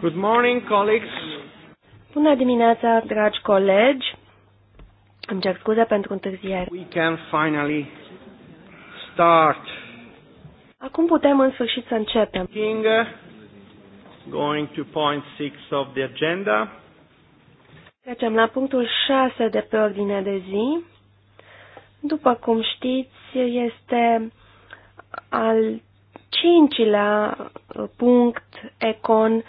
Good morning, colleagues. Bună dimineața, dragi colegi. Îmi cer scuze pentru întârziere. We can finally start. Acum putem în sfârșit să începem. King, going to point six of the agenda. Trecem la punctul 6 de pe ordinea de zi. După cum știți, este al cincilea punct econ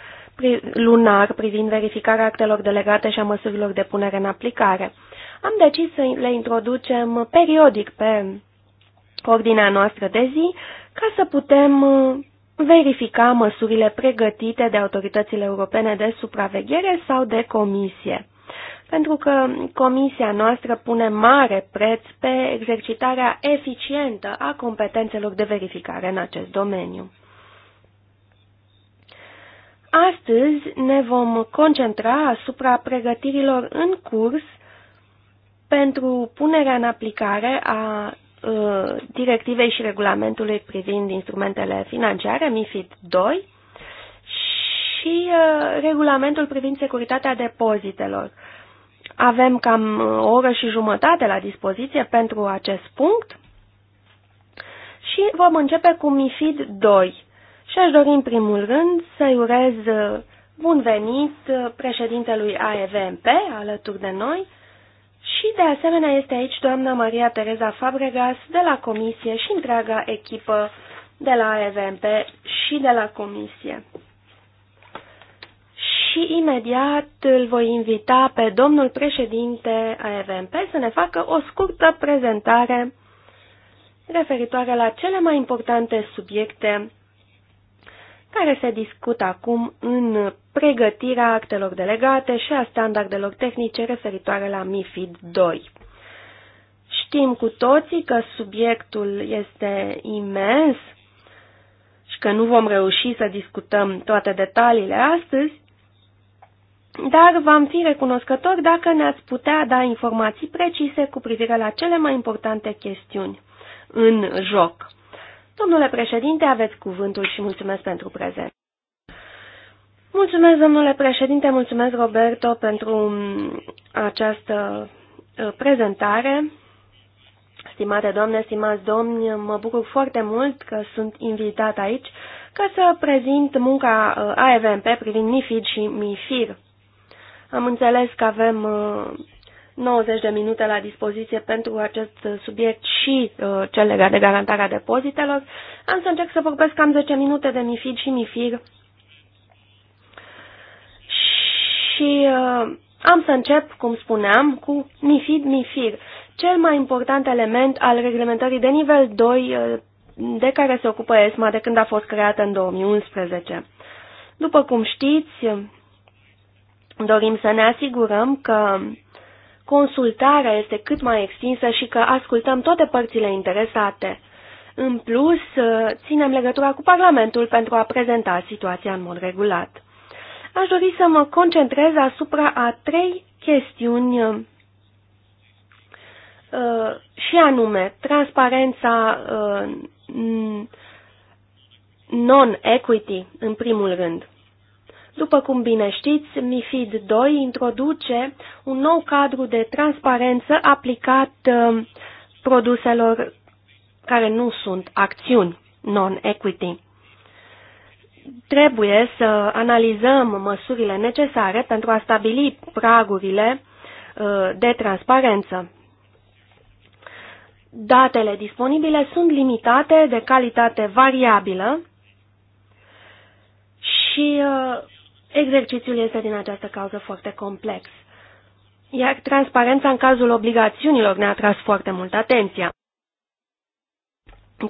lunar privind verificarea actelor delegate și a măsurilor de punere în aplicare. Am decis să le introducem periodic pe ordinea noastră de zi ca să putem uh, verifica măsurile pregătite de autoritățile europene de supraveghere sau de comisie. Pentru că comisia noastră pune mare preț pe exercitarea eficientă a competențelor de verificare în acest domeniu. Astăzi ne vom concentra asupra pregătirilor în curs pentru punerea în aplicare a uh, directivei și regulamentului privind instrumentele financiare, MIFID 2, și uh, regulamentul privind securitatea depozitelor. Avem cam o oră și jumătate la dispoziție pentru acest punct și vom începe cu MIFID 2 și aș dori în primul rând să-i urez uh, bun venit uh, președintelui AEVMP alături de noi și de asemenea este aici doamna Maria Tereza Fabregas de la Comisie și întreaga echipă de la AEVMP și de la Comisie. Și imediat îl voi invita pe domnul președinte AEVMP să ne facă o scurtă prezentare referitoare la cele mai importante subiecte care se discută acum în pregătirea actelor delegate și a standardelor tehnice referitoare la MIFID 2. Știm cu toții că subiectul este imens și că nu vom reuși să discutăm toate detaliile astăzi, dar v-am fi recunoscător dacă ne-ați putea da informații precise cu privire la cele mai importante chestiuni în joc. Domnule președinte, aveți cuvântul și mulțumesc pentru prezent. Mulțumesc, domnule președinte, mulțumesc, Roberto, pentru mm, această prezentare. Stimate doamne, stimați domni, mă bucur foarte mult că sunt invitat aici ca să prezint munca AEVMP privind MIFID și MIFIR. Am înțeles că avem 90 de minute la dispoziție pentru acest subiect și uh, cel legat de garantarea depozitelor. Am să încerc să vorbesc cam 10 minute de MIFID și MIFIR. Și uh, am să încep, cum spuneam, cu MIFID, MIFIR, cel mai important element al reglementării de nivel 2 uh, de care se ocupă ESMA de când a fost creată în 2011. După cum știți, dorim să ne asigurăm că uh, consultarea este cât mai extinsă și că ascultăm toate părțile interesate. În plus, ținem legătura cu Parlamentul pentru a prezenta situația în mod regulat. Aș dori să mă concentrez asupra a trei chestiuni uh, și anume transparența uh, non-equity în primul rând. După cum bine știți, MIFID 2 introduce un nou cadru de transparență aplicat uh, produselor care nu sunt acțiuni, non-equity. Trebuie să analizăm măsurile necesare pentru a stabili pragurile uh, de transparență. Datele disponibile sunt limitate de calitate variabilă și uh, Exercițiul este din această cauză foarte complex. Iar transparența în cazul obligațiunilor ne-a tras foarte mult atenția.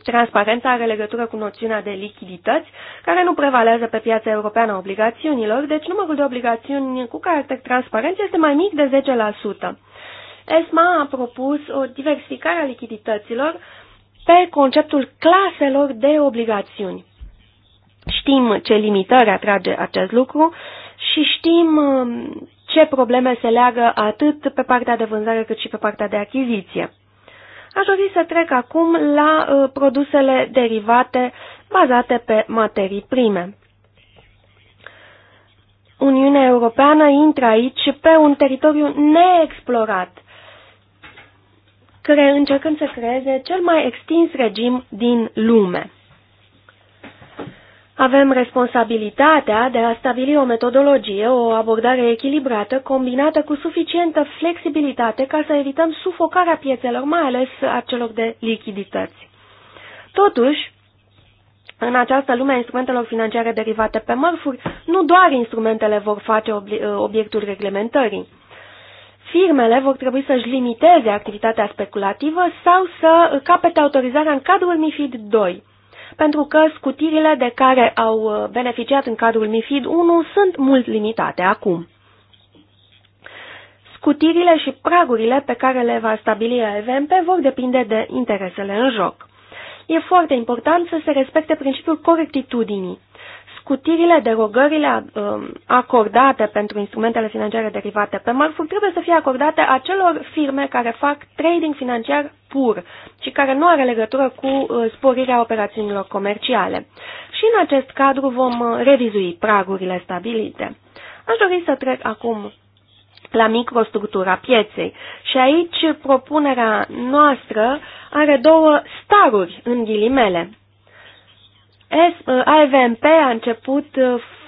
Transparența are legătură cu noțiunea de lichidități, care nu prevalează pe piața europeană a obligațiunilor, deci numărul de obligațiuni cu caracter transparent este mai mic de 10%. ESMA a propus o diversificare a lichidităților pe conceptul claselor de obligațiuni. Știm ce limitări atrage acest lucru și știm um, ce probleme se leagă atât pe partea de vânzare cât și pe partea de achiziție. Aș dori să trec acum la uh, produsele derivate bazate pe materii prime. Uniunea Europeană intră aici pe un teritoriu neexplorat, cre încercând să creeze cel mai extins regim din lume. Avem responsabilitatea de a stabili o metodologie, o abordare echilibrată, combinată cu suficientă flexibilitate ca să evităm sufocarea piețelor, mai ales a celor de lichidități. Totuși, în această lume a instrumentelor financiare derivate pe mărfuri, nu doar instrumentele vor face ă, obiectul reglementării. Firmele vor trebui să-și limiteze activitatea speculativă sau să capete autorizarea în cadrul MIFID 2 pentru că scutirile de care au uh, beneficiat în cadrul MIFID 1 sunt mult limitate acum. Scutirile și pragurile pe care le va stabili AVMP vor depinde de interesele în joc. E foarte important să se respecte principiul corectitudinii. Scutirile, derogările uh, acordate pentru instrumentele financiare derivate pe marfuri trebuie să fie acordate acelor firme care fac trading financiar pur și care nu are legătură cu uh, sporirea operațiunilor comerciale. Și în acest cadru vom uh, revizui pragurile stabilite. Aș dori să trec acum la microstructura pieței. Și aici propunerea noastră are două staruri în ghilimele. Uh, AVMP a început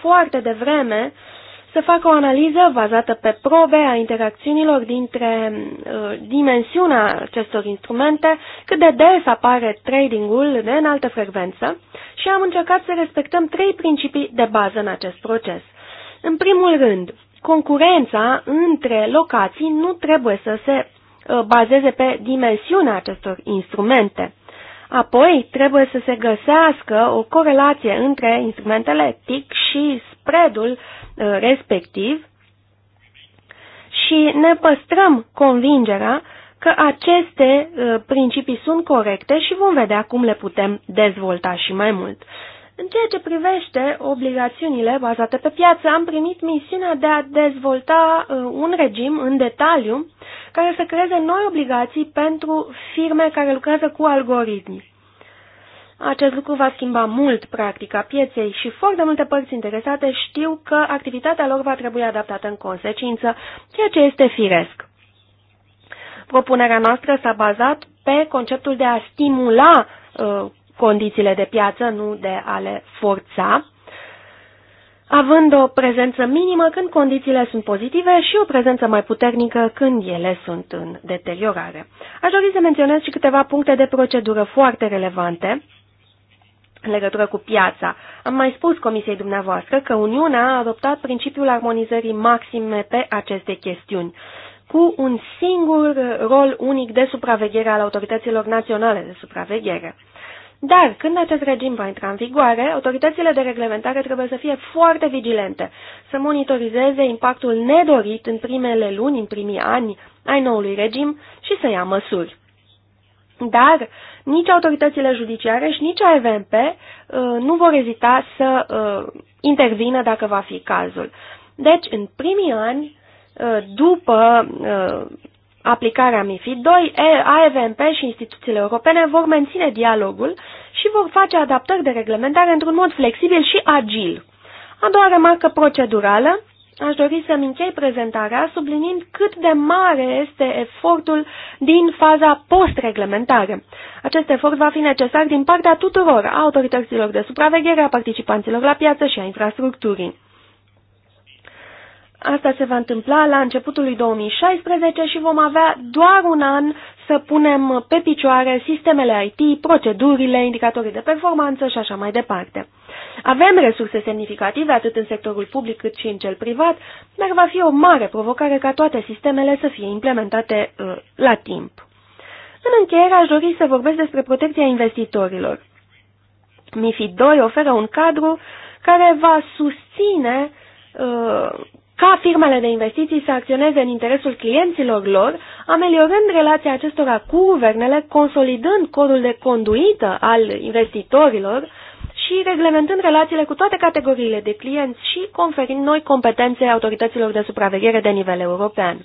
foarte devreme să facă o analiză bazată pe probe a interacțiunilor dintre uh, dimensiunea acestor instrumente, cât de des apare tradingul de înaltă frecvență și am încercat să respectăm trei principii de bază în acest proces. În primul rând, concurența între locații nu trebuie să se uh, bazeze pe dimensiunea acestor instrumente. Apoi, trebuie să se găsească o corelație între instrumentele TIC și spreadul uh, respectiv și ne păstrăm convingerea că aceste uh, principii sunt corecte și vom vedea cum le putem dezvolta și mai mult. În ceea ce privește obligațiunile bazate pe piață, am primit misiunea de a dezvolta uh, un regim în detaliu care să creeze noi obligații pentru firme care lucrează cu algoritmi. Acest lucru va schimba mult practica pieței și foarte multe părți interesate știu că activitatea lor va trebui adaptată în consecință, ceea ce este firesc. Propunerea noastră s-a bazat pe conceptul de a stimula uh, condițiile de piață, nu de a le forța, având o prezență minimă când condițiile sunt pozitive și o prezență mai puternică când ele sunt în deteriorare. Aș dori să menționez și câteva puncte de procedură foarte relevante legătură cu piața. Am mai spus Comisiei dumneavoastră că Uniunea a adoptat principiul armonizării maxime pe aceste chestiuni, cu un singur rol unic de supraveghere al autorităților naționale de supraveghere. Dar, când acest regim va intra în vigoare, autoritățile de reglementare trebuie să fie foarte vigilente, să monitorizeze impactul nedorit în primele luni, în primii ani ai noului regim și să ia măsuri. Dar nici autoritățile judiciare și nici AVMP uh, nu vor ezita să uh, intervină dacă va fi cazul. Deci, în primii ani, uh, după aplicarea MIFID 2, AVMP și instituțiile europene vor menține dialogul și vor face adaptări de reglementare într-un mod flexibil și agil. A doua remarcă procedurală aș dori să-mi închei prezentarea sublinind cât de mare este efortul din faza post-reglementare. Acest efort va fi necesar din partea tuturor, a autorităților de supraveghere, a participanților la piață și a infrastructurii. Asta se va întâmpla la începutul lui 2016 și vom avea doar un an să punem pe picioare sistemele IT, procedurile, indicatorii de performanță și așa mai departe. Avem resurse semnificative atât în sectorul public cât și în cel privat, dar va fi o mare provocare ca toate sistemele să fie implementate uh, la timp. În încheiere aș dori să vorbesc despre protecția investitorilor. MIFID 2 oferă un cadru care va susține uh, ca firmele de investiții să acționeze în interesul clienților lor, ameliorând relația acestora cu guvernele, consolidând codul de conduită al investitorilor și reglementând relațiile cu toate categoriile de clienți și conferind noi competențe autorităților de supraveghere de nivel european.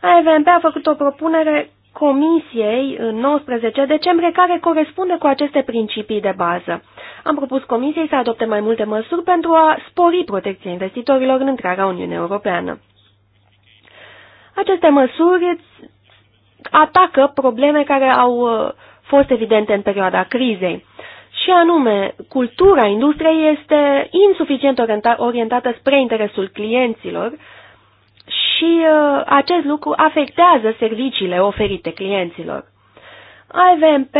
AVMP a făcut o propunere Comisiei în 19 decembrie care corespunde cu aceste principii de bază. Am propus Comisiei să adopte mai multe măsuri pentru a spori protecția investitorilor în întreaga Uniune Europeană. Aceste măsuri atacă probleme care au uh, fost evidente în perioada crizei. Și anume, cultura industriei este insuficient orientată spre interesul clienților și uh, acest lucru afectează serviciile oferite clienților. AVMP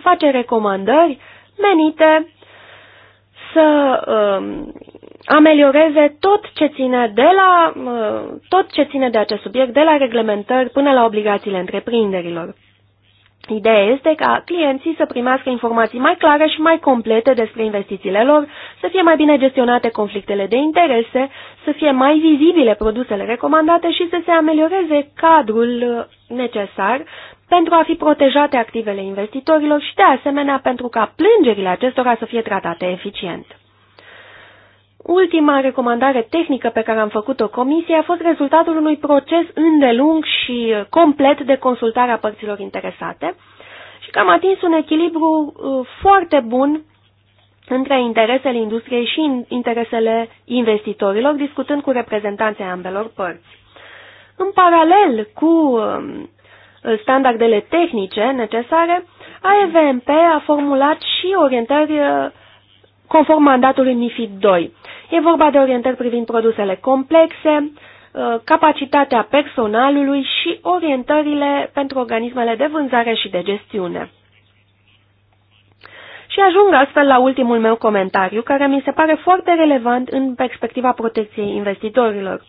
face recomandări menite să uh, amelioreze tot ce ține de la uh, tot ce ține de acest subiect, de la reglementări până la obligațiile întreprinderilor. Ideea este ca clienții să primească informații mai clare și mai complete despre investițiile lor, să fie mai bine gestionate conflictele de interese, să fie mai vizibile produsele recomandate și să se amelioreze cadrul uh, necesar pentru a fi protejate activele investitorilor și, de asemenea, pentru ca plângerile acestora să fie tratate eficient. Ultima recomandare tehnică pe care am făcut-o comisie a fost rezultatul unui proces îndelung și complet de consultare a părților interesate și că am atins un echilibru uh, foarte bun între interesele industriei și interesele investitorilor, discutând cu reprezentanții ambelor părți. În paralel cu um, standardele tehnice necesare, AEVMP a formulat și orientări uh, conform mandatului MIFID 2. E vorba de orientări privind produsele complexe, uh, capacitatea personalului și orientările pentru organismele de vânzare și de gestiune. Și ajung astfel la ultimul meu comentariu, care mi se pare foarte relevant în perspectiva protecției investitorilor.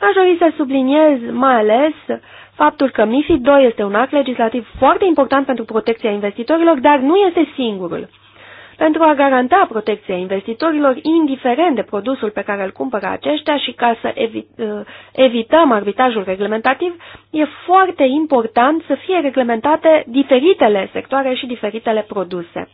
Aș dori să subliniez mai ales faptul că MIFID 2 este un act legislativ foarte important pentru protecția investitorilor, dar nu este singurul pentru a garanta protecția investitorilor, indiferent de produsul pe care îl cumpără aceștia și ca să evi uh, evităm arbitrajul reglementativ, e foarte important să fie reglementate diferitele sectoare și diferitele produse.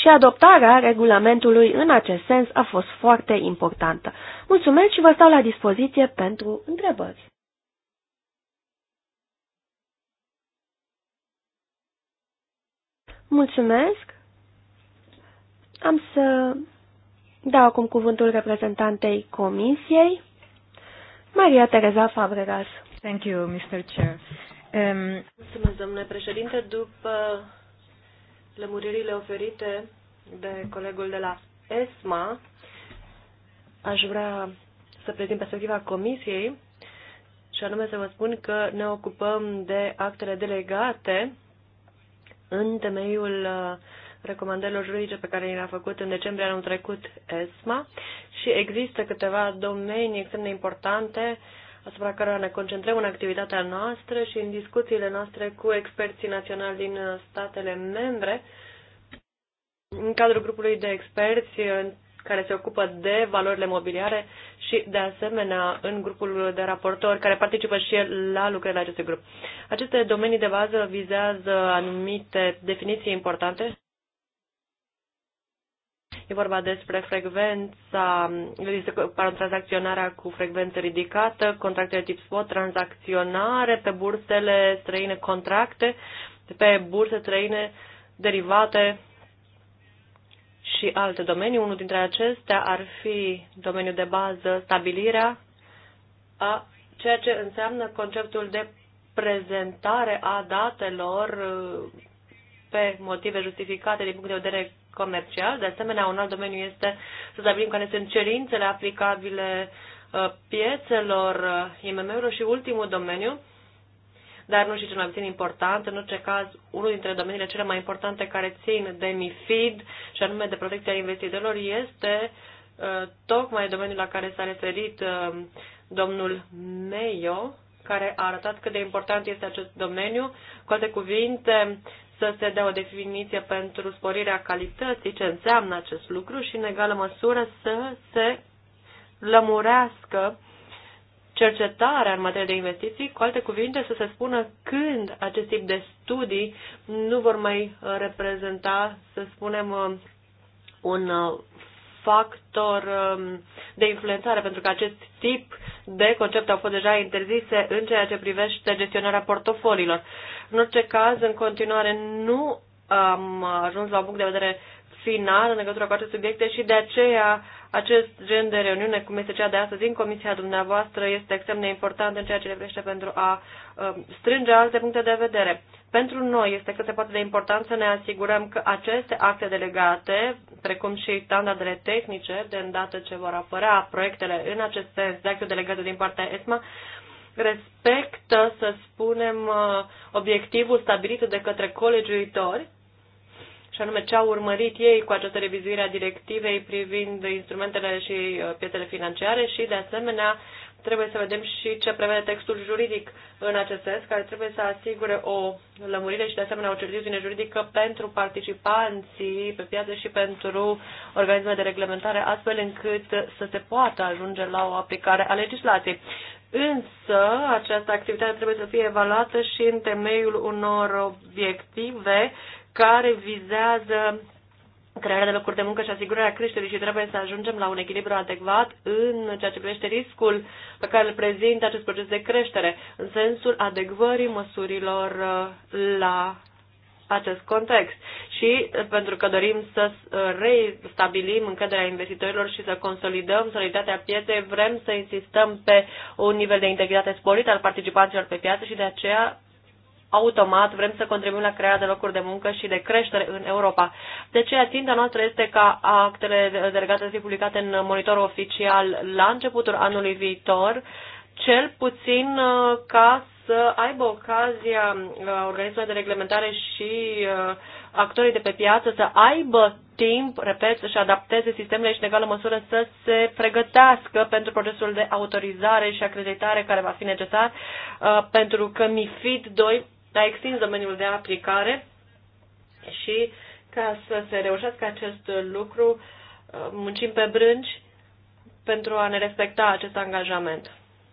Și adoptarea regulamentului în acest sens a fost foarte importantă. Mulțumesc și vă stau la dispoziție pentru întrebări. Mulțumesc! Am să dau acum cuvântul reprezentantei Comisiei, Maria Tereza Fabregas. Thank you, Mr. Chair. Um... Mulțumesc, domnule președinte. După lămuririle oferite de colegul de la ESMA, aș vrea să prezint perspectiva Comisiei și anume să vă spun că ne ocupăm de actele delegate în temeiul uh, recomandărilor juridice pe care le-a făcut în decembrie anul trecut ESMA și există câteva domenii extrem de importante asupra cărora ne concentrăm în activitatea noastră și în discuțiile noastre cu experții naționali din statele membre, în cadrul grupului de experți care se ocupă de valorile mobiliare și, de asemenea, în grupul de raportori care participă și el la lucrările acestui grup. Aceste domenii de bază vizează anumite definiții importante E vorba despre frecvența, pardon, tranzacționarea cu frecvență ridicată, contracte de tip spot, tranzacționare pe bursele străine, contracte pe burse străine, derivate și alte domenii. Unul dintre acestea ar fi domeniul de bază, stabilirea a ceea ce înseamnă conceptul de prezentare a datelor uh, pe motive justificate din punct de vedere comercial. De asemenea, un alt domeniu este să stabilim care sunt cerințele aplicabile uh, piețelor uh, IMM-urilor și ultimul domeniu, dar nu și cel mai puțin important, în orice caz, unul dintre domeniile cele mai importante care țin de MIFID și anume de protecția investitorilor este uh, tocmai domeniul la care s-a referit domnul Meio, care a arătat cât de important este acest domeniu. Cu alte cuvinte, să se dea o definiție pentru sporirea calității, ce înseamnă acest lucru și, în egală măsură, să se lămurească cercetarea în materie de investiții, cu alte cuvinte, să se spună când acest tip de studii nu vor mai reprezenta, să spunem, un factor um, de influențare, pentru că acest tip de concepte au fost deja interzise în ceea ce privește gestionarea portofoliilor. În orice caz, în continuare, nu am ajuns la un punct de vedere final în legătură cu aceste subiecte și de aceea acest gen de reuniune, cum este cea de astăzi în comisia dumneavoastră, este extrem de important în ceea ce le privește pentru a um, strânge alte puncte de vedere. Pentru noi este cât se poate de important să ne asigurăm că aceste acte delegate, precum și standardele tehnice, de îndată ce vor apărea proiectele în acest sens de acte delegate din partea ESMA, respectă, să spunem, uh, obiectivul stabilit de către colegiuitori și anume ce au urmărit ei cu această revizuire a directivei privind instrumentele și uh, piețele financiare și, de asemenea, trebuie să vedem și ce prevede textul juridic în acest sens, care trebuie să asigure o lămurire și, de asemenea, o certitudine juridică pentru participanții pe piață și pentru organisme de reglementare, astfel încât să se poată ajunge la o aplicare a legislației. Însă, această activitate trebuie să fie evaluată și în temeiul unor obiective care vizează crearea de locuri de muncă și asigurarea creșterii și trebuie să ajungem la un echilibru adecvat în ceea ce privește riscul pe care îl prezintă acest proces de creștere, în sensul adecvării măsurilor uh, la acest context și uh, pentru că dorim să uh, restabilim încrederea investitorilor și să consolidăm soliditatea pieței, vrem să insistăm pe un nivel de integritate sporit al participanților pe piață și de aceea automat vrem să contribuim la crearea de locuri de muncă și de creștere în Europa. De aceea, ținta noastră este ca actele delegate să fie publicate în monitorul oficial la începutul anului viitor, cel puțin uh, ca să aibă ocazia uh, organismele de reglementare și uh, actorii de pe piață să aibă timp, repet, să-și adapteze sistemele și, în egală măsură, să se pregătească pentru procesul de autorizare și acreditare care va fi necesar, pentru că MIFID 2 a extins domeniul de aplicare și ca să se reușească acest lucru, uh, muncim pe brânci pentru a ne respecta acest angajament.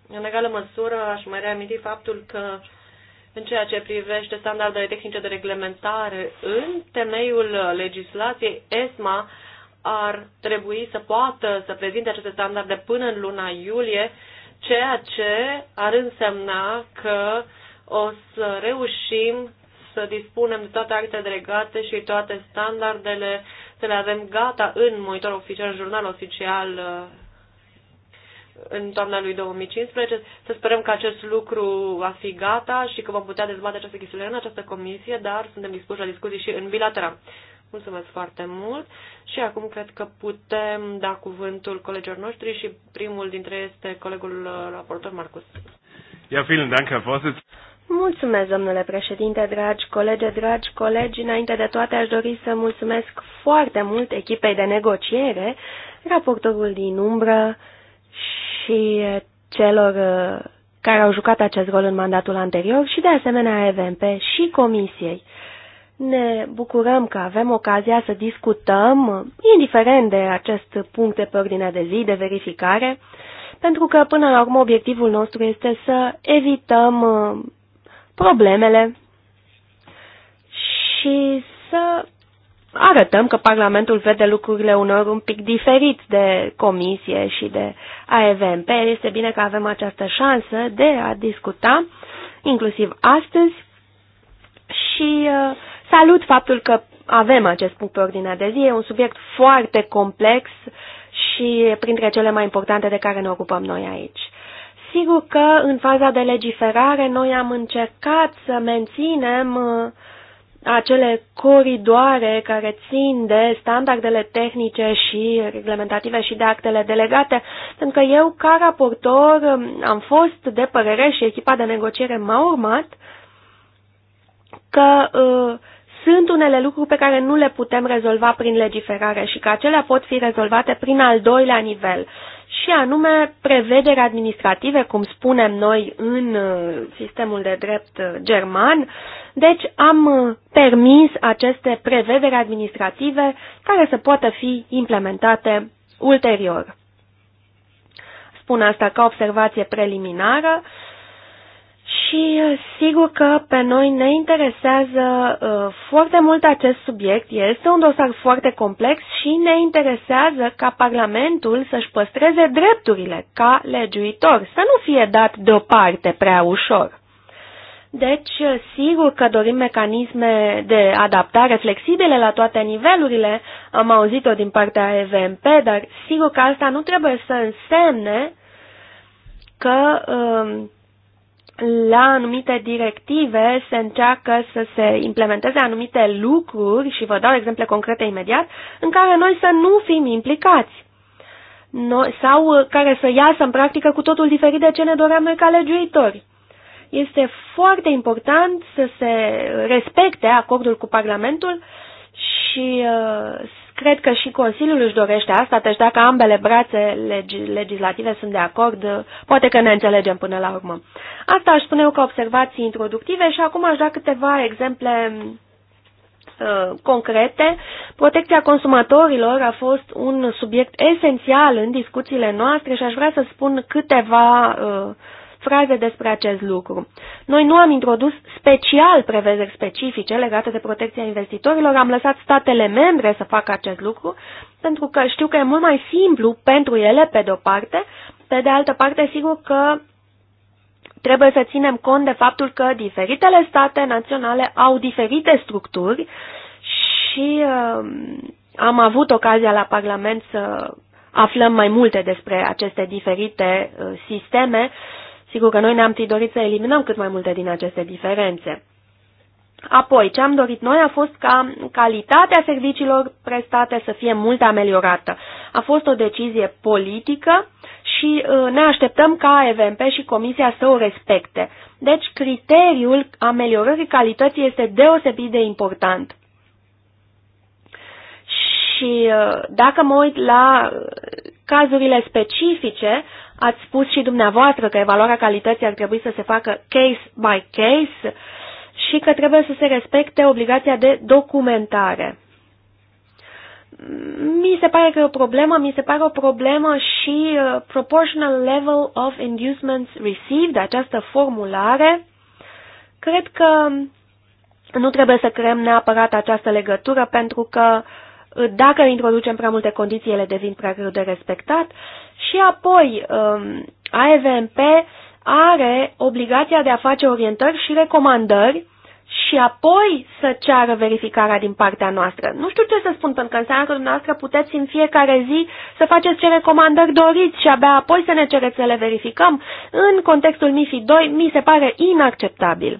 În egală măsură, aș mai reaminti faptul că în ceea ce privește standardele tehnice de reglementare, în temeiul legislației, ESMA ar trebui să poată să prezinte aceste standarde până în luna iulie, ceea ce ar însemna că uh, o să reușim să dispunem de toate actele delegate și toate standardele, să le avem gata în monitor oficial, în jurnal oficial în toamna lui 2015. Să sperăm că acest lucru va fi gata și că vom putea dezbate această chestiune în această comisie, dar suntem dispuși la discuții și în bilateral. Mulțumesc foarte mult și acum cred că putem da cuvântul colegilor noștri și primul dintre ei este colegul uh, raportor Marcus. Ja, vielen Dank, Herr Vorsitz. Mulțumesc, domnule președinte, dragi colegi, dragi colegi. Înainte de toate, aș dori să mulțumesc foarte mult echipei de negociere, raportorul din umbră și celor uh, care au jucat acest rol în mandatul anterior și, de asemenea, EVMP și Comisiei. Ne bucurăm că avem ocazia să discutăm, indiferent de acest punct de pe ordinea de zi, de verificare, pentru că, până la urmă, obiectivul nostru este să evităm uh, problemele și să arătăm că Parlamentul vede lucrurile unor un pic diferit de comisie și de AEVMP. Este bine că avem această șansă de a discuta, inclusiv astăzi, și uh, salut faptul că avem acest punct pe ordinea de zi. E un subiect foarte complex și printre cele mai importante de care ne ocupăm noi aici. Sigur că în faza de legiferare noi am încercat să menținem uh, acele coridoare care țin de standardele tehnice și reglementative și de actele delegate, pentru că eu, ca raportor, um, am fost de părere și echipa de negociere m-a urmat că uh, sunt unele lucruri pe care nu le putem rezolva prin legiferare și că acelea pot fi rezolvate prin al doilea nivel. Uh, și anume prevederi administrative, cum spunem noi în uh, sistemul de drept uh, german. Deci am uh, permis aceste prevederi administrative care să poată fi implementate ulterior. Spun asta ca observație preliminară și uh, sigur că pe noi ne interesează uh, foarte mult acest subiect. Este un dosar foarte complex și ne interesează ca Parlamentul să-și păstreze drepturile ca legiuitor, să nu fie dat deoparte prea ușor. Deci, uh, sigur că dorim mecanisme de adaptare flexibile la toate nivelurile, am auzit-o din partea EVMP, dar sigur că asta nu trebuie să însemne că uh, la anumite directive se încearcă să se implementeze anumite lucruri, și vă dau exemple concrete imediat, în care noi să nu fim implicați. no- sau uh, care să iasă în practică cu totul diferit de ce ne doream noi ca legiuitori. Este foarte important să se respecte acordul cu Parlamentul și uh, Cred că și Consiliul își dorește asta, deci dacă ambele brațe legi legislative sunt de acord, poate că ne înțelegem până la urmă. Asta aș spune eu ca observații introductive și acum aș da câteva exemple uh, concrete. Protecția consumatorilor a fost un subiect esențial în discuțiile noastre și aș vrea să spun câteva uh, fraze despre acest lucru. Noi nu am introdus special prevederi specifice legate de protecția investitorilor, am lăsat statele membre să facă acest lucru, pentru că știu că e mult mai simplu pentru ele, pe de-o parte, pe de altă parte, sigur că trebuie să ținem cont de faptul că diferitele state naționale au diferite structuri și uh, am avut ocazia la Parlament să aflăm mai multe despre aceste diferite uh, sisteme Sigur că noi ne-am fi dorit să eliminăm cât mai multe din aceste diferențe. Apoi, ce am dorit noi a fost ca calitatea serviciilor prestate să fie mult ameliorată. A fost o decizie politică și uh, ne așteptăm ca EVMP și Comisia să o respecte. Deci, criteriul ameliorării calității este deosebit de important. Și uh, dacă mă uit la uh, cazurile specifice, Ați spus și dumneavoastră că evaluarea calității ar trebui să se facă case by case și că trebuie să se respecte obligația de documentare. Mi se pare că e o problemă, mi se pare o problemă și uh, proportional level of inducements received, această formulare. Cred că nu trebuie să creăm neapărat această legătură pentru că uh, dacă introducem prea multe condiții, ele devin prea greu de respectat. Și apoi, um, AEVMP are obligația de a face orientări și recomandări și apoi să ceară verificarea din partea noastră. Nu știu ce să spun, pentru că înseamnă că dumneavoastră puteți în fiecare zi să faceți ce recomandări doriți și abia apoi să ne cereți să le verificăm. În contextul MIFI 2 mi se pare inacceptabil.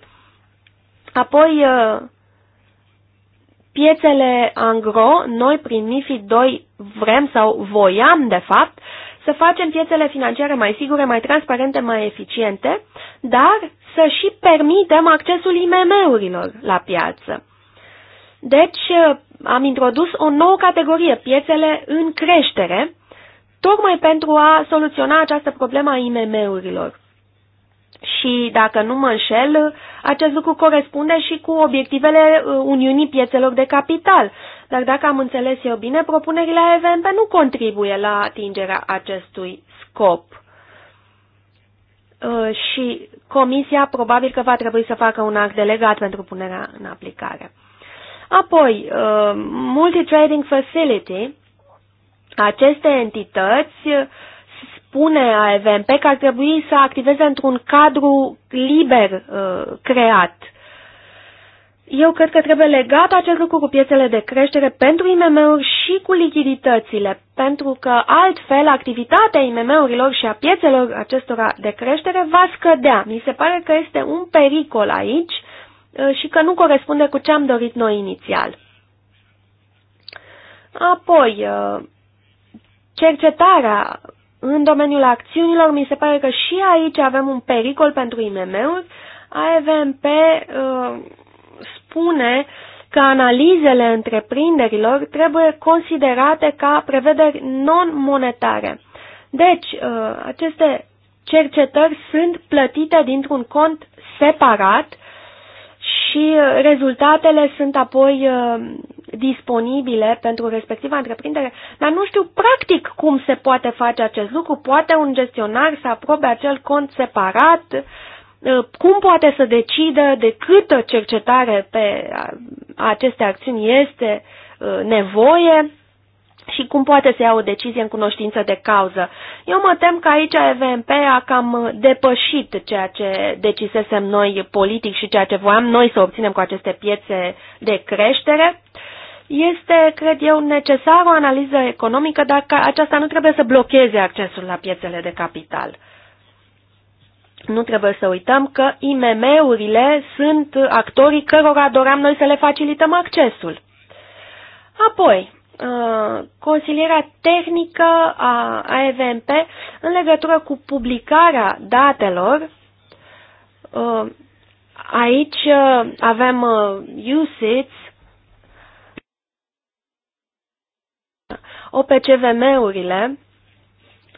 Apoi, uh, piețele angro, noi prin MIFID 2 vrem sau voiam de fapt să facem piețele financiare mai sigure, mai transparente, mai eficiente, dar să și permitem accesul IMM-urilor la piață. Deci uh, am introdus o nouă categorie, piețele în creștere, tocmai pentru a soluționa această problemă a IMM-urilor. Și dacă nu mă înșel, acest lucru corespunde și cu obiectivele uh, Uniunii Piețelor de Capital. Dar dacă am înțeles eu bine, propunerile AVMP nu contribuie la atingerea acestui scop. Uh, și Comisia probabil că va trebui să facă un act delegat pentru punerea în aplicare. Apoi, uh, Multi-Trading Facility, aceste entități spune EVMP că ar trebui să activeze într-un cadru liber uh, creat. Eu cred că trebuie legat acest lucru cu piețele de creștere pentru IMM-uri și cu lichiditățile, pentru că altfel activitatea IMM-urilor și a piețelor acestora de creștere va scădea. Mi se pare că este un pericol aici uh, și că nu corespunde cu ce am dorit noi inițial. Apoi, uh, cercetarea în domeniul acțiunilor, mi se pare că și aici avem un pericol pentru IMM-uri. AVMP uh, spune că analizele întreprinderilor trebuie considerate ca prevederi non-monetare. Deci, uh, aceste cercetări sunt plătite dintr-un cont separat și uh, rezultatele sunt apoi uh, disponibile pentru respectiva întreprindere, dar nu știu practic cum se poate face acest lucru. Poate un gestionar să aprobe acel cont separat? Uh, cum poate să decidă de câtă cercetare pe aceste acțiuni este uh, nevoie? și cum poate să ia o decizie în cunoștință de cauză. Eu mă tem că aici EVMP a cam depășit ceea ce decisesem noi politic și ceea ce voiam noi să obținem cu aceste piețe de creștere. Este, cred eu, necesară o analiză economică, dacă aceasta nu trebuie să blocheze accesul la piețele de capital. Nu trebuie să uităm că IMM-urile sunt actorii cărora doream noi să le facilităm accesul. Apoi, uh, consilierea tehnică a EVMP în legătură cu publicarea datelor. Uh, aici uh, avem USITS OPCVM-urile,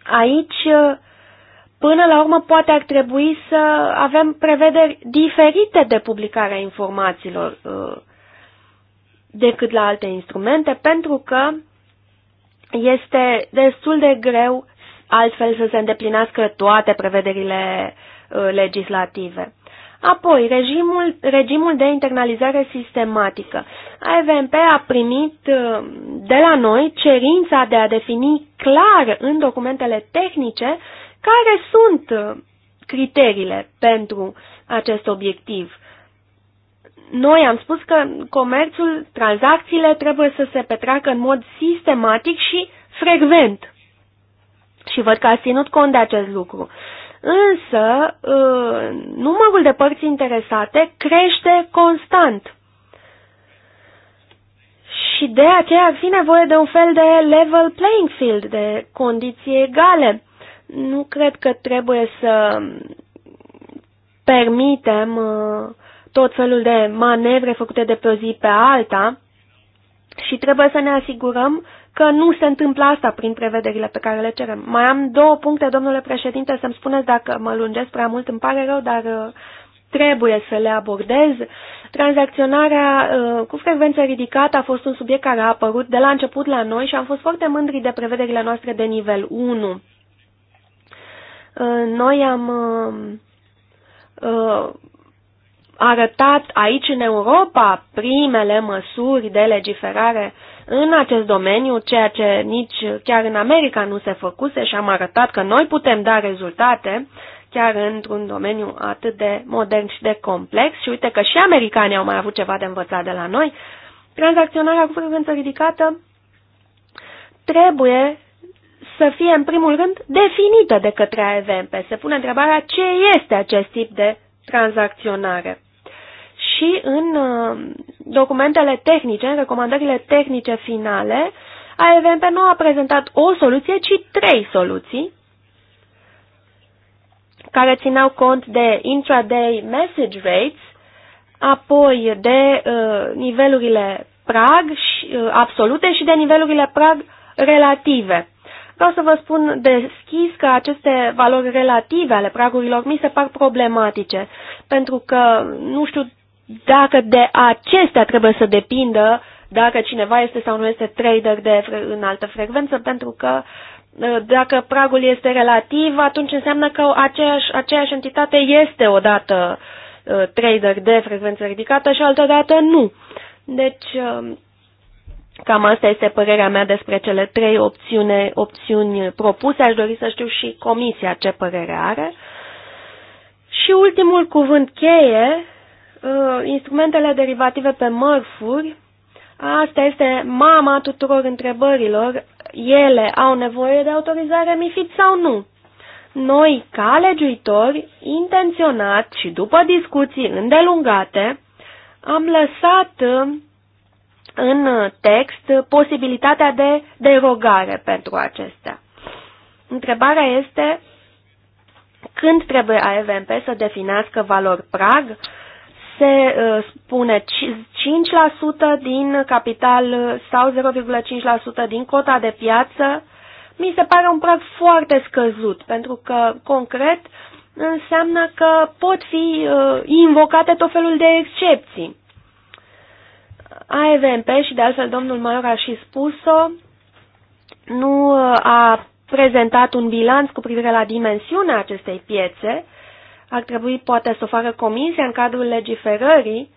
aici uh, până la urmă poate ar trebui să avem prevederi diferite de publicarea informațiilor uh, decât la alte instrumente, pentru că este destul de greu altfel să se îndeplinească toate prevederile uh, legislative. Apoi, regimul, regimul de internalizare sistematică. AVMP a primit uh, de la noi cerința de a defini clar în documentele tehnice care sunt uh, criteriile pentru acest obiectiv. Noi am spus că comerțul, tranzacțiile trebuie să se petreacă în mod sistematic și frecvent. Și văd că a ținut cont de acest lucru. Uh, Însă, ă, numărul de părți interesate crește constant. Și de aceea ar fi nevoie de un fel de level playing field, de condiții egale. Nu cred că trebuie să permitem ă, tot felul de manevre făcute de pe o zi pe alta și trebuie să ne asigurăm că nu se întâmplă asta prin prevederile pe care le cerem. Mai am două puncte, domnule președinte, să-mi spuneți dacă mă lungesc prea mult, îmi pare rău, dar uh, trebuie să le abordez. Tranzacționarea uh, cu frecvență ridicată a fost un subiect care a apărut de la început la noi și am fost foarte mândri de prevederile noastre de nivel 1. Uh, noi am arătat aici în Europa primele măsuri de legiferare uh, în acest domeniu, ceea ce nici chiar în America nu se făcuse și am arătat că noi putem da rezultate chiar într-un domeniu atât de modern și de complex și uite că și americanii au mai avut ceva de învățat de la noi, tranzacționarea cu frecvență ridicată trebuie să fie în primul rând definită de către AVMP. Se pune întrebarea ce este acest tip de tranzacționare și în uh, documentele tehnice, în recomandările tehnice finale, AEVMP nu a prezentat o soluție, ci trei soluții care țineau cont de intraday message rates, apoi de uh, nivelurile prag și, uh, absolute și de nivelurile prag relative. Vreau să vă spun deschis că aceste valori relative ale pragurilor mi se par problematice, pentru că nu știu dacă de acestea trebuie să depindă dacă cineva este sau nu este trader de în altă frecvență, pentru că uh, dacă pragul este relativ, atunci înseamnă că aceeași, aceeași entitate este odată uh, trader de frecvență ridicată și altădată nu. Deci, um, cam asta este părerea mea despre cele trei opțiune, opțiuni propuse. Aș dori să știu și comisia ce părere are. Și ultimul cuvânt cheie Uh, instrumentele derivative pe mărfuri, asta este mama tuturor întrebărilor, ele au nevoie de autorizare MIFID sau nu? Noi, ca legiuitori, intenționat și după discuții îndelungate, am lăsat uh, în text posibilitatea de derogare pentru acestea. Întrebarea este când trebuie AVMP să definească valori prag se uh, spune 5% din capital sau 0,5% din cota de piață, mi se pare un prag foarte scăzut, pentru că, concret, înseamnă că pot fi uh, invocate tot felul de excepții. AEVMP și de altfel domnul Maior a și spus-o, nu uh, a prezentat un bilanț cu privire la dimensiunea acestei piețe, ar trebui poate să o facă comisia în cadrul legiferării,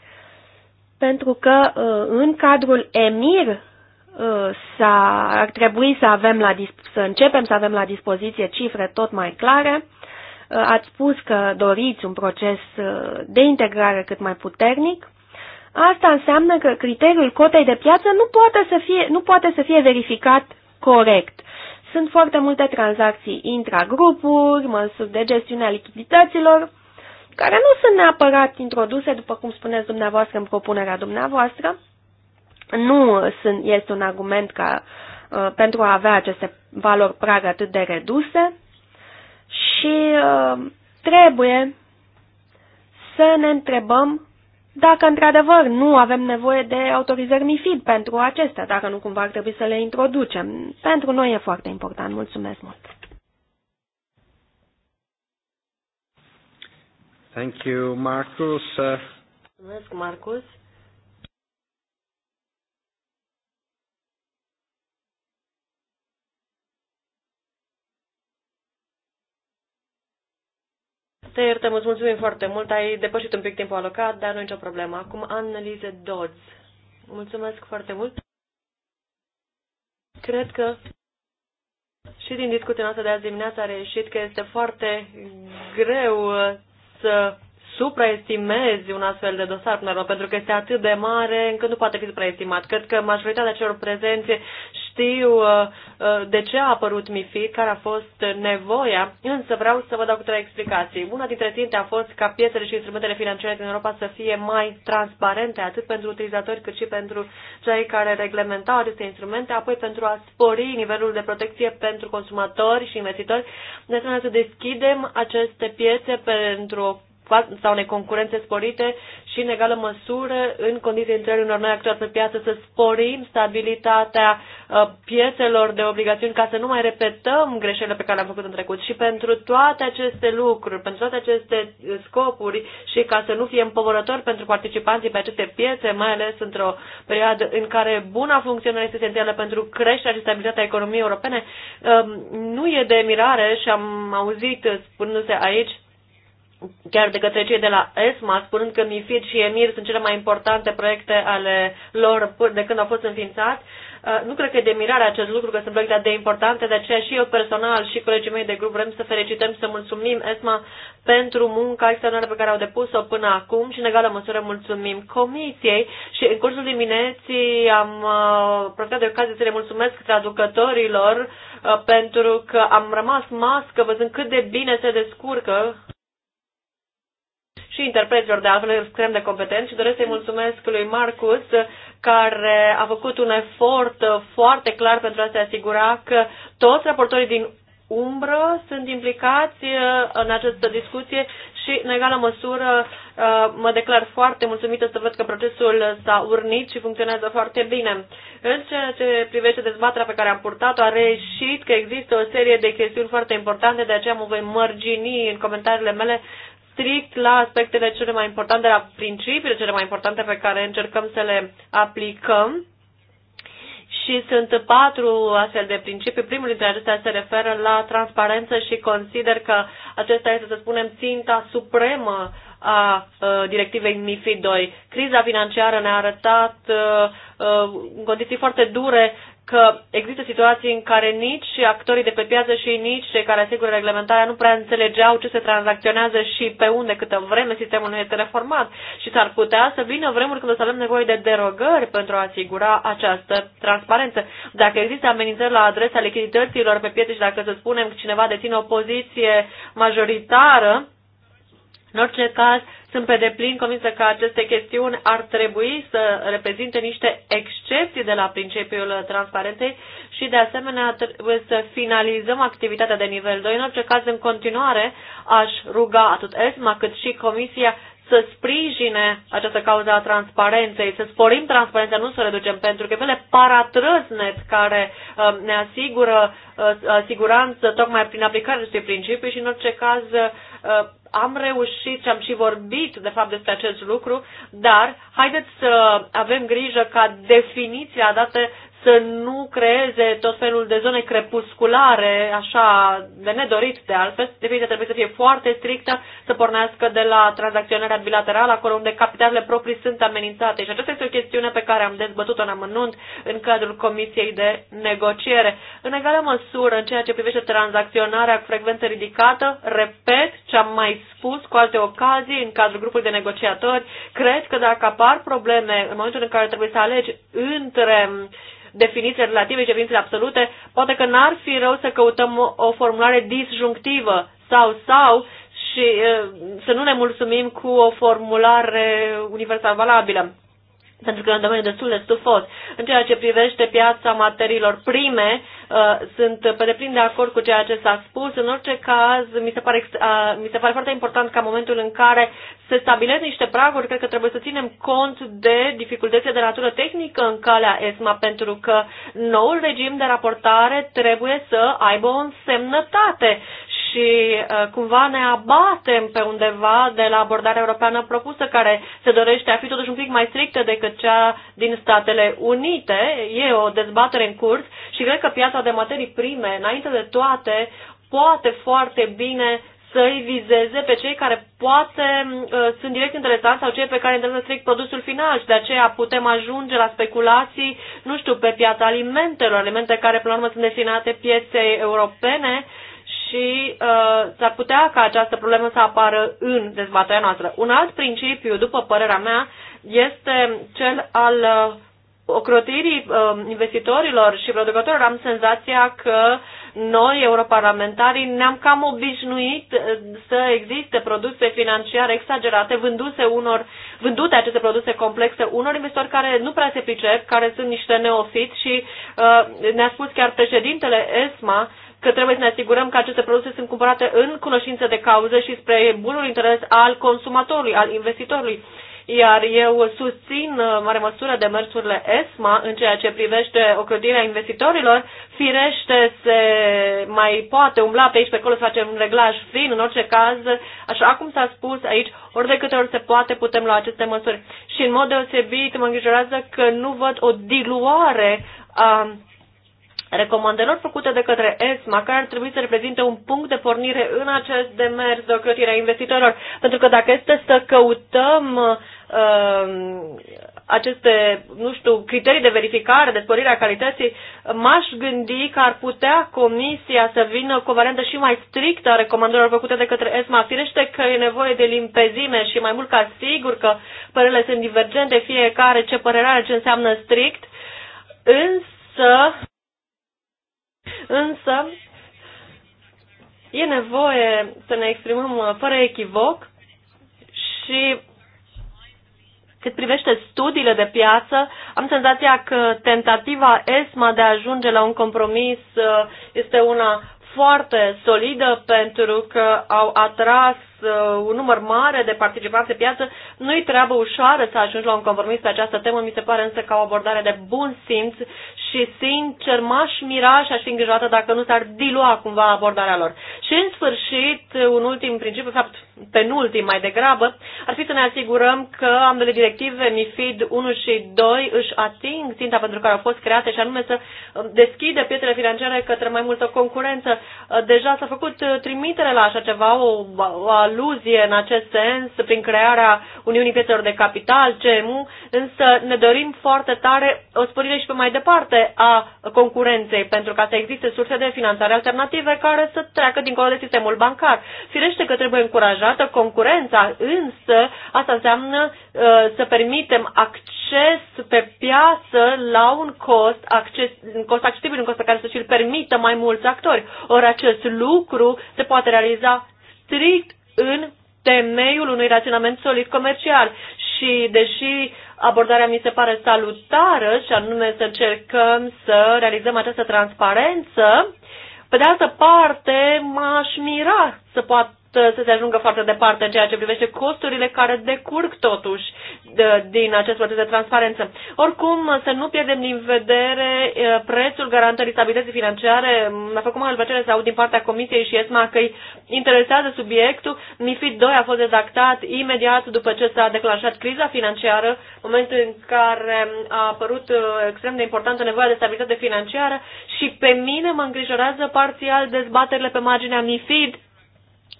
pentru că uh, în cadrul EMIR uh, -a, ar trebui să, avem la, să începem să avem la dispoziție cifre tot mai clare. Uh, ați spus că doriți un proces de integrare cât mai puternic. Asta înseamnă că criteriul cotei de piață nu poate să fie, nu poate să fie verificat corect. Sunt foarte multe tranzacții intragrupuri, măsuri de gestiune a lichidităților, care nu sunt neapărat introduse, după cum spuneți dumneavoastră în propunerea dumneavoastră. Nu sunt, este un argument ca, uh, pentru a avea aceste valori prag atât de reduse și uh, trebuie să ne întrebăm dacă într-adevăr nu avem nevoie de autorizări MIFID pentru acestea, dacă nu cumva ar trebui să le introducem. Pentru noi e foarte important. Mulțumesc mult! Thank you, Marcus. Uh, Mulțumesc, Marcus. Te iertăm, îți mulțumim foarte mult. Ai depășit un pic timpul alocat, dar nu e nicio problemă. Acum, analize Dodds. Mulțumesc foarte mult. Cred că și din discuția noastră de azi dimineața a reieșit că este foarte greu uh, să supraestimezi un astfel de dosar până la urmă, pentru că este atât de mare încât nu poate fi supraestimat. Cred că majoritatea celor prezenți știu uh, uh, de ce a apărut MIFID, care a fost nevoia, însă vreau să vă dau câteva explicații. Una dintre ținte a fost ca piețele și instrumentele financiare din Europa să fie mai transparente, atât pentru utilizatori cât și pentru cei care reglementau aceste instrumente, apoi pentru a spori nivelul de protecție pentru consumatori și investitori. De asemenea, să deschidem aceste piețe pentru o sau unei concurențe sporite și, în egală măsură, în condiții intrării unor noi actori pe piață, să sporim stabilitatea uh, piețelor de obligațiuni ca să nu mai repetăm greșelile pe care le-am făcut în trecut. Și pentru toate aceste lucruri, pentru toate aceste uh, scopuri și ca să nu fie împovărător pentru participanții pe aceste piețe, mai ales într-o perioadă în care buna funcționare este esențială pentru creșterea și stabilitatea economiei europene, um, nu e de mirare și am auzit spunându-se aici chiar de către cei de la ESMA, spunând că MIFID și EMIR sunt cele mai importante proiecte ale lor de când au fost înființați. Uh, nu cred că e de mirare acest lucru, că sunt proiecte de importante, de aceea și eu personal și colegii mei de grup vrem să felicităm și să mulțumim ESMA pentru munca extraordinară pe care au depus-o până acum și în egală măsură mulțumim comisiei și în cursul dimineții am uh, profitat de ocazie să le mulțumesc traducătorilor uh, pentru că am rămas mască văzând cât de bine se descurcă și interpreților de altfel extrem de competenți și doresc să-i mulțumesc lui Marcus care a făcut un efort foarte clar pentru a se asigura că toți raportorii din umbră sunt implicați uh, în această discuție și, în egală măsură, uh, mă declar foarte mulțumită să văd că procesul s-a urnit și funcționează foarte bine. În ceea ce privește dezbaterea pe care am purtat-o, a reieșit că există o serie de chestiuni foarte importante, de aceea mă voi mărgini în comentariile mele strict la aspectele cele mai importante, la principiile cele mai importante pe care încercăm să le aplicăm. Și sunt patru astfel de principii. Primul dintre acestea se referă la transparență și consider că acesta este, să spunem, ținta supremă a uh, directivei MIFID 2. Criza financiară ne-a arătat uh, uh, în condiții foarte dure că există situații în care nici actorii de pe piață și nici cei care asigură reglementarea nu prea înțelegeau ce se tranzacționează și pe unde câtă vreme sistemul nu este reformat și s-ar putea să vină vremuri când o să avem nevoie de derogări pentru a asigura această transparență. Dacă există amenințări la adresa lichidităților pe piață, și dacă să spunem cineva deține o poziție majoritară, în orice caz, sunt pe deplin convinsă că aceste chestiuni ar trebui să reprezinte niște excepții de la principiul transparenței și, de asemenea, trebuie să finalizăm activitatea de nivel 2. În orice caz, în continuare, aș ruga atât ESMA cât și Comisia să sprijine această cauză a transparenței, să sporim transparența, nu să o reducem, pentru că vele paratrăznet care uh, ne asigură uh, siguranță tocmai prin aplicarea acestui principiu și în orice caz uh, Uh, am reușit și am și vorbit, de fapt, despre acest lucru, dar haideți să avem grijă ca definiția dată să nu creeze tot felul de zone crepusculare, așa de nedorit de altfel. Definiția trebuie să fie foarte strictă, să pornească de la tranzacționarea bilaterală, acolo unde capitalele proprii sunt amenințate. Și aceasta este o chestiune pe care am dezbătut-o în amănunt în cadrul Comisiei de Negociere. În egală măsură, în ceea ce privește tranzacționarea cu frecvență ridicată, repet ce am mai spus cu alte ocazii în cadrul grupului de negociatori, cred că dacă apar probleme în momentul în care trebuie să alegi între definiții relative și definiții absolute, poate că n-ar fi rău să căutăm o formulare disjunctivă sau sau și să nu ne mulțumim cu o formulare universal valabilă pentru că e un domeniu destul de stufos. În ceea ce privește piața materiilor prime, uh, sunt pe deplin de acord cu ceea ce s-a spus. În orice caz, mi se, pare, uh, mi se pare foarte important ca momentul în care se stabilesc niște praguri, cred că trebuie să ținem cont de dificultățile de natură tehnică în calea ESMA, pentru că noul regim de raportare trebuie să aibă o însemnătate și uh, cumva ne abatem pe undeva de la abordarea europeană propusă, care se dorește a fi totuși un pic mai strictă decât cea din Statele Unite. E o dezbatere în curs și cred că piața de materii prime, înainte de toate, poate foarte bine să-i vizeze pe cei care poate uh, sunt direct interesați sau cei pe care interesează strict produsul final și de aceea putem ajunge la speculații, nu știu, pe piața alimentelor, alimente care până la urmă sunt destinate pieței europene și uh, s-ar putea ca această problemă să apară în dezbaterea noastră. Un alt principiu, după părerea mea, este cel al uh, ocrotirii uh, investitorilor și producătorilor. Am senzația că noi, europarlamentarii, ne-am cam obișnuit uh, să existe produse financiare exagerate, vânduse unor, vândute aceste produse complexe unor investitori care nu prea se pricep, care sunt niște neofiți și uh, ne-a spus chiar președintele ESMA că trebuie să ne asigurăm că aceste produse sunt cumpărate în cunoștință de cauză și spre bunul interes al consumatorului, al investitorului. Iar eu susțin uh, în mare măsură demersurile ESMA în ceea ce privește ocrotirea investitorilor. Firește se mai poate umbla pe aici, pe acolo, să facem un reglaj fin. În orice caz, așa cum s-a spus aici, ori de câte ori se poate, putem lua aceste măsuri. Și în mod deosebit mă îngrijorează că nu văd o diluare a Recomandărilor făcute de către ESMA, care ar trebui să reprezinte un punct de pornire în acest demers de ocrotire a investitorilor. Pentru că dacă este să căutăm uh, aceste, nu știu, criterii de verificare, de sporirea calității, m-aș gândi că ar putea comisia să vină cu o variantă și mai strictă a recomandărilor făcute de către ESMA. Firește că e nevoie de limpezime și mai mult ca sigur că părerile sunt divergente, fiecare ce părere are, ce înseamnă strict, însă însă e nevoie să ne exprimăm uh, fără echivoc și cât privește studiile de piață, am senzația că tentativa ESMA de a ajunge la un compromis uh, este una foarte solidă pentru că au atras Uh, un număr mare de participanți pe piață. Nu-i treabă ușoară să ajungi la un compromis pe această temă, mi se pare însă ca o abordare de bun simț și, sincer, m-aș mira și aș fi îngrijorată dacă nu s-ar dilua cumva abordarea lor. Și, în sfârșit, un ultim principiu, fapt penultim mai degrabă, ar fi să ne asigurăm că ambele directive, MIFID 1 și 2, își ating ținta pentru care au fost create și anume să deschidă pietrele financiare către mai multă concurență. Deja s-a făcut trimitere la așa ceva, o, o aluzie în acest sens prin crearea Uniunii Piețelor de Capital, CEMU, însă ne dorim foarte tare o sporire și pe mai departe a concurenței, pentru ca să existe surse de finanțare alternative care să treacă dincolo de sistemul bancar. Firește că trebuie încurajată concurența, însă asta înseamnă uh, să permitem acces pe piață la un cost, acces, un cost accesibil, un cost pe care să și-l permită mai mulți actori. Ori acest lucru se poate realiza strict în temeiul unui raționament solid comercial. Și deși abordarea mi se pare salutară și anume să încercăm să realizăm această transparență, pe de altă parte m-aș mira să poată Uh, să se ajungă foarte departe în ceea ce privește costurile care decurg totuși de, uh, din acest proces de transparență. Oricum, să nu pierdem din vedere uh, prețul garantării stabilității financiare. a făcut mai plăcere să aud din partea Comisiei și ESMA că îi interesează subiectul. MIFID 2 a fost redactat imediat după ce s-a declanșat criza financiară, momentul în care a apărut extrem de importantă nevoia de stabilitate financiară și pe mine mă îngrijorează parțial dezbaterile pe marginea MIFID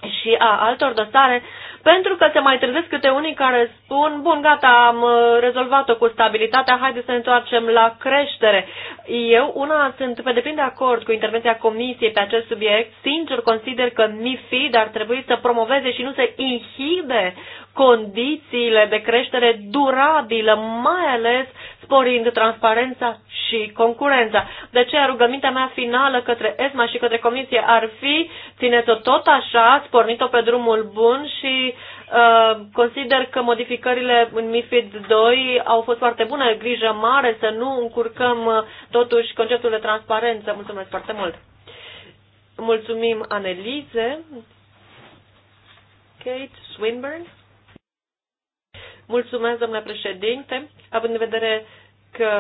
și a altor dosare, pentru că se mai trezesc câte unii care spun, bun, gata, am uh, rezolvat-o cu stabilitatea, haideți să ne întoarcem la creștere. Eu, una, sunt pe deplin de acord cu intervenția Comisiei pe acest subiect. Sincer, consider că MIFID ar trebui să promoveze și nu să inhibe condițiile de creștere durabilă, mai ales sporind transparența și concurența. De aceea rugămintea mea finală către ESMA și către Comisie ar fi țineți-o tot așa, spornit o pe drumul bun și uh, consider că modificările în MIFID 2 au fost foarte bune, grijă mare să nu încurcăm uh, totuși conceptul de transparență. Mulțumesc foarte mult! Mulțumim, Anelize. Kate Swinburne. Mulțumesc, domnule președinte. Având în vedere că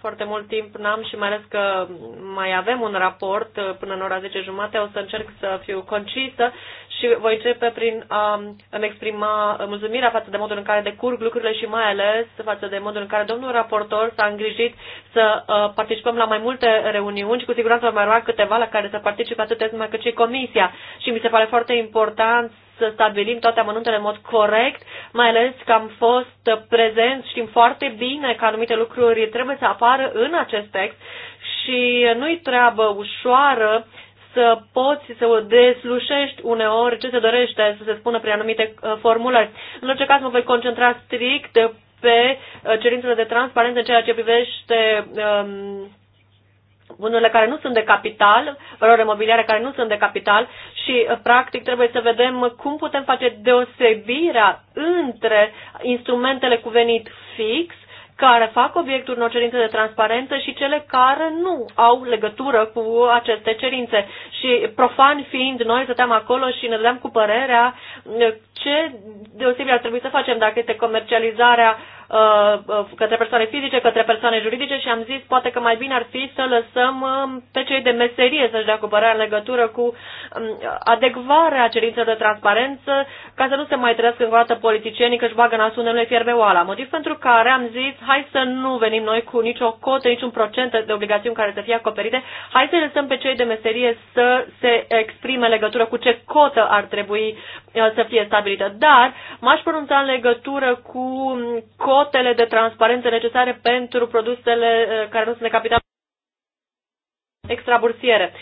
foarte mult timp n-am și mai ales că mai avem un raport uh, până în ora 10 jumate, o să încerc să fiu concisă și voi începe prin a îmi exprima mulțumirea față de modul în care decurg lucrurile și mai ales față de modul în care domnul raportor s-a îngrijit să uh, participăm la mai multe reuniuni și cu siguranță mai rog câteva la care să participe atât mai cât și comisia și mi se pare foarte important să stabilim toate amănuntele în mod corect, mai ales că am fost prezenți, știm foarte bine că anumite lucruri trebuie să apară în acest text și nu-i treabă ușoară să poți să o deslușești uneori ce se dorește să se spună prin anumite uh, formulări. În orice caz mă voi concentra strict pe uh, cerințele de transparență în ceea ce privește um, bunurile care nu sunt de capital, valori mobiliare care nu sunt de capital și, uh, practic, trebuie să vedem cum putem face deosebirea între instrumentele cu venit fix care fac obiectul unor cerințe de transparență și cele care nu au legătură cu aceste cerințe. Și profani fiind, noi stăteam acolo și ne dădeam cu părerea uh, ce deosebire ar trebui să facem dacă este comercializarea uh, uh, către persoane fizice, către persoane juridice și am zis poate că mai bine ar fi să lăsăm um, pe cei de meserie să-și dea cumpărarea în legătură cu um, adecvarea cerințelor de transparență ca să nu se mai trăiască încă o dată politicienii că își bagă nasul unde fierbe oala. Motiv pentru care am zis hai să nu venim noi cu nicio cotă, niciun procent de obligațiuni care să fie acoperite, hai să lăsăm pe cei de meserie să se exprime legătură cu ce cotă ar trebui uh, să fie stat stabilită, dar m-aș pronunța în legătură cu cotele de transparență necesare pentru produsele eh, care nu sunt de capital extrabursiere.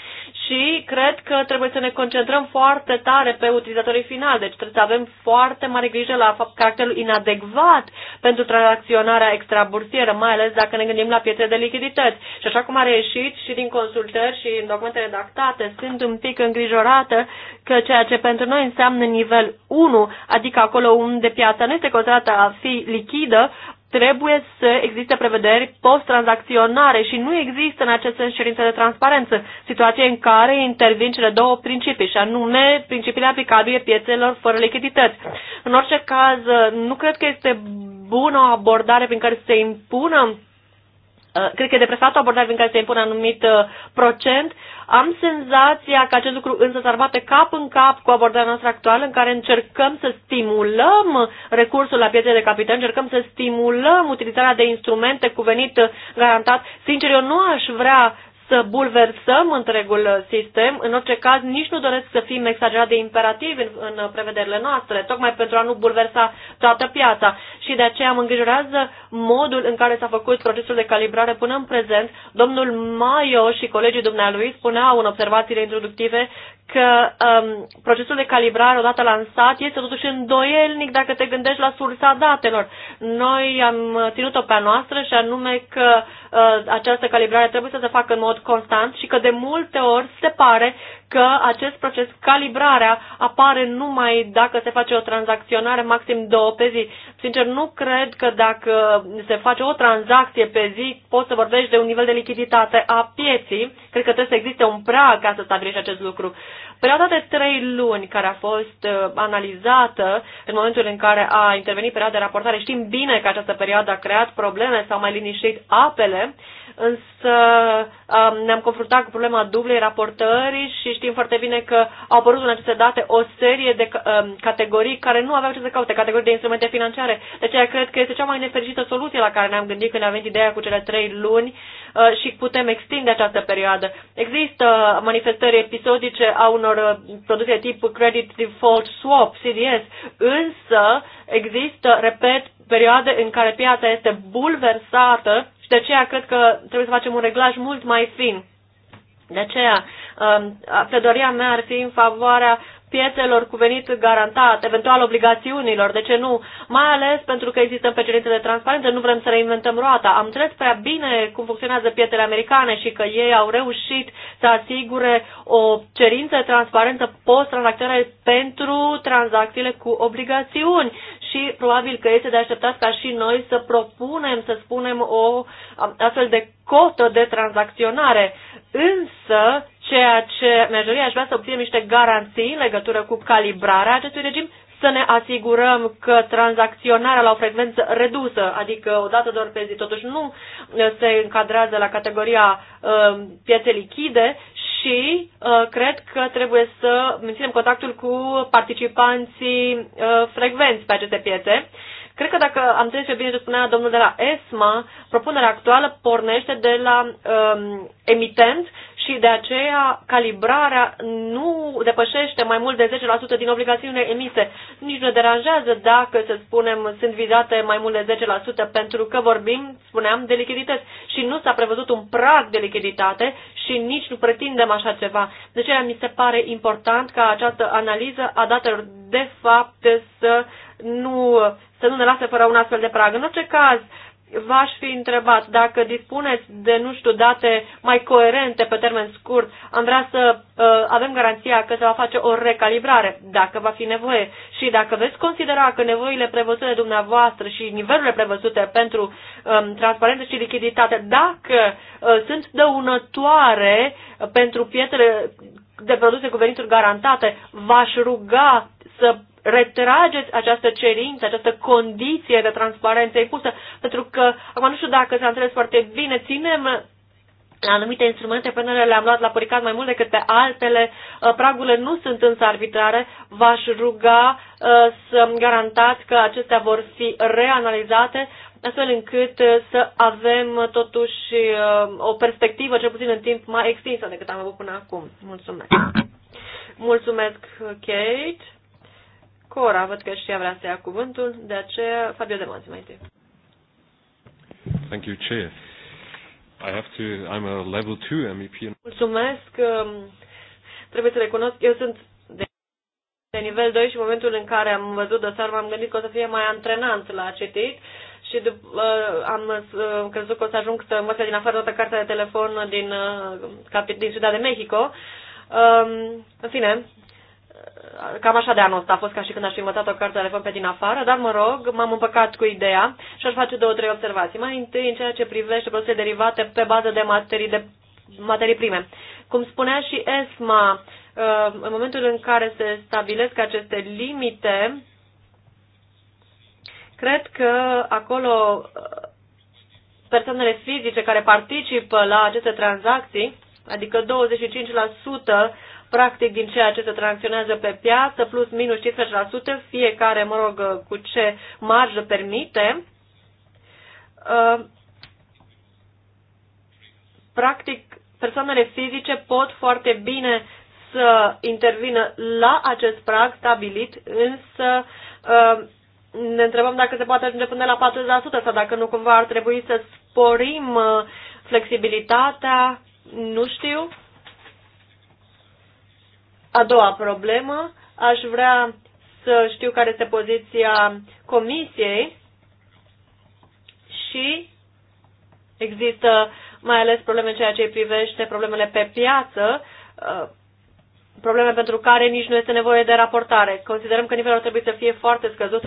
Și cred că trebuie să ne concentrăm foarte tare pe utilizatorii finali, deci trebuie să avem foarte mare grijă la caracterul inadecvat pentru tranzacționarea extrabursieră, mai ales dacă ne gândim la piețe de lichidități. Și așa cum a reieșit și din consultări și în documente redactate, sunt un pic îngrijorată că ceea ce pentru noi înseamnă nivel 1, adică acolo unde piața nu este considerată a fi lichidă, trebuie să existe prevederi post-tranzacționare și nu există în acest sens cerințe de transparență, situație în care intervin cele două principii, și anume principiile aplicabile piețelor fără lichidități. În orice caz, nu cred că este bună o abordare prin care se impună Uh, cred că e de presat o abordare în care se impune anumit uh, procent. Am senzația că acest lucru însă s-ar bate cap în cap cu abordarea noastră actuală în care încercăm să stimulăm recursul la piețe de capital, încercăm să stimulăm utilizarea de instrumente cu venit uh, garantat. Sincer, eu nu aș vrea să bulversăm întregul sistem. În orice caz, nici nu doresc să fim exagerat de imperativ în, în prevederile noastre, tocmai pentru a nu bulversa toată piața. Și de aceea mă îngrijorează modul în care s-a făcut procesul de calibrare până în prezent. Domnul Maio și colegii dumnealui spuneau în observațiile introductive că um, procesul de calibrare odată lansat este totuși îndoielnic dacă te gândești la sursa datelor. Noi am ținut-o pe a noastră și anume că uh, Uh, această calibrare trebuie să se facă în mod constant și că de multe ori se pare că acest proces, calibrarea, apare numai dacă se face o tranzacționare maxim două pe zi. Sincer, nu cred că dacă se face o tranzacție pe zi, poți să vorbești de un nivel de lichiditate a pieții. Cred că trebuie să existe un prag ca să stabilești acest lucru. Perioada de trei luni care a fost uh, analizată în momentul în care a intervenit perioada de raportare, știm bine că această perioadă a creat probleme sau mai liniștit apele, însă um, ne-am confruntat cu problema dublei raportări și știm foarte bine că au apărut în aceste date o serie de um, categorii care nu aveau ce să caute, categorii de instrumente financiare. De aceea cred că este cea mai nefericită soluție la care ne-am gândit când ne am venit ideea cu cele trei luni uh, și putem extinde această perioadă. Există manifestări episodice a unor uh, produse tip Credit Default Swap, CDS, însă există, repet, perioade în care piața este bulversată și de aceea cred că trebuie să facem un reglaj mult mai fin. De aceea, um, Predoria mea ar fi în favoarea piețelor cu venit garantat, eventual obligațiunilor, de ce nu? Mai ales pentru că există cerințe de transparență, nu vrem să reinventăm roata. Am înțeles prea bine cum funcționează piețele americane și că ei au reușit să asigure o cerință de transparență post transacționare pentru tranzacțiile cu obligațiuni și probabil că este de așteptat ca și noi să propunem, să spunem, o astfel de cotă de tranzacționare. Însă, ceea ce mi aș vrea să obținem niște garanții în legătură cu calibrarea acestui regim, să ne asigurăm că tranzacționarea la o frecvență redusă, adică o dată doar pe zi, totuși nu se încadrează la categoria uh, piețe lichide și uh, cred că trebuie să menținem contactul cu participanții uh, frecvenți pe aceste piețe. Cred că dacă am înțeles bine ce spunea domnul de la ESMA, propunerea actuală pornește de la um, emitent și de aceea calibrarea nu depășește mai mult de 10% din obligațiunile emise. Nici nu deranjează dacă, să spunem, sunt vizate mai mult de 10% pentru că vorbim, spuneam, de lichidități și nu s-a prevăzut un prag de lichiditate și nici nu pretindem așa ceva. De aceea mi se pare important ca această analiză a datelor de fapt să nu, să nu ne lase fără un astfel de prag. În orice caz, uh, v-aș fi întrebat dacă dispuneți de, nu știu, date mai coerente pe termen scurt, am vrea să uh, avem garanția că se va face o recalibrare, dacă va fi nevoie. Și dacă veți considera că nevoile prevăzute dumneavoastră și nivelurile prevăzute pentru um, transparență și lichiditate, dacă uh, sunt dăunătoare pentru pietre de produse cu venituri garantate, v-aș ruga să retrageți această cerință, această condiție de transparență impusă, pentru că, acum nu știu dacă s-a înțeles foarte bine, ținem la anumite instrumente pe care le-am luat la puricat mai mult decât pe altele, uh, pragurile nu sunt însă arbitrare, v-aș ruga uh, să garantați că acestea vor fi reanalizate astfel încât uh, să avem totuși o perspectivă, cel puțin în timp, mai extinsă decât am avut până acum. Mulțumesc! Mulțumesc, Kate! Cora, văd că și ea vrea să ia cuvântul, de aceea Fabio de mai întâi. Thank you, Chair. I have to, I'm a level 2 MEP. Mulțumesc. Um, trebuie să recunosc, eu sunt de, de nivel 2 și în momentul în care am văzut dosar, m-am gândit că o să fie mai antrenant la citit și uh, am uh, crezut că o să ajung să învăț din afară toată cartea de telefon din, uh, din Ciudad de Mexico. Um, în fine, cam așa de anul ăsta a fost ca și când aș fi învățat o carte de telefon pe din afară, dar mă rog, m-am împăcat cu ideea și aș face două, trei observații. Mai întâi, în ceea ce privește produse derivate pe bază de materii, de materii prime. Cum spunea și ESMA, uh, în momentul în care se stabilesc aceste limite, cred că acolo uh, persoanele fizice care participă la aceste tranzacții, adică 25% practic din ceea ce se tranzionează pe piață, plus minus 50%, fiecare, mă rog, cu ce marjă permite. Uh, practic, persoanele fizice pot foarte bine să intervină la acest prag stabilit, însă uh, ne întrebăm dacă se poate ajunge până la 40% sau dacă nu cumva ar trebui să sporim uh, flexibilitatea, nu știu. A doua problemă, aș vrea să știu care este poziția comisiei și există mai ales probleme în ceea ce privește problemele pe piață, uh, probleme pentru care nici nu este nevoie de raportare. Considerăm că nivelul trebuie să fie foarte scăzut.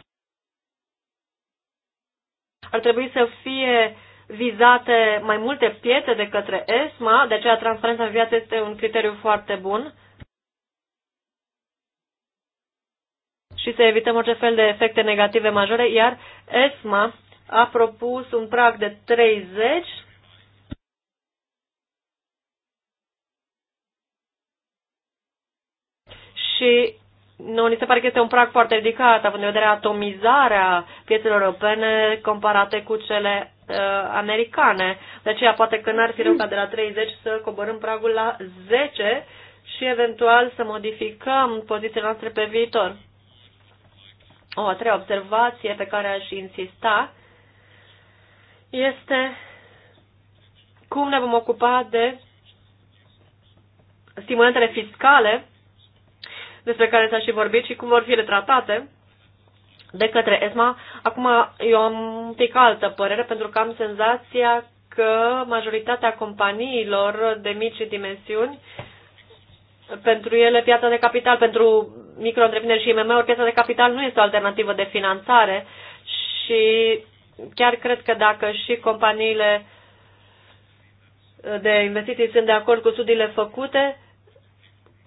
Ar trebui să fie vizate mai multe piețe de către ESMA, de aceea transparența în viață este un criteriu foarte bun și să evităm orice fel de efecte negative majore, iar ESMA a propus un prag de 30 și nu, ni se pare că este un prag foarte ridicat, având în vedere atomizarea piețelor europene comparate cu cele uh, americane. De aceea, poate că n-ar fi rău ca de la 30 să coborâm pragul la 10 și eventual să modificăm pozițiile noastre pe viitor. O a treia observație pe care aș insista este cum ne vom ocupa de stimulentele fiscale despre care s-a și vorbit și cum vor fi retratate de către ESMA. Acum eu am un pic altă părere pentru că am senzația că majoritatea companiilor de mici dimensiuni pentru ele piața de capital, pentru micro și IMM-uri, piața de capital nu este o alternativă de finanțare și chiar cred că dacă și companiile de investiții sunt de acord cu studiile făcute,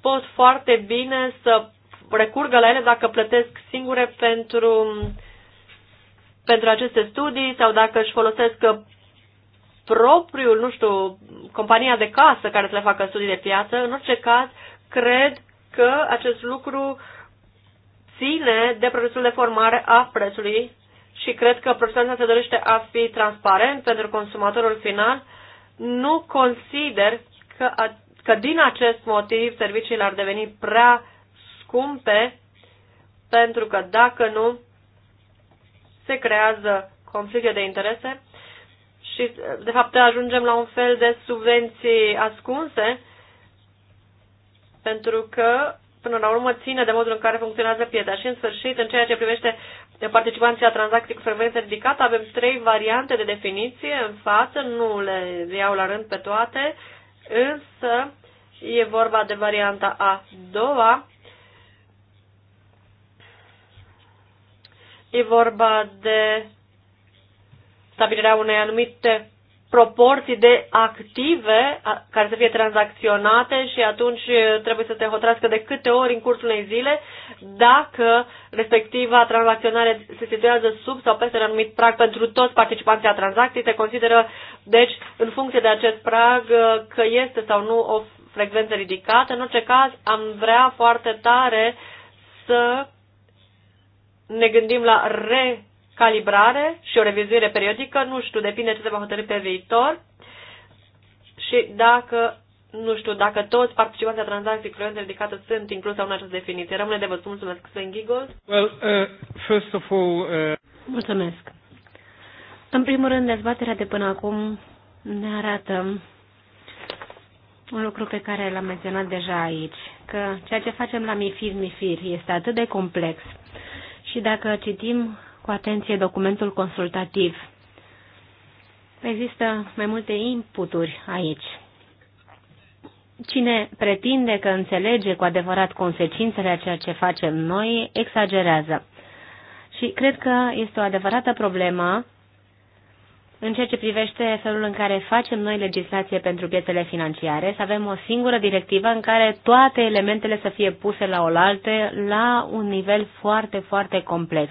pot foarte bine să recurgă la ele dacă plătesc singure pentru, pentru aceste studii sau dacă își folosesc propriul, nu știu, compania de casă care să le facă studii de piață. În orice caz, cred că acest lucru ține de procesul de formare a prețului și cred că procesul se dorește a fi transparent pentru consumatorul final. Nu consider că, că din acest motiv serviciile ar deveni prea scumpe, pentru că dacă nu, se creează conflicte de interese și, de fapt, ajungem la un fel de subvenții ascunse pentru că până la urmă ține de modul în care funcționează piața. Și în sfârșit, în ceea ce privește participanții la tranzacții cu frecvență ridicată, avem trei variante de definiție în față, nu le iau la rând pe toate, însă e vorba de varianta a doua. E vorba de stabilirea unei anumite proporții de active care să fie tranzacționate și atunci trebuie să te hotărască de câte ori în cursul unei zile dacă respectiva tranzacționare se situează sub sau peste un anumit prag pentru toți participanții a tranzacției, te consideră, deci, în funcție de acest prag, că este sau nu o frecvență ridicată. În orice caz, am vrea foarte tare să ne gândim la re calibrare și o revizuire periodică, nu știu, depinde ce se va hotărâi pe viitor și dacă nu știu dacă toți participanții la tranzacții fluente ridicată sunt sau în această definiție. Rămâne de văzut. Mulțumesc, Sven Giggold. Well, uh, first of all, uh... Mulțumesc. În primul rând, dezbaterea de până acum ne arată un lucru pe care l-am menționat deja aici, că ceea ce facem la mifir mifir este atât de complex și dacă citim cu atenție documentul consultativ. Există mai multe inputuri aici. Cine pretinde că înțelege cu adevărat consecințele a ceea ce facem noi, exagerează. Și cred că este o adevărată problemă în ceea ce privește felul în care facem noi legislație pentru piețele financiare, să avem o singură directivă în care toate elementele să fie puse la oaltă la un nivel foarte, foarte complex.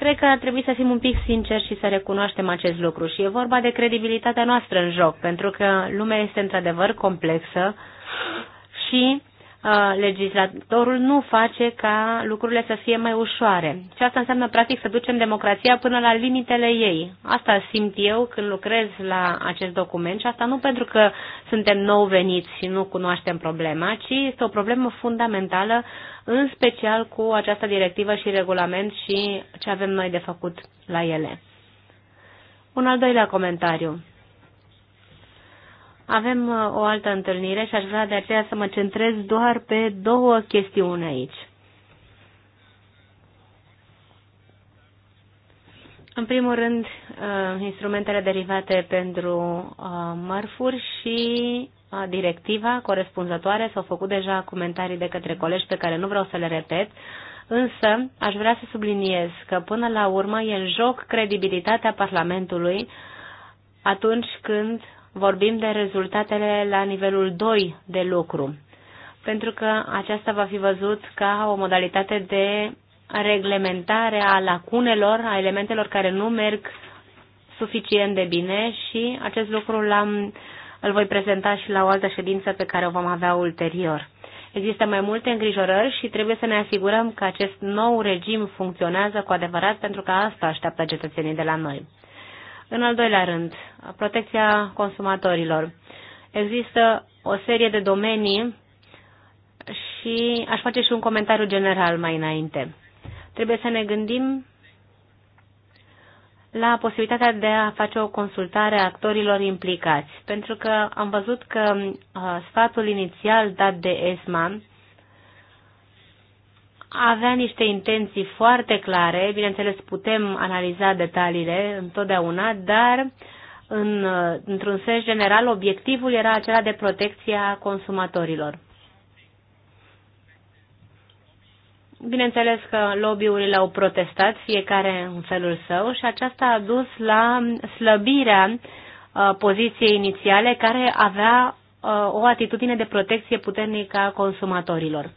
Cred că ar trebui să fim un pic sinceri și să recunoaștem acest lucru și e vorba de credibilitatea noastră în joc, pentru că lumea este într-adevăr complexă și uh, legislatorul nu face ca lucrurile să fie mai ușoare. Și asta înseamnă, practic, să ducem democrația până la limitele ei. Asta simt eu când lucrez la acest document și asta nu pentru că suntem nou veniți și nu cunoaștem problema, ci este o problemă fundamentală în special cu această directivă și regulament și ce avem noi de făcut la ele. Un al doilea comentariu. Avem uh, o altă întâlnire și aș vrea de aceea să mă centrez doar pe două chestiuni aici. În primul rând, uh, instrumentele derivate pentru uh, mărfuri și directiva corespunzătoare. S-au făcut deja comentarii de către colegi pe care nu vreau să le repet, însă aș vrea să subliniez că până la urmă e în joc credibilitatea Parlamentului atunci când vorbim de rezultatele la nivelul 2 de lucru, pentru că aceasta va fi văzut ca o modalitate de reglementare a lacunelor, a elementelor care nu merg suficient de bine și acest lucru l-am uh, îl voi prezenta și la o altă ședință pe care o vom avea ulterior. Există mai multe îngrijorări și trebuie să ne asigurăm că acest nou regim funcționează cu adevărat pentru că asta așteaptă cetățenii de la noi. În al doilea rând, protecția consumatorilor. Există o serie de domenii și aș face și un comentariu general mai înainte. Trebuie să ne gândim la posibilitatea de a face o consultare a actorilor implicați, pentru că am văzut că uh, sfatul inițial dat de ESMA avea niște intenții foarte clare, bineînțeles putem analiza detaliile întotdeauna, dar în, uh, într-un sens general obiectivul era acela de protecție a consumatorilor. Bineînțeles că lobby-urile au protestat, fiecare în felul său, și aceasta a dus la slăbirea uh, poziției inițiale care avea uh, o atitudine de protecție puternică a consumatorilor.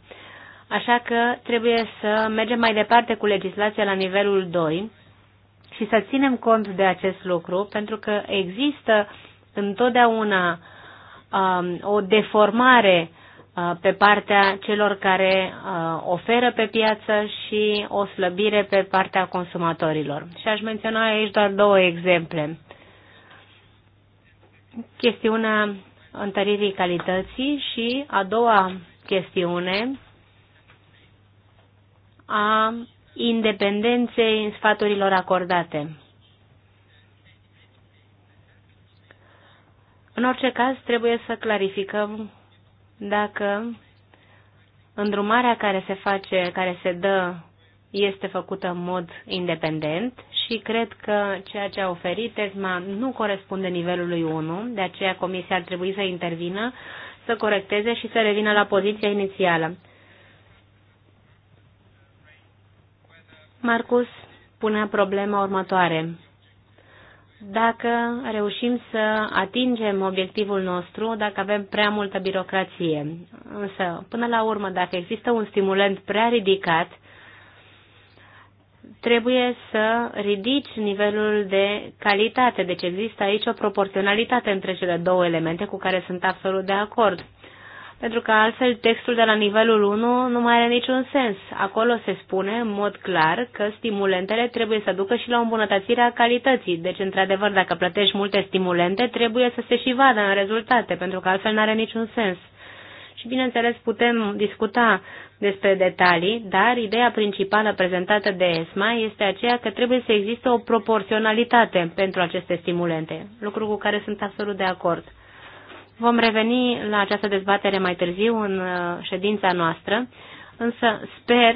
Așa că trebuie să mergem mai departe cu legislația la nivelul 2 și să ținem cont de acest lucru, pentru că există întotdeauna um, o deformare uh, Uh, pe partea celor care uh, oferă pe piață și o slăbire pe partea consumatorilor. Și aș menționa aici doar două exemple. Chestiunea întăririi calității și a doua chestiune a independenței în sfaturilor acordate. În orice caz, trebuie să clarificăm dacă îndrumarea care se face, care se dă, este făcută în mod independent și cred că ceea ce a oferit ESMA nu corespunde nivelului 1, de aceea Comisia ar trebui să intervină, să corecteze și să revină la poziția inițială. Marcus punea problema următoare dacă reușim să atingem obiectivul nostru, dacă avem prea multă birocrație. Însă, până la urmă, dacă există un stimulent prea ridicat, trebuie să ridici nivelul de calitate. Deci există aici o proporționalitate între cele două elemente cu care sunt absolut de acord pentru că altfel textul de la nivelul 1 nu mai are niciun sens. Acolo se spune în mod clar că stimulentele trebuie să ducă și la îmbunătățirea calității. Deci, într-adevăr, dacă plătești multe stimulente, trebuie să se și vadă în rezultate, pentru că altfel nu are niciun sens. Și, bineînțeles, putem discuta despre detalii, dar ideea principală prezentată de ESMA este aceea că trebuie să existe o proporționalitate pentru aceste stimulente, lucru cu care sunt absolut de acord. Vom reveni la această dezbatere mai târziu în uh, ședința noastră, însă sper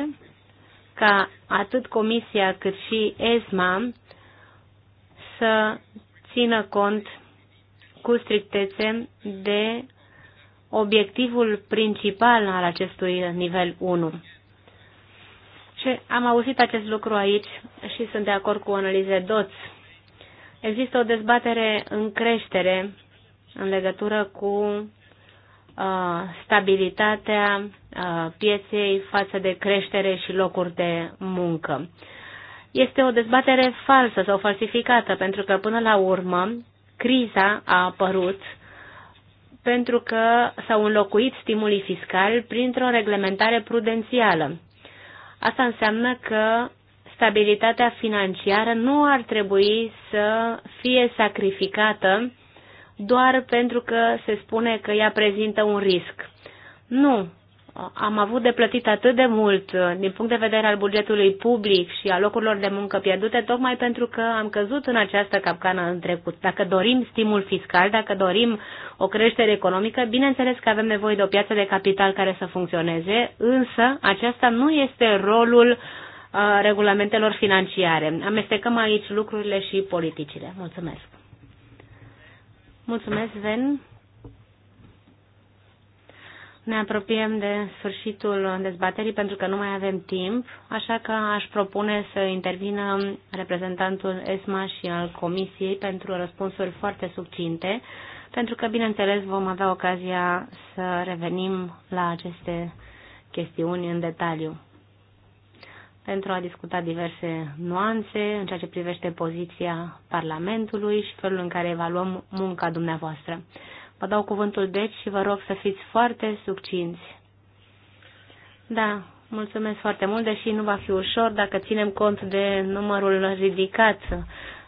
ca atât Comisia cât și ESMA să țină cont cu strictețe de obiectivul principal al acestui nivel 1. Și am auzit acest lucru aici și sunt de acord cu analize DOTS. Există o dezbatere în creștere în legătură cu uh, stabilitatea uh, pieței față de creștere și locuri de muncă. Este o dezbatere falsă sau falsificată, pentru că până la urmă criza a apărut pentru că s-au înlocuit stimulii fiscali printr-o reglementare prudențială. Asta înseamnă că stabilitatea financiară nu ar trebui să fie sacrificată doar pentru că se spune că ea prezintă un risc. Nu, am avut de plătit atât de mult uh, din punct de vedere al bugetului public și a locurilor de muncă pierdute, tocmai pentru că am căzut în această capcană în trecut. Dacă dorim stimul fiscal, dacă dorim o creștere economică, bineînțeles că avem nevoie de o piață de capital care să funcționeze, însă aceasta nu este rolul uh, regulamentelor financiare. Amestecăm aici lucrurile și politicile. Mulțumesc! Mulțumesc, Ven. Ne apropiem de sfârșitul dezbaterii pentru că nu mai avem timp, așa că aș propune să intervină reprezentantul ESMA și al Comisiei pentru răspunsuri foarte succinte, pentru că, bineînțeles, vom avea ocazia să revenim la aceste chestiuni în detaliu pentru a discuta diverse nuanțe în ceea ce privește poziția Parlamentului și felul în care evaluăm munca dumneavoastră. Vă dau cuvântul deci și vă rog să fiți foarte succinți. Da, mulțumesc foarte mult, deși nu va fi ușor dacă ținem cont de numărul ridicat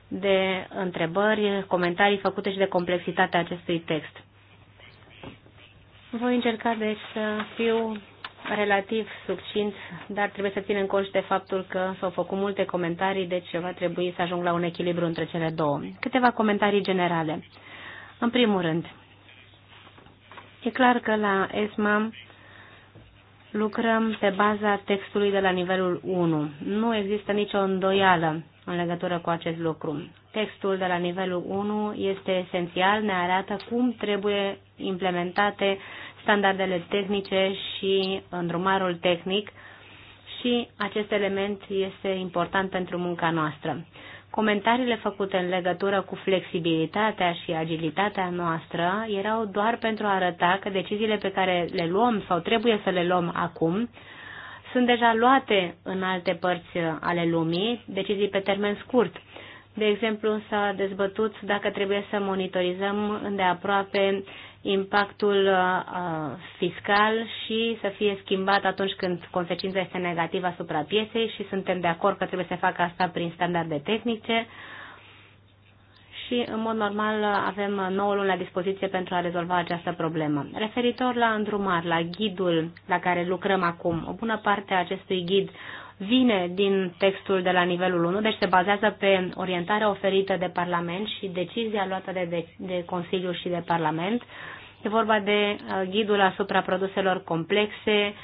de întrebări, comentarii făcute și de complexitatea acestui text. Voi încerca deci să fiu relativ succint, dar trebuie să ținem cont și de faptul că s-au făcut multe comentarii, deci va trebui să ajung la un echilibru între cele două. Câteva comentarii generale. În primul rând, e clar că la ESMA lucrăm pe baza textului de la nivelul 1. Nu există nicio îndoială în legătură cu acest lucru. Textul de la nivelul 1 este esențial, ne arată cum trebuie implementate standardele tehnice și îndrumarul tehnic și acest element este important pentru munca noastră. Comentariile făcute în legătură cu flexibilitatea și agilitatea noastră erau doar pentru a arăta că deciziile pe care le luăm sau trebuie să le luăm acum sunt deja luate în alte părți ale lumii, decizii pe termen scurt. De exemplu, s-a dezbătut dacă trebuie să monitorizăm îndeaproape impactul uh, uh, fiscal și să fie schimbat atunci când consecința este negativă asupra pieței și suntem de acord că trebuie să facă asta prin standarde tehnice și, în mod normal, avem 9 luni la dispoziție pentru a rezolva această problemă. Referitor la îndrumar, la ghidul la care lucrăm acum, o bună parte a acestui ghid vine din textul de la nivelul 1, deci se bazează pe orientarea oferită de Parlament și decizia luată de, de, de Consiliu și de Parlament. E vorba de uh, ghidul asupra produselor complexe,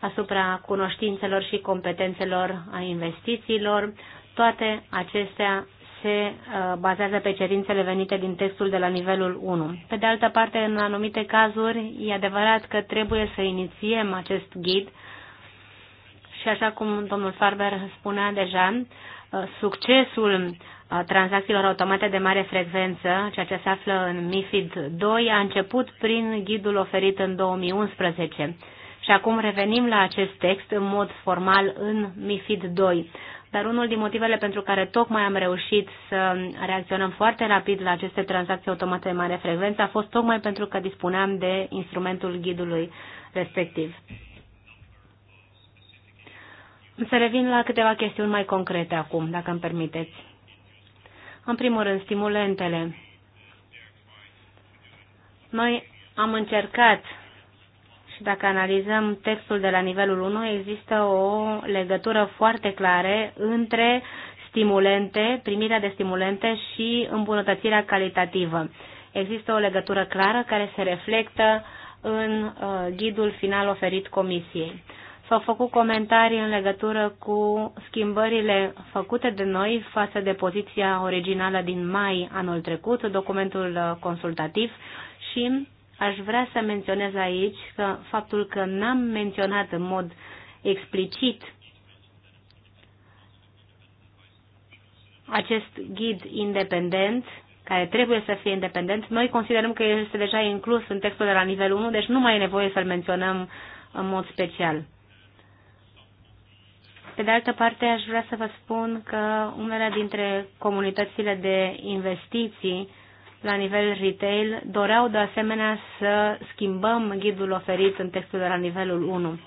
asupra cunoștințelor și competențelor a investițiilor. Toate acestea se uh, bazează pe cerințele venite din textul de la nivelul 1. Pe de altă parte, în anumite cazuri, e adevărat că trebuie să inițiem acest ghid și așa cum domnul Farber spunea deja, uh, succesul uh, tranzacțiilor automate de mare frecvență, ceea ce se află în MIFID 2, a început prin ghidul oferit în 2011. Și acum revenim la acest text în mod formal în MIFID 2. Dar unul din motivele pentru care tocmai am reușit să reacționăm foarte rapid la aceste tranzacții automate de mare frecvență a fost tocmai pentru că dispuneam de instrumentul ghidului respectiv. Să revin la câteva chestiuni mai concrete acum, dacă îmi permiteți. În primul rând, stimulentele. Noi am încercat și dacă analizăm textul de la nivelul 1, există o legătură foarte clară între stimulente, primirea de stimulente și îmbunătățirea calitativă. Există o legătură clară care se reflectă în uh, ghidul final oferit comisiei. S-au făcut comentarii în legătură cu schimbările făcute de noi față de poziția originală din mai anul trecut, documentul uh, consultativ și aș vrea să menționez aici că faptul că n-am menționat în mod explicit acest ghid independent, care trebuie să fie independent, noi considerăm că este deja inclus în textul de la nivelul 1, deci nu mai e nevoie să-l menționăm în mod special. Pe de altă parte, aș vrea să vă spun că unele dintre comunitățile de investiții la nivel retail doreau de asemenea să schimbăm ghidul oferit în textul de la nivelul 1.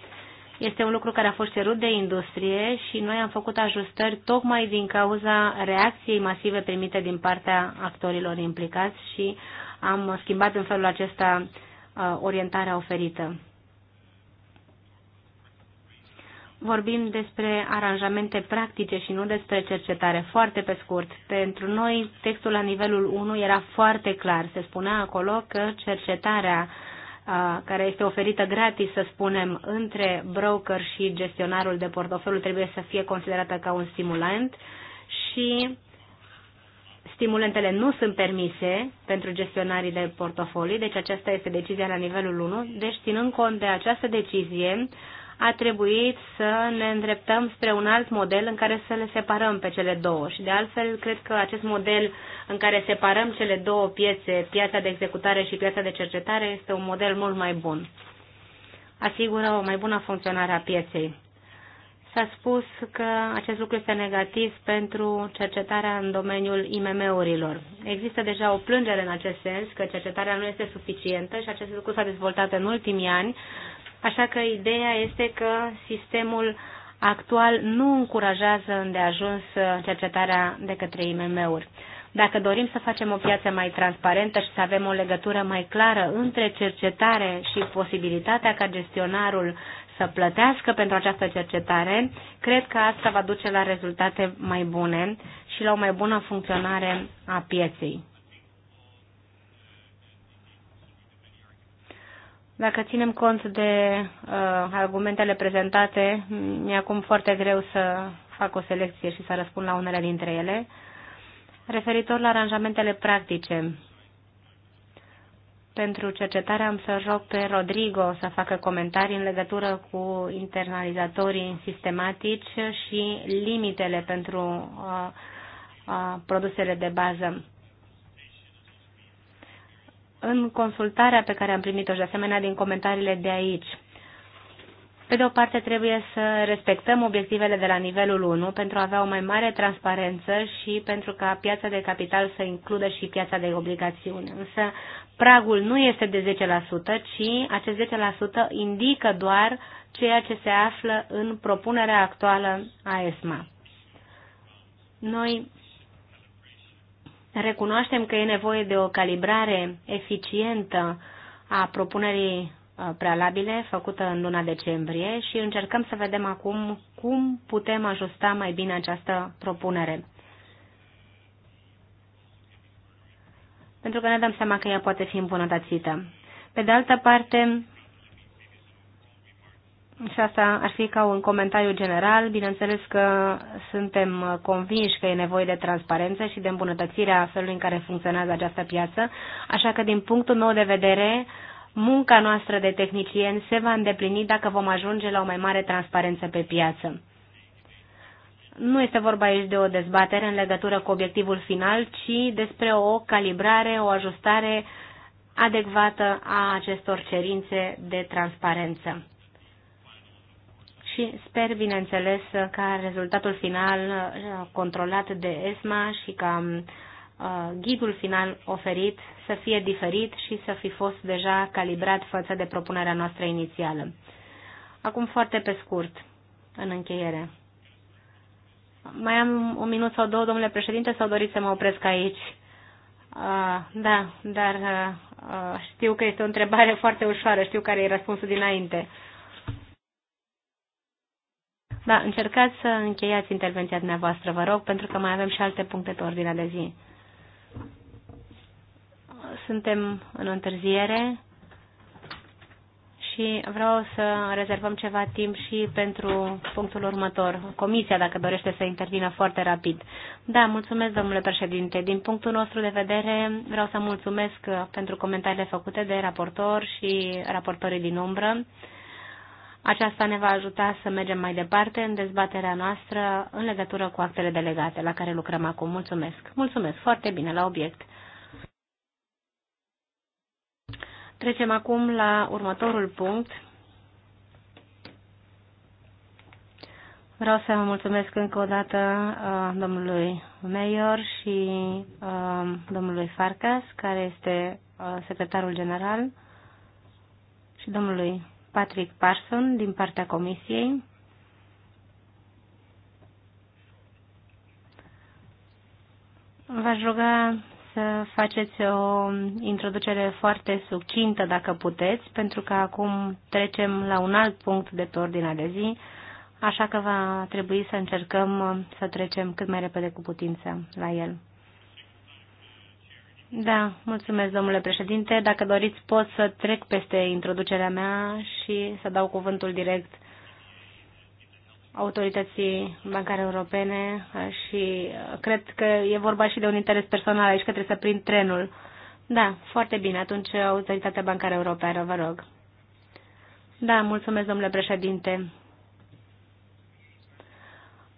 Este un lucru care a fost cerut de industrie și noi am făcut ajustări tocmai din cauza reacției masive primite din partea actorilor implicați și am schimbat în felul acesta uh, orientarea oferită. vorbim despre aranjamente practice și nu despre cercetare. Foarte pe scurt, pentru noi textul la nivelul 1 era foarte clar. Se spunea acolo că cercetarea care este oferită gratis, să spunem, între broker și gestionarul de portofoliu trebuie să fie considerată ca un stimulant și stimulentele nu sunt permise pentru gestionarii de portofolii, deci aceasta este decizia la nivelul 1. Deci, ținând cont de această decizie, uh, a trebuit să ne îndreptăm spre un alt model în care să le separăm pe cele două. Și de altfel, cred că acest model în care separăm cele două piețe, piața de executare și piața de cercetare, este un model mult mai bun. Asigură o mai bună funcționare a pieței. S-a spus că acest lucru este negativ pentru cercetarea în domeniul IMM-urilor. Există deja o plângere în acest sens că cercetarea nu este suficientă și acest lucru s-a dezvoltat în ultimii ani Așa că ideea este că sistemul actual nu încurajează îndeajuns cercetarea de către IMM-uri. Dacă dorim să facem o piață mai transparentă și să avem o legătură mai clară între cercetare și posibilitatea ca gestionarul să plătească pentru această cercetare, cred că asta va duce la rezultate mai bune și la o mai bună funcționare a pieței. Dacă ținem cont de uh, argumentele prezentate, mi-e acum foarte greu să fac o selecție și să răspund la unele dintre ele. Referitor la aranjamentele practice, pentru cercetare am să rog pe Rodrigo să facă comentarii în legătură cu internalizatorii sistematici și limitele pentru uh, uh, produsele de bază în consultarea pe care am primit-o și de asemenea din comentariile de aici. Pe de o parte trebuie să respectăm obiectivele de la nivelul 1 pentru a avea o mai mare transparență și pentru ca piața de capital să includă și piața de obligațiuni. Însă pragul nu este de 10%, ci acest 10% indică doar ceea ce se află în propunerea actuală a ESMA. Noi Recunoaștem că e nevoie de o calibrare eficientă a propunerii uh, prealabile făcută în luna decembrie și încercăm să vedem acum cum putem ajusta mai bine această propunere. Pentru că ne dăm seama că ea poate fi îmbunătățită. Pe de altă parte, și asta ar fi ca un comentariu general. Bineînțeles că suntem convinși că e nevoie de transparență și de îmbunătățirea felului în care funcționează această piață, așa că din punctul meu de vedere, munca noastră de tehnicieni se va îndeplini dacă vom ajunge la o mai mare transparență pe piață. Nu este vorba aici de o dezbatere în legătură cu obiectivul final, ci despre o calibrare, o ajustare adecvată a acestor cerințe de transparență și sper, bineînțeles, ca rezultatul final uh, controlat de ESMA și ca uh, ghidul final oferit să fie diferit și să fi fost deja calibrat față de propunerea noastră inițială. Acum foarte pe scurt, în încheiere. Mai am un minut sau două, domnule președinte, sau doriți să mă opresc aici? Uh, da, dar știu că este o întrebare foarte ușoară, știu care e răspunsul dinainte. Da, încercați să încheiați intervenția dumneavoastră, vă rog, pentru că mai avem și alte puncte pe ordinea de zi. Suntem în întârziere și vreau să rezervăm ceva timp și pentru punctul următor. Comisia, dacă dorește să intervină foarte rapid. Da, mulțumesc, domnule președinte. Din punctul nostru de vedere, vreau să mulțumesc pentru comentariile făcute de raportor și raportorii din umbră. Aceasta ne va ajuta să mergem mai departe în dezbaterea noastră în legătură cu actele delegate la care lucrăm acum. Mulțumesc! Mulțumesc! Foarte bine, la obiect! Trecem acum la următorul punct. Vreau să vă mulțumesc încă o dată uh, domnului Mayor și uh, domnului Farcas, care este uh, secretarul general, și domnului Patrick Parson din partea Comisiei. V-aș ruga să faceți o introducere foarte succintă, dacă puteți, pentru că acum trecem la un alt punct de pe ordinea de zi, așa că va trebui să încercăm să trecem cât mai repede cu putință la el. Da, mulțumesc, domnule președinte. Dacă doriți, pot să trec peste introducerea mea și să dau cuvântul direct autorității bancare europene și uh, cred că e vorba și de un interes personal aici, că trebuie să prind trenul. Da, foarte bine. Atunci Autoritatea Bancară Europeană, vă rog. Da, mulțumesc, domnule președinte.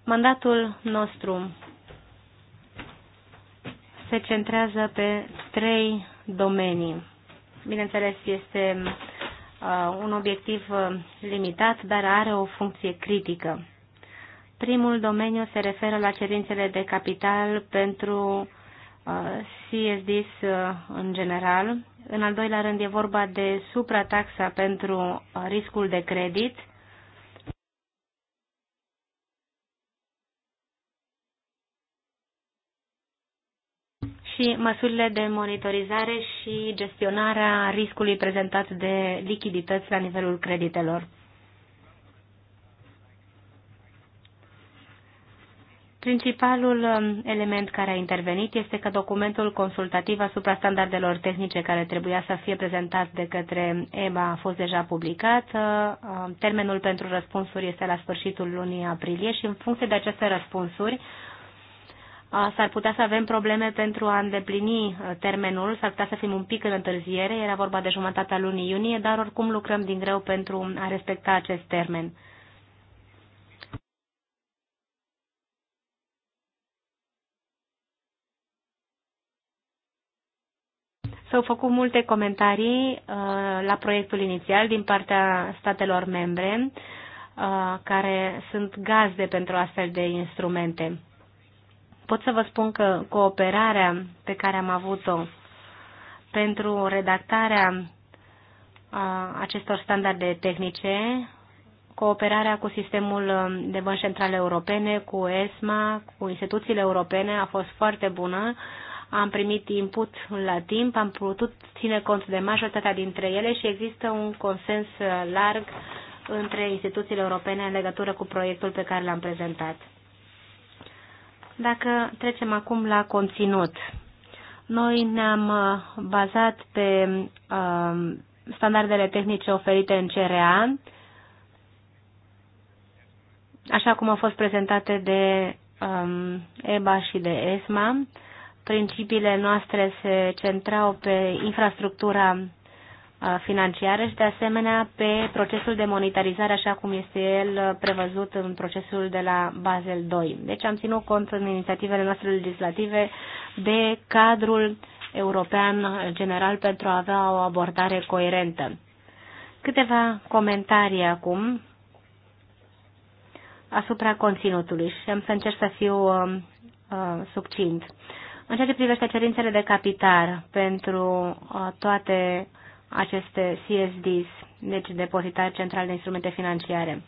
Mandatul nostru se centrează pe trei domenii. Bineînțeles, este uh, un obiectiv uh, limitat, dar are o funcție critică. Primul domeniu se referă la cerințele de capital pentru uh, CSDs uh, în general. În al doilea rând e vorba de suprataxa pentru uh, riscul de credit. Uh, și măsurile de monitorizare și gestionarea riscului prezentat de lichidități la nivelul creditelor. Principalul um, element care a intervenit este că documentul consultativ asupra standardelor tehnice care trebuia să fie prezentat de către EBA a fost deja publicat. Uh, um, termenul pentru răspunsuri este la sfârșitul lunii aprilie și în funcție de aceste răspunsuri, s-ar putea să avem probleme pentru a îndeplini uh, termenul, s-ar putea să fim un pic în întârziere, era vorba de jumătatea lunii iunie, dar oricum lucrăm din greu pentru a respecta acest termen. S-au făcut multe comentarii uh, la proiectul inițial din partea statelor membre uh, care sunt gazde pentru astfel de instrumente pot să vă spun că cooperarea pe care am avut-o pentru redactarea acestor standarde tehnice, cooperarea cu sistemul um, de bănci centrale europene, cu ESMA, cu instituțiile europene a fost foarte bună. Am primit input la timp, am putut ține cont de majoritatea dintre ele și există un consens uh, larg între instituțiile europene în legătură cu proiectul pe care l-am prezentat. Dacă trecem acum la conținut, noi ne-am uh, bazat pe uh, standardele tehnice oferite în CRA, așa cum au fost prezentate de um, EBA și de ESMA. Principiile noastre se centrau pe infrastructura financiară și, de asemenea, pe procesul de monetarizare, așa cum este el prevăzut în procesul de la Basel II. Deci am ținut cont în inițiativele noastre legislative de cadrul european general pentru a avea o abordare coerentă. Câteva comentarii acum asupra conținutului și am să încerc să fiu uh, uh, succint. În ceea ce privește cerințele de capital pentru uh, toate uh, aceste CSDs, deci depozitar central de instrumente financiare.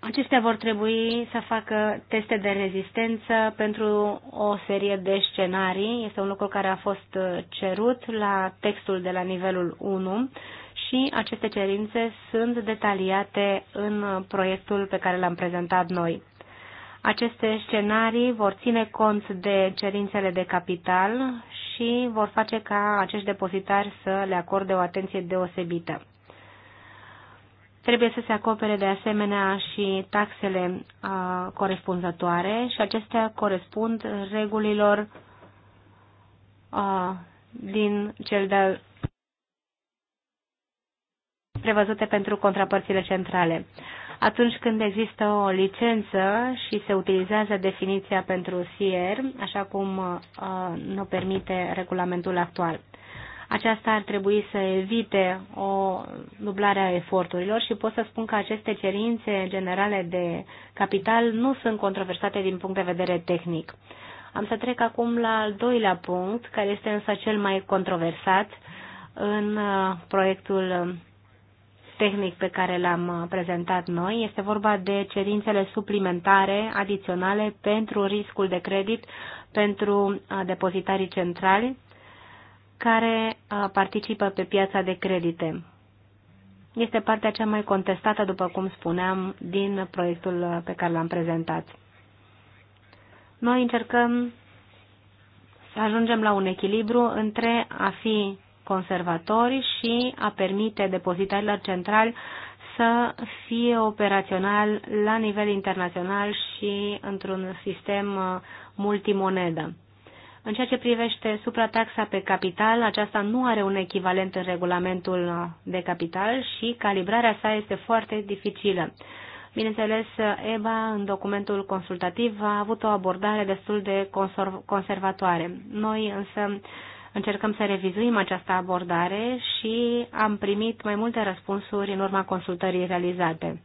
Aceștia vor trebui să facă teste de rezistență pentru o serie de scenarii. Este un lucru care a fost cerut la textul de la nivelul 1 și aceste cerințe sunt detaliate în proiectul pe care l-am prezentat noi. Aceste scenarii vor ține cont de cerințele de capital și vor face ca acești depozitari să le acorde o atenție deosebită. Trebuie să se acopere de asemenea și taxele uh, corespunzătoare și acestea corespund regulilor uh, din cel de prevăzute pentru contrapărțile centrale. Atunci când există o licență și se utilizează definiția pentru SIER, așa cum uh, ne permite regulamentul actual. Aceasta ar trebui să evite o dublare a eforturilor și pot să spun că aceste cerințe generale de capital nu sunt controversate din punct de vedere tehnic. Am să trec acum la al doilea punct, care este însă cel mai controversat în uh, proiectul tehnic pe care l-am uh, prezentat noi. Este vorba de cerințele suplimentare, adiționale, pentru riscul de credit pentru uh, depozitarii centrali care uh, participă pe piața de credite. Este partea cea mai contestată, după cum spuneam, din proiectul pe care l-am prezentat. Noi încercăm să ajungem la un echilibru între a fi conservatori și a permite depozitarilor centrali să fie operațional la nivel internațional și într-un sistem uh, multimonedă. În ceea ce privește suprataxa pe capital, aceasta nu are un echivalent în regulamentul uh, de capital și calibrarea sa este foarte dificilă. Bineînțeles, EBA, în documentul consultativ, a avut o abordare destul de conservatoare. Noi însă Încercăm să revizuim această abordare și am primit mai multe răspunsuri în urma consultării realizate.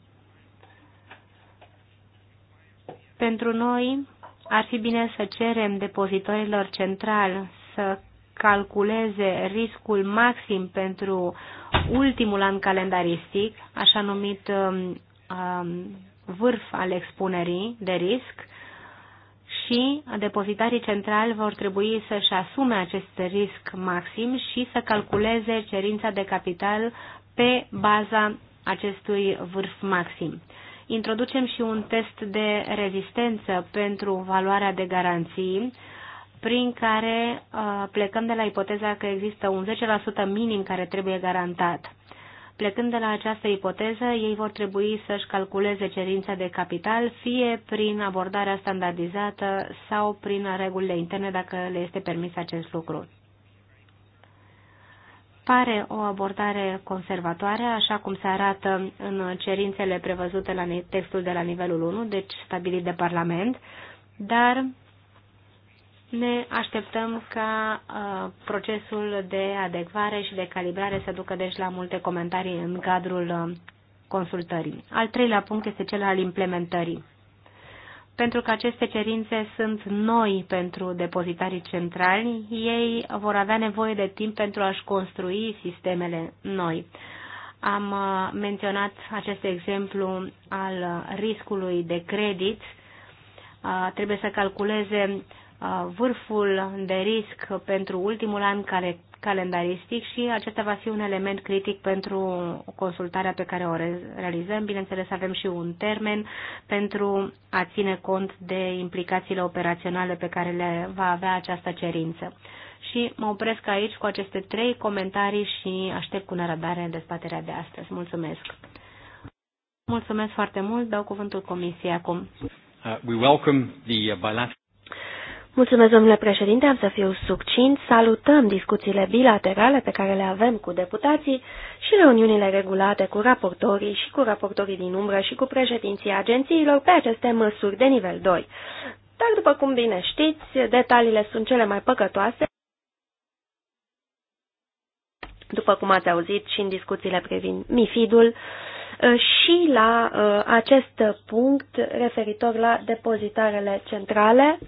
Pentru noi ar fi bine să cerem depozitorilor central să calculeze riscul maxim pentru ultimul an calendaristic, așa numit um, um vârf al expunerii de risc, și depozitarii centrali vor trebui să-și asume acest risc maxim și să calculeze cerința de capital pe baza acestui vârf maxim. Introducem și un test de rezistență pentru valoarea de garanții, prin care uh, plecăm de la ipoteza că există un 10% minim care trebuie garantat. Plecând de la această ipoteză, ei vor trebui să-și calculeze cerința de capital, fie prin abordarea standardizată sau prin regulile interne, dacă le este permis acest lucru. Pare o abordare conservatoare, așa cum se arată în cerințele prevăzute la textul de la nivelul 1, deci stabilit de Parlament, dar ne așteptăm ca uh, procesul de adecvare și de calibrare să ducă deci la multe comentarii în cadrul uh, consultării. Al treilea punct este cel al implementării. Pentru că aceste cerințe sunt noi pentru depozitarii centrali, ei vor avea nevoie de timp pentru a-și construi sistemele noi. Am uh, menționat acest exemplu al riscului de credit. Uh, trebuie să calculeze vârful de risc pentru ultimul an care calendaristic și acesta va fi un element critic pentru consultarea pe care o realizăm. Bineînțeles, avem și un termen pentru a ține cont de implicațiile operaționale pe care le va avea această cerință. Și mă opresc aici cu aceste trei comentarii și aștept cu nerăbdare dezbaterea de astăzi. Mulțumesc! Mulțumesc foarte mult, dau cuvântul Comisiei acum. Uh, we welcome the uh, Mulțumesc, domnule președinte, am să fiu succint. Salutăm discuțiile bilaterale pe care le avem cu deputații și reuniunile regulate cu raportorii și cu raportorii din umbră și cu președinții agențiilor pe aceste măsuri de nivel 2. Dar, după cum bine știți, detaliile sunt cele mai păcătoase, după cum ați auzit și în discuțiile privind MIFID-ul, uh, și la uh, acest punct referitor la depozitarele centrale,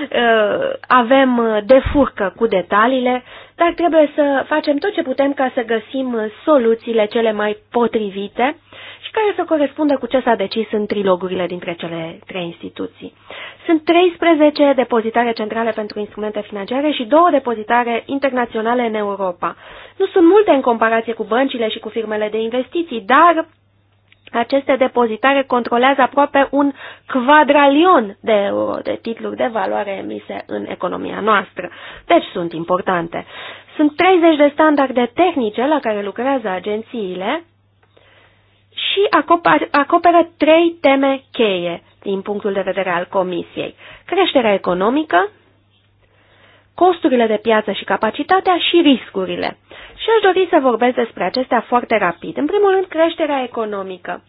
Uh, avem uh, de furcă cu detaliile, dar trebuie să facem tot ce putem ca să găsim uh, soluțiile cele mai potrivite și care să corespundă cu ce s-a decis în trilogurile dintre cele trei instituții. Sunt 13 depozitare centrale pentru instrumente financiare și două depozitare internaționale în Europa. Nu sunt multe în comparație cu băncile și cu firmele de investiții, dar aceste depozitare controlează aproape un quadralion de euro de titluri de valoare emise în economia noastră, deci sunt importante. Sunt 30 de standarde tehnice la care lucrează agențiile și acoperă trei teme cheie din punctul de vedere al Comisiei. Creșterea economică, costurile de piață și capacitatea și riscurile. Și aș dori să vorbesc despre acestea foarte rapid. În primul rând, creșterea economică.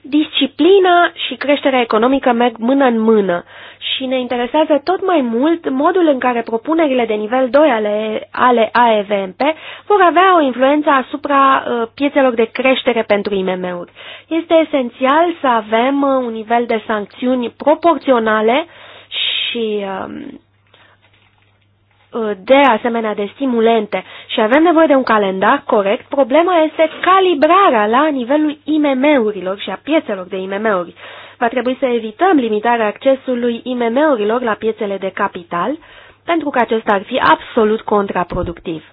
Disciplina și creșterea economică merg mână în mână și ne interesează tot mai mult modul în care propunerile de nivel 2 ale, ale AEVMP vor avea o influență asupra uh, piețelor de creștere pentru IMM-uri. Este esențial să avem uh, un nivel de sancțiuni proporționale și uh, Uh, de asemenea de stimulente și avem nevoie de un calendar corect, problema este calibrarea la nivelul IMM-urilor și a piețelor de IMM-uri. Va trebui să evităm limitarea accesului IMM-urilor la piețele de capital, pentru că acesta ar fi absolut contraproductiv.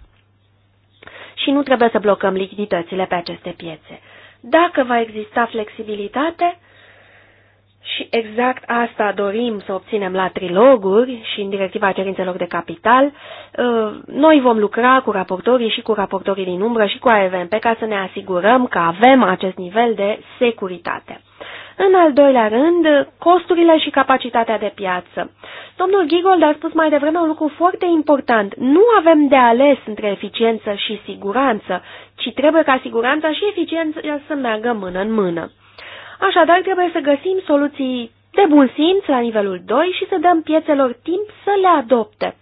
Și nu trebuie să blocăm lichiditățile pe aceste piețe. Dacă va exista flexibilitate, și exact asta dorim să obținem la triloguri și în directiva cerințelor de capital. Uh, noi vom lucra cu raportorii și cu raportorii din umbră și cu AEVMP ca să ne asigurăm că avem acest nivel de securitate. În al doilea rând, costurile și capacitatea de piață. Domnul Gigold a spus mai devreme un lucru foarte important. Nu avem de ales între eficiență și siguranță, ci trebuie ca siguranța și eficiența să meargă mână în mână. Așadar, trebuie să găsim soluții de bun simț la nivelul 2 și să dăm piețelor timp să le adopte.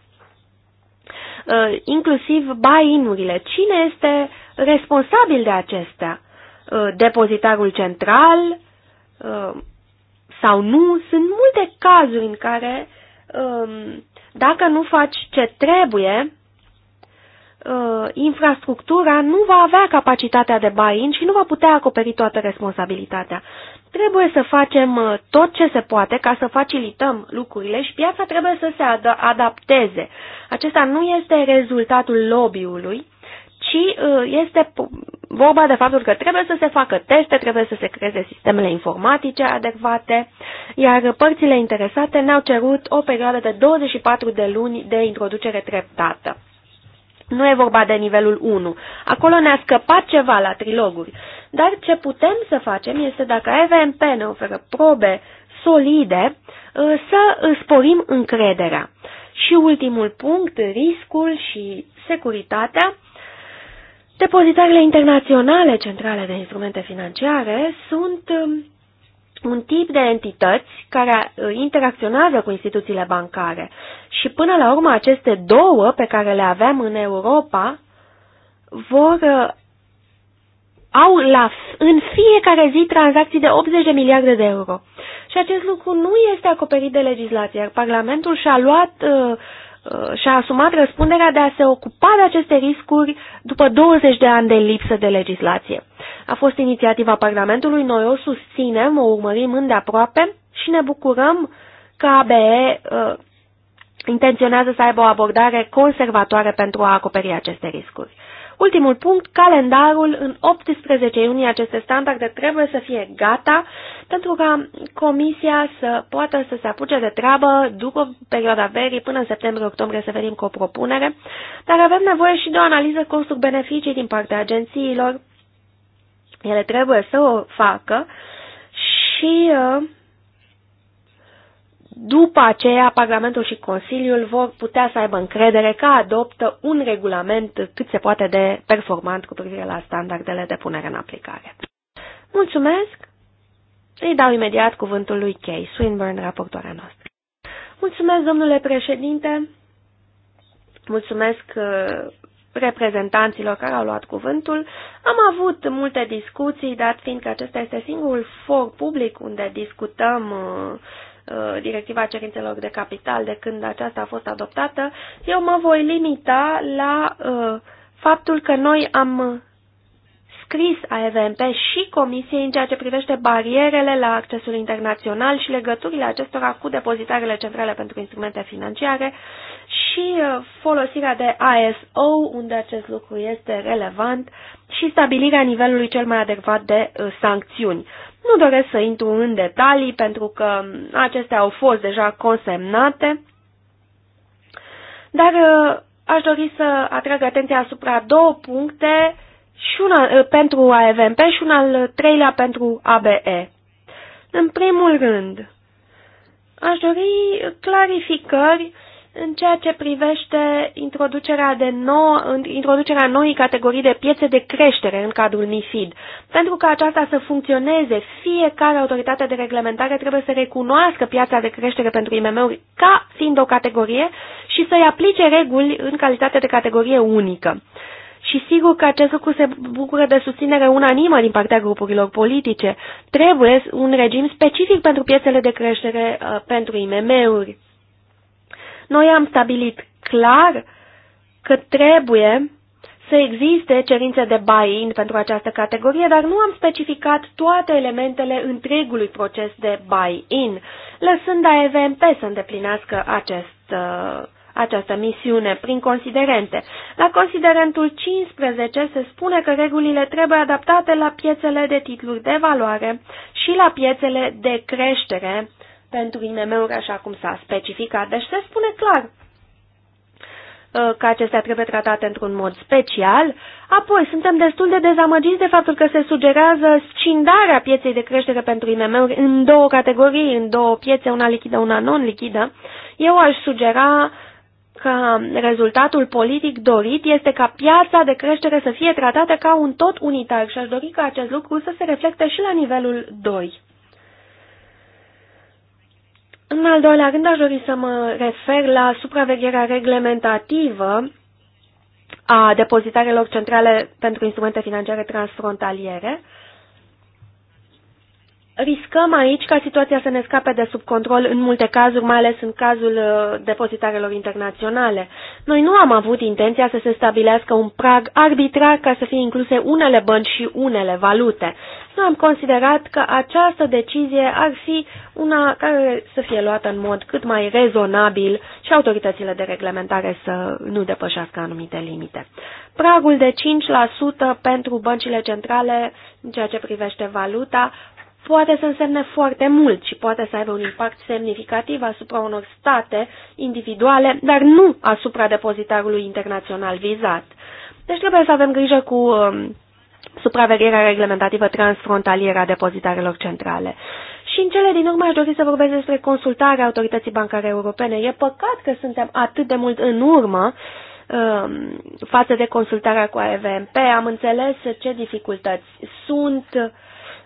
Uh, inclusiv bainurile. Cine este responsabil de acestea? Uh, depozitarul central uh, sau nu? Sunt multe cazuri în care, um, dacă nu faci ce trebuie, uh, infrastructura nu va avea capacitatea de buy-in și nu va putea acoperi toată responsabilitatea. Trebuie să facem uh, tot ce se poate ca să facilităm lucrurile și piața trebuie să se ad adapteze. Acesta nu este rezultatul lobby-ului, ci uh, este vorba de faptul că trebuie să se facă teste, trebuie să se creeze sistemele informatice adecvate, iar părțile interesate ne-au cerut o perioadă de 24 de luni de introducere treptată. Nu e vorba de nivelul 1. Acolo ne-a scăpat ceva la triloguri. Dar ce putem să facem este, dacă EVMP ne oferă probe solide, ă, să sporim încrederea. Și ultimul punct, riscul și securitatea. Depozitarele internaționale centrale de instrumente financiare sunt ă, un tip de entități care uh, interacționează cu instituțiile bancare. Și până la urmă aceste două pe care le avem în Europa vor uh, au la, în fiecare zi tranzacții de 80 de miliarde de euro. Și acest lucru nu este acoperit de legislație, iar Parlamentul și-a luat uh, Uh, și-a asumat răspunderea de a se ocupa de aceste riscuri după 20 de ani de lipsă de legislație. A fost inițiativa Parlamentului, noi o susținem, o urmărim îndeaproape și ne bucurăm că ABE uh, intenționează să aibă o abordare conservatoare pentru a acoperi aceste riscuri. Ultimul punct, calendarul. În 18 iunie aceste standarde trebuie să fie gata pentru ca comisia să poată să se apuce de treabă după perioada verii până în septembrie-octombrie să venim cu o propunere, dar avem nevoie și de o analiză costuri-beneficii din partea agențiilor. Ele trebuie să o facă și uh, după aceea, Parlamentul și Consiliul vor putea să aibă încredere că adoptă un regulament cât se poate de performant cu privire la standardele de punere în aplicare. Mulțumesc! Îi dau imediat cuvântul lui Kay Swinburne, raportoarea noastră. Mulțumesc, domnule președinte! Mulțumesc uh, reprezentanților care au luat cuvântul. Am avut multe discuții, dat fiindcă acesta este singurul for public unde discutăm uh, Uh, directiva cerințelor de capital de când aceasta a fost adoptată, eu mă voi limita la uh, faptul că noi am scris AEVMP și Comisiei în ceea ce privește barierele la accesul internațional și legăturile acestora cu depozitarele centrale pentru instrumente financiare și uh, folosirea de ISO, unde acest lucru este relevant, și stabilirea nivelului cel mai adecvat de uh, sancțiuni. Nu doresc să intru în detalii pentru că um, acestea au fost deja consemnate, dar uh, aș dori să atrag atenția asupra două puncte și una, pentru AVMP și un al treilea pentru ABE. În primul rând, aș dori clarificări în ceea ce privește introducerea, de nou, introducerea noii categorii de piețe de creștere în cadrul MIFID, pentru ca aceasta să funcționeze, fiecare autoritate de reglementare trebuie să recunoască piața de creștere pentru IMM-uri ca fiind o categorie și să-i aplice reguli în calitate de categorie unică. Și sigur că acest lucru se bucură de susținere unanimă din partea grupurilor politice. Trebuie un regim specific pentru piețele de creștere uh, pentru IMM-uri. Noi am stabilit clar că trebuie să existe cerințe de buy-in pentru această categorie, dar nu am specificat toate elementele întregului proces de buy-in, lăsând AEVMP să îndeplinească acest, uh, această misiune prin considerente. La considerentul 15 se spune că regulile trebuie adaptate la piețele de titluri de valoare și la piețele de creștere pentru IMM-uri, așa cum s-a specificat. Deci se spune clar uh, că acestea trebuie tratate într-un mod special. Apoi, suntem destul de dezamăgiți de faptul că se sugerează scindarea pieței de creștere pentru IMM-uri în două categorii, în două piețe, una lichidă, una non-lichidă. Eu aș sugera că rezultatul politic dorit este ca piața de creștere să fie tratată ca un tot unitar și aș dori ca acest lucru să se reflecte și la nivelul 2. În al doilea rând, aș dori să mă refer la supravegherea reglementativă a depozitarelor centrale pentru instrumente financiare transfrontaliere. Riscăm aici ca situația să ne scape de sub control în multe cazuri, mai ales în cazul uh, depozitarelor internaționale. Noi nu am avut intenția să se stabilească un prag arbitrar ca să fie incluse unele bănci și unele valute. Noi am considerat că această decizie ar fi una care să fie luată în mod cât mai rezonabil și autoritățile de reglementare să nu depășească anumite limite. Pragul de 5% pentru băncile centrale în ceea ce privește valuta poate să însemne foarte mult și poate să aibă un impact semnificativ asupra unor state individuale, dar nu asupra depozitarului internațional vizat. Deci trebuie să avem grijă cu um, supravegherea reglementativă transfrontalieră a depozitarelor centrale. Și în cele din urmă aș dori să vorbesc despre consultarea autorității bancare europene. E păcat că suntem atât de mult în urmă um, față de consultarea cu AVMP. Am înțeles ce dificultăți sunt uh,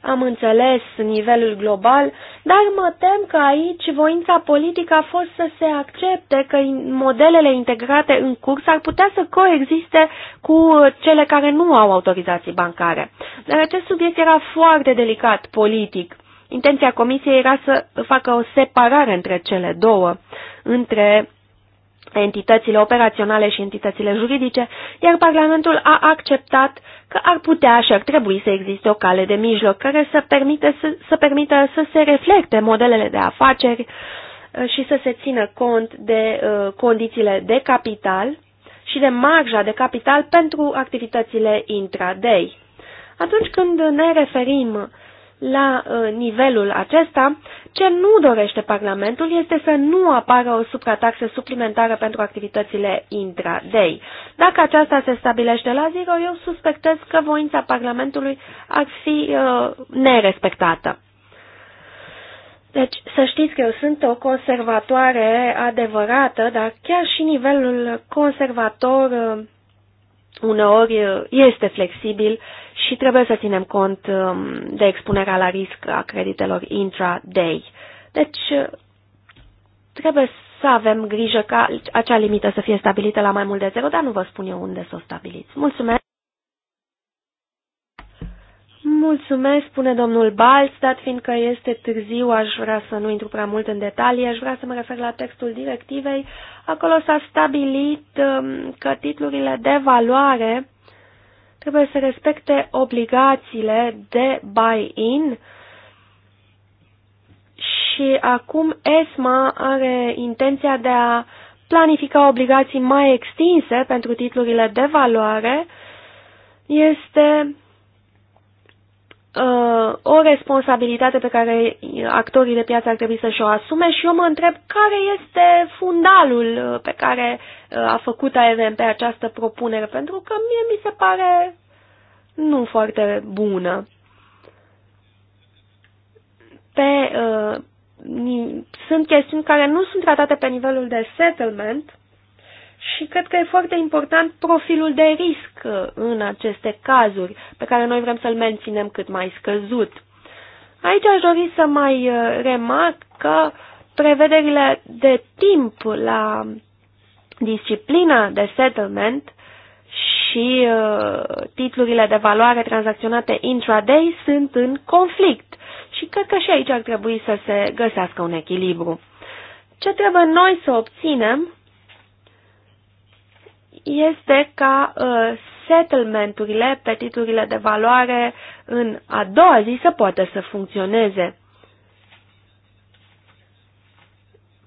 am înțeles nivelul global, dar mă tem că aici voința politică a fost să se accepte că modelele integrate în curs ar putea să coexiste cu cele care nu au autorizații bancare. Dar acest subiect era foarte delicat politic. Intenția comisiei era să facă o separare între cele două, între entitățile operaționale și entitățile juridice, iar Parlamentul a acceptat că ar putea și ar trebui să existe o cale de mijloc care să, permite să, să permită să se reflecte modelele de afaceri uh, și să se țină cont de uh, condițiile de capital și de marja de capital pentru activitățile intraday. Atunci când ne referim la uh, nivelul acesta, ce nu dorește Parlamentul este să nu apară o suprataxă suplimentară pentru activitățile intraday. Dacă aceasta se stabilește la zero, eu suspectez că voința Parlamentului ar fi uh, nerespectată. Deci să știți că eu sunt o conservatoare adevărată, dar chiar și nivelul conservator uh, uneori uh, este flexibil și trebuie să ținem cont um, de expunerea la risc a creditelor intraday. Deci, uh, trebuie să avem grijă ca acea limită să fie stabilită la mai mult de zero, dar nu vă spun eu unde să o stabiliți. Mulțumesc! Mulțumesc, spune domnul Balț, dat fiindcă este târziu, aș vrea să nu intru prea mult în detalii, aș vrea să mă refer la textul directivei. Acolo s-a stabilit um, că titlurile de valoare trebuie să respecte obligațiile de buy-in și acum ESMA are intenția de a planifica obligații mai extinse pentru titlurile de valoare. Este Uh, o responsabilitate pe care actorii de piață ar trebui să-și o asume și eu mă întreb care este fundalul uh, pe care uh, a făcut AVM pe această propunere, pentru că mie mi se pare nu foarte bună. Pe, uh, sunt chestiuni care nu sunt tratate pe nivelul de settlement și cred că e foarte important profilul de risc uh, în aceste cazuri, pe care noi vrem să-l menținem cât mai scăzut. Aici aș dori să mai uh, remarc că prevederile de timp la disciplina de settlement și uh, titlurile de valoare tranzacționate intraday sunt în conflict și cred că și aici ar trebui să se găsească un echilibru. Ce trebuie noi să obținem este ca uh, settlementurile pe titlurile de valoare în a doua zi să poată să funcționeze.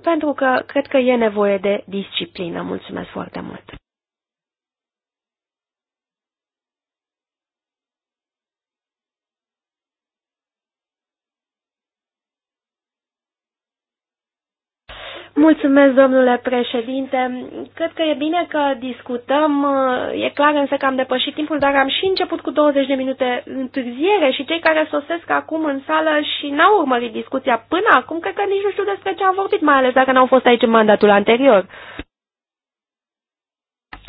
Pentru că cred că e nevoie de disciplină. Mulțumesc foarte mult! Mulțumesc, domnule președinte. Cred că e bine că discutăm. E clar însă că am depășit timpul, dar am și început cu 20 de minute întârziere și cei care sosesc acum în sală și n-au urmărit discuția până acum, cred că nici nu știu despre ce am vorbit, mai ales dacă n-au fost aici în mandatul anterior.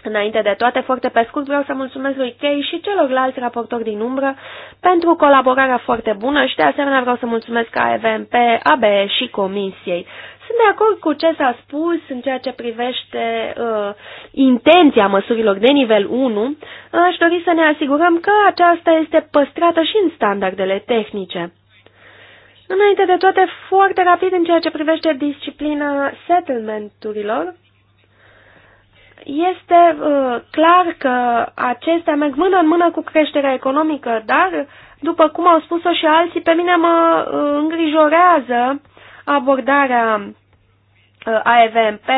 Înainte de toate, foarte pe scurt, vreau să mulțumesc lui Kay și celorlalți raportori din umbră pentru colaborarea foarte bună și de asemenea vreau să mulțumesc AVMP, ABE și Comisiei. Sunt de acord cu ce s-a spus în ceea ce privește uh, intenția măsurilor de nivel 1. Aș dori să ne asigurăm că aceasta este păstrată și în standardele tehnice. Înainte de toate, foarte rapid în ceea ce privește disciplina settlementurilor, este uh, clar că acestea merg mână în mână cu creșterea economică, dar, după cum au spus-o și alții, pe mine mă uh, îngrijorează abordarea Uh, AEVMP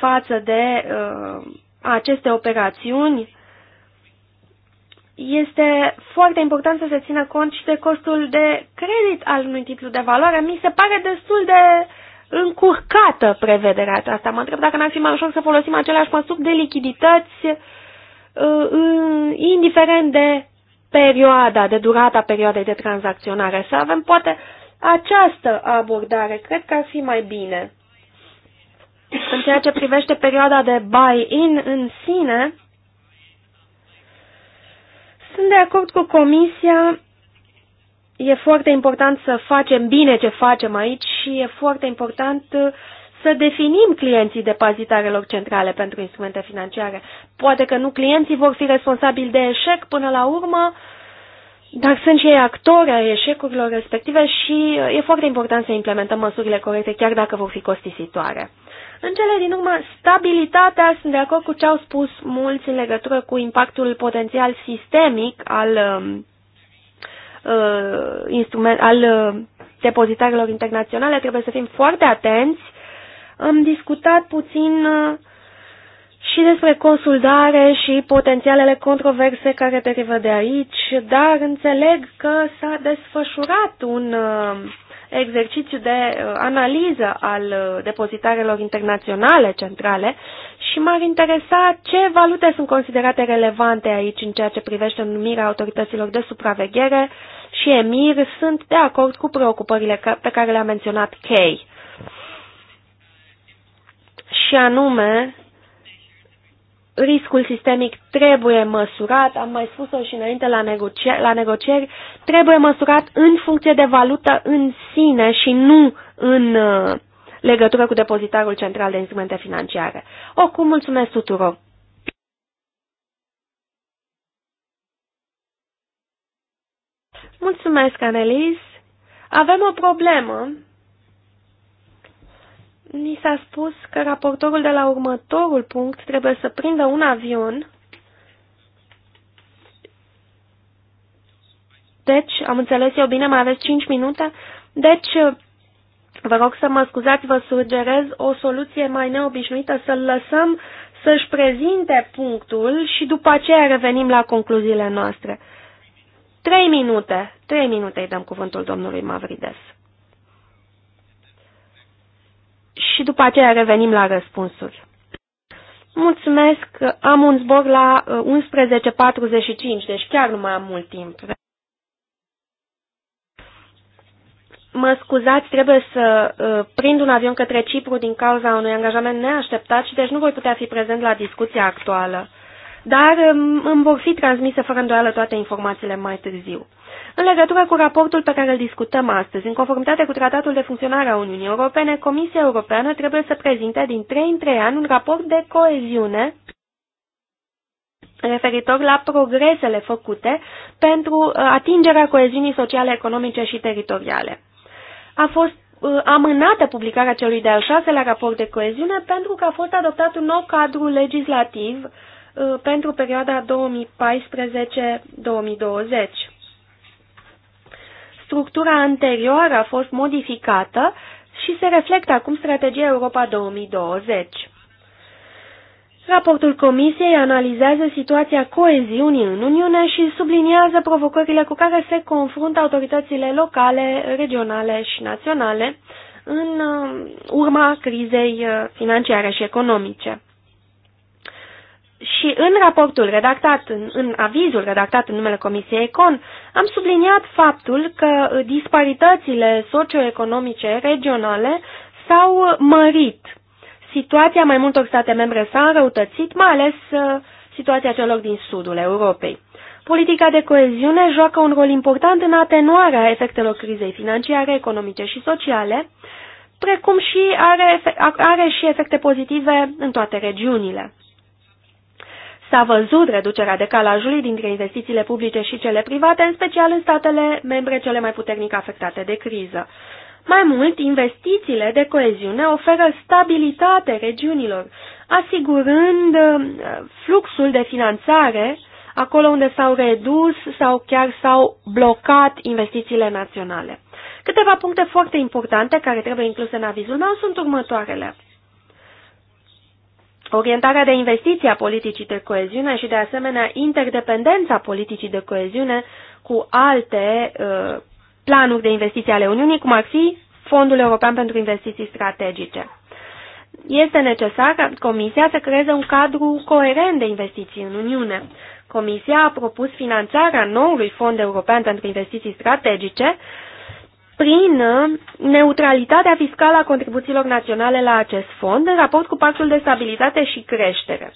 față de uh, aceste operațiuni, este foarte important să se țină cont și de costul de credit al unui titlu de valoare. Mi se pare destul de încurcată prevederea aceasta. Mă întreb dacă n-ar fi mai ușor să folosim același măsuri de lichidități, uh, indiferent de perioada, de durata perioadei de tranzacționare. Să avem poate această abordare. Cred că ar fi mai bine. În ceea ce privește perioada de buy-in în sine, sunt de acord cu Comisia. E foarte important să facem bine ce facem aici și e foarte important uh, să definim clienții depozitarelor centrale pentru instrumente financiare. Poate că nu clienții vor fi responsabili de eșec până la urmă, dar sunt și ei actori ai eșecurilor respective și uh, e foarte important să implementăm măsurile corecte, chiar dacă vor fi costisitoare. În cele din urmă, stabilitatea, sunt de acord cu ce au spus mulți în legătură cu impactul potențial sistemic al, um, uh, instrument, al uh, depozitarilor internaționale, trebuie să fim foarte atenți. Am discutat puțin uh, și despre consultare și potențialele controverse care derivă de aici, dar înțeleg că s-a desfășurat un... Uh, exercițiu de uh, analiză al uh, depozitarelor internaționale centrale și m-ar interesa ce valute sunt considerate relevante aici în ceea ce privește numirea autorităților de supraveghere și EMIR sunt de acord cu preocupările pe care le-a menționat Kay. Și anume, riscul sistemic trebuie măsurat, am mai spus-o și înainte la, negoci la negocieri, trebuie măsurat în funcție de valută în sine și nu în uh, legătură cu depozitarul central de instrumente financiare. O Oricum, mulțumesc tuturor! Mulțumesc, Anelis! Avem o problemă Ni s-a spus că raportorul de la următorul punct trebuie să prindă un avion. Deci, am înțeles eu bine, mai aveți 5 minute. Deci, vă rog să mă scuzați, vă sugerez o soluție mai neobișnuită, să-l lăsăm să-și prezinte punctul și după aceea revenim la concluziile noastre. Trei minute, trei minute îi dăm cuvântul domnului Mavrides și după aceea revenim la răspunsuri. Mulțumesc, am un zbor la 11.45, deci chiar nu mai am mult timp. Mă scuzați, trebuie să uh, prind un avion către Cipru din cauza unui angajament neașteptat și deci nu voi putea fi prezent la discuția actuală. Dar um, îmi vor fi transmise fără îndoială toate informațiile mai târziu. În legătură cu raportul pe care îl discutăm astăzi, în conformitate cu Tratatul de Funcționare a Uniunii Europene, Comisia Europeană trebuie să prezinte din 3 în 3 ani un raport de coeziune referitor la progresele făcute pentru uh, atingerea coeziunii sociale, economice și teritoriale. A fost uh, amânată publicarea celui de-al șaselea raport de coeziune pentru că a fost adoptat un nou cadru legislativ uh, pentru perioada 2014-2020 structura anterioară a fost modificată și se reflectă acum strategia Europa 2020. Raportul Comisiei analizează situația coeziunii în Uniune și subliniază provocările cu care se confruntă autoritățile locale, regionale și naționale în uh, urma crizei uh, financiare și economice. Și în raportul redactat, în, în avizul redactat în numele Comisiei Econ, am subliniat faptul că uh, disparitățile socioeconomice regionale s-au mărit. Situația mai multor state membre s-a înrăutățit, mai ales uh, situația celor din sudul Europei. Politica de coeziune joacă un rol important în atenuarea efectelor crizei financiare, economice și sociale, precum și are, are și efecte pozitive în toate regiunile. S-a văzut reducerea decalajului dintre investițiile publice și cele private, în special în statele membre cele mai puternic afectate de criză. Mai mult, investițiile de coeziune oferă stabilitate regiunilor, asigurând uh, fluxul de finanțare acolo unde s-au redus sau chiar s-au blocat investițiile naționale. Câteva puncte foarte importante care trebuie incluse în avizul meu sunt următoarele. Orientarea de investiții a politicii de coeziune și, de asemenea, interdependența politicii de coeziune cu alte uh, planuri de investiții ale Uniunii, cum ar fi Fondul European pentru Investiții Strategice. Este necesar ca Comisia să creeze un cadru coerent de investiții în Uniune. Comisia a propus finanțarea noului Fond European pentru Investiții Strategice, prin neutralitatea fiscală a contribuțiilor naționale la acest fond în raport cu pactul de stabilitate și creștere.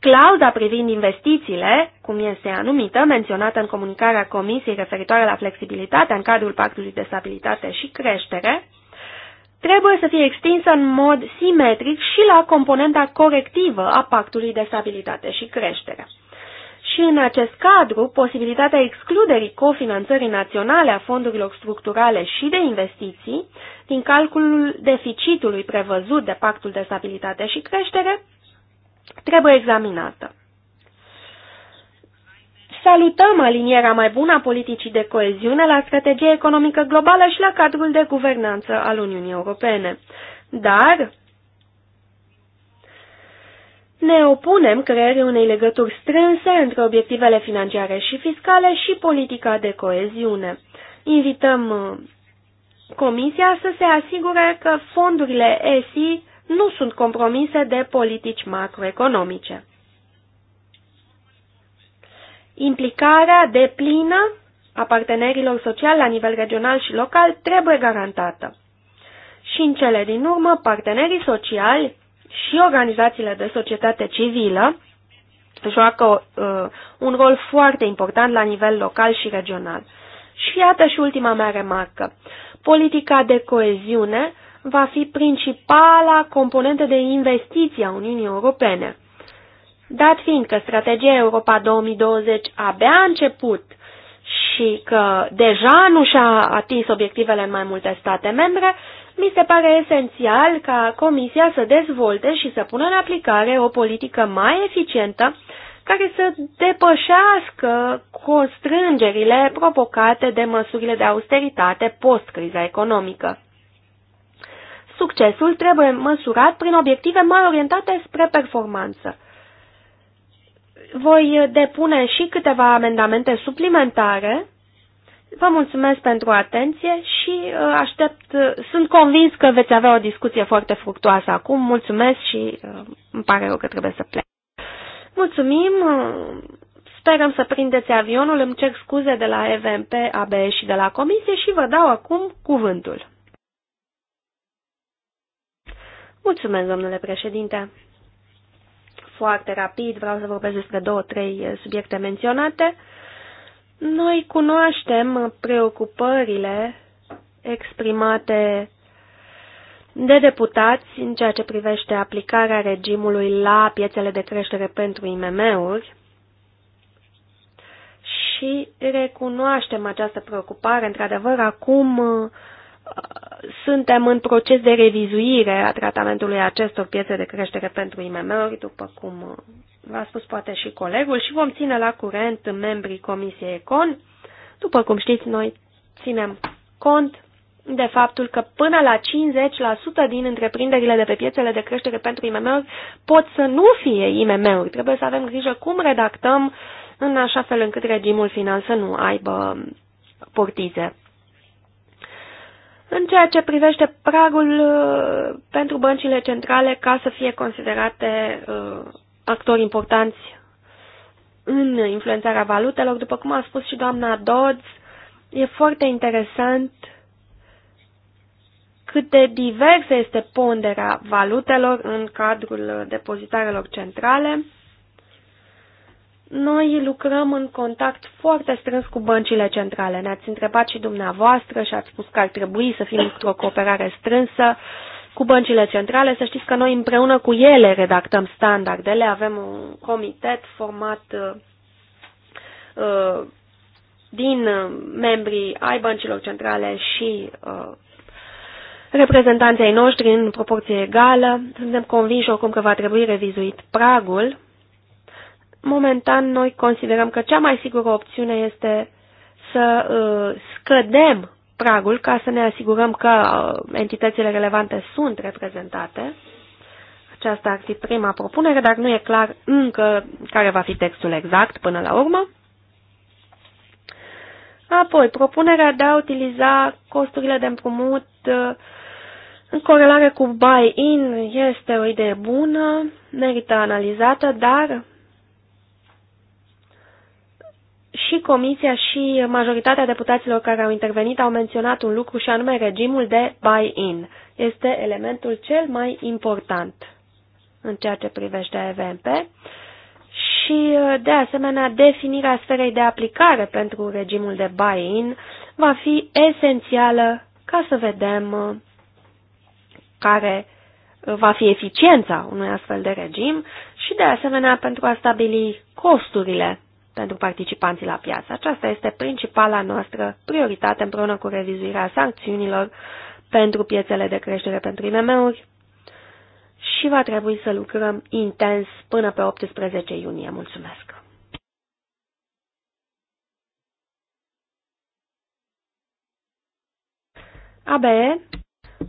Clauza privind investițiile, cum este anumită, menționată în comunicarea Comisiei referitoare la flexibilitatea în cadrul pactului de stabilitate și creștere, trebuie să fie extinsă în mod simetric și la componenta corectivă a pactului de stabilitate și creștere. Și în acest cadru, posibilitatea excluderii cofinanțării naționale a fondurilor structurale și de investiții din calculul deficitului prevăzut de Pactul de Stabilitate și Creștere trebuie examinată. Salutăm alinierea mai bună a politicii de coeziune la strategia economică globală și la cadrul de guvernanță al Uniunii Europene. Dar ne opunem creării unei legături strânse între obiectivele financiare și fiscale și politica de coeziune. Invităm uh, Comisia să se asigure că fondurile ESI nu sunt compromise de politici macroeconomice. Implicarea de plină a partenerilor sociali la nivel regional și local trebuie garantată. Și în cele din urmă, partenerii sociali și organizațiile de societate civilă joacă uh, un rol foarte important la nivel local și regional. Și iată și ultima mea remarcă. Politica de coeziune va fi principala componentă de investiție a Uniunii Europene. Dat fiind că strategia Europa 2020 abia a început și că deja nu și-a atins obiectivele în mai multe state membre, mi se pare esențial ca Comisia să dezvolte și să pună în aplicare o politică mai eficientă care să depășească constrângerile provocate de măsurile de austeritate post-criza economică. Succesul trebuie măsurat prin obiective mai orientate spre performanță. Voi depune și câteva amendamente suplimentare Vă mulțumesc pentru atenție și uh, aștept, uh, sunt convins că veți avea o discuție foarte fructuoasă acum. Mulțumesc și uh, îmi pare rău că trebuie să plec. Mulțumim, sperăm să prindeți avionul, îmi cer scuze de la EVMP, ABE și de la Comisie și vă dau acum cuvântul. Mulțumesc, domnule președinte. Foarte rapid vreau să vorbesc despre două, trei subiecte menționate. Noi cunoaștem preocupările exprimate de deputați în ceea ce privește aplicarea regimului la piețele de creștere pentru IMM-uri și recunoaștem această preocupare. Într-adevăr, acum uh, suntem în proces de revizuire a tratamentului acestor piețe de creștere pentru IMM-uri, după cum uh, v-a spus poate și colegul, și vom ține la curent membrii Comisiei Econ. După cum știți, noi ținem cont de faptul că până la 50% din întreprinderile de pe piețele de creștere pentru IMM-uri pot să nu fie IMM-uri. Trebuie să avem grijă cum redactăm în așa fel încât regimul final să nu aibă portițe. În ceea ce privește pragul uh, pentru băncile centrale ca să fie considerate uh, actori importanți în influențarea valutelor. După cum a spus și doamna Dodds, e foarte interesant cât de diversă este ponderea valutelor în cadrul depozitarelor centrale. Noi lucrăm în contact foarte strâns cu băncile centrale. Ne-ați întrebat și dumneavoastră și ați spus că ar trebui să fim într-o cooperare strânsă. Uh, cu băncile centrale. Să știți că noi împreună cu ele redactăm standardele, avem un comitet format uh, uh, din membrii ai băncilor centrale și uh, reprezentanții noștri în proporție egală. Suntem convinși oricum că va trebui revizuit pragul. Momentan noi considerăm că cea mai sigură opțiune este să uh, scădem pragul ca să ne asigurăm că uh, entitățile relevante sunt reprezentate. Aceasta ar fi prima propunere, dar nu e clar încă care va fi textul exact până la urmă. Apoi, propunerea de a utiliza costurile de împrumut uh, în corelare cu buy-in este o idee bună, merită analizată, dar și Comisia și majoritatea deputaților care au intervenit au menționat un lucru și anume regimul de buy-in. Este elementul cel mai important în ceea ce privește EVMP și, de asemenea, definirea sferei de aplicare pentru regimul de buy-in va fi esențială ca să vedem care va fi eficiența unui astfel de regim și, de asemenea, pentru a stabili costurile pentru participanții la piață. Aceasta este principala noastră prioritate împreună cu revizuirea sancțiunilor pentru piețele de creștere pentru IMM-uri și va trebui să lucrăm intens până pe 18 iunie. Mulțumesc! ABE,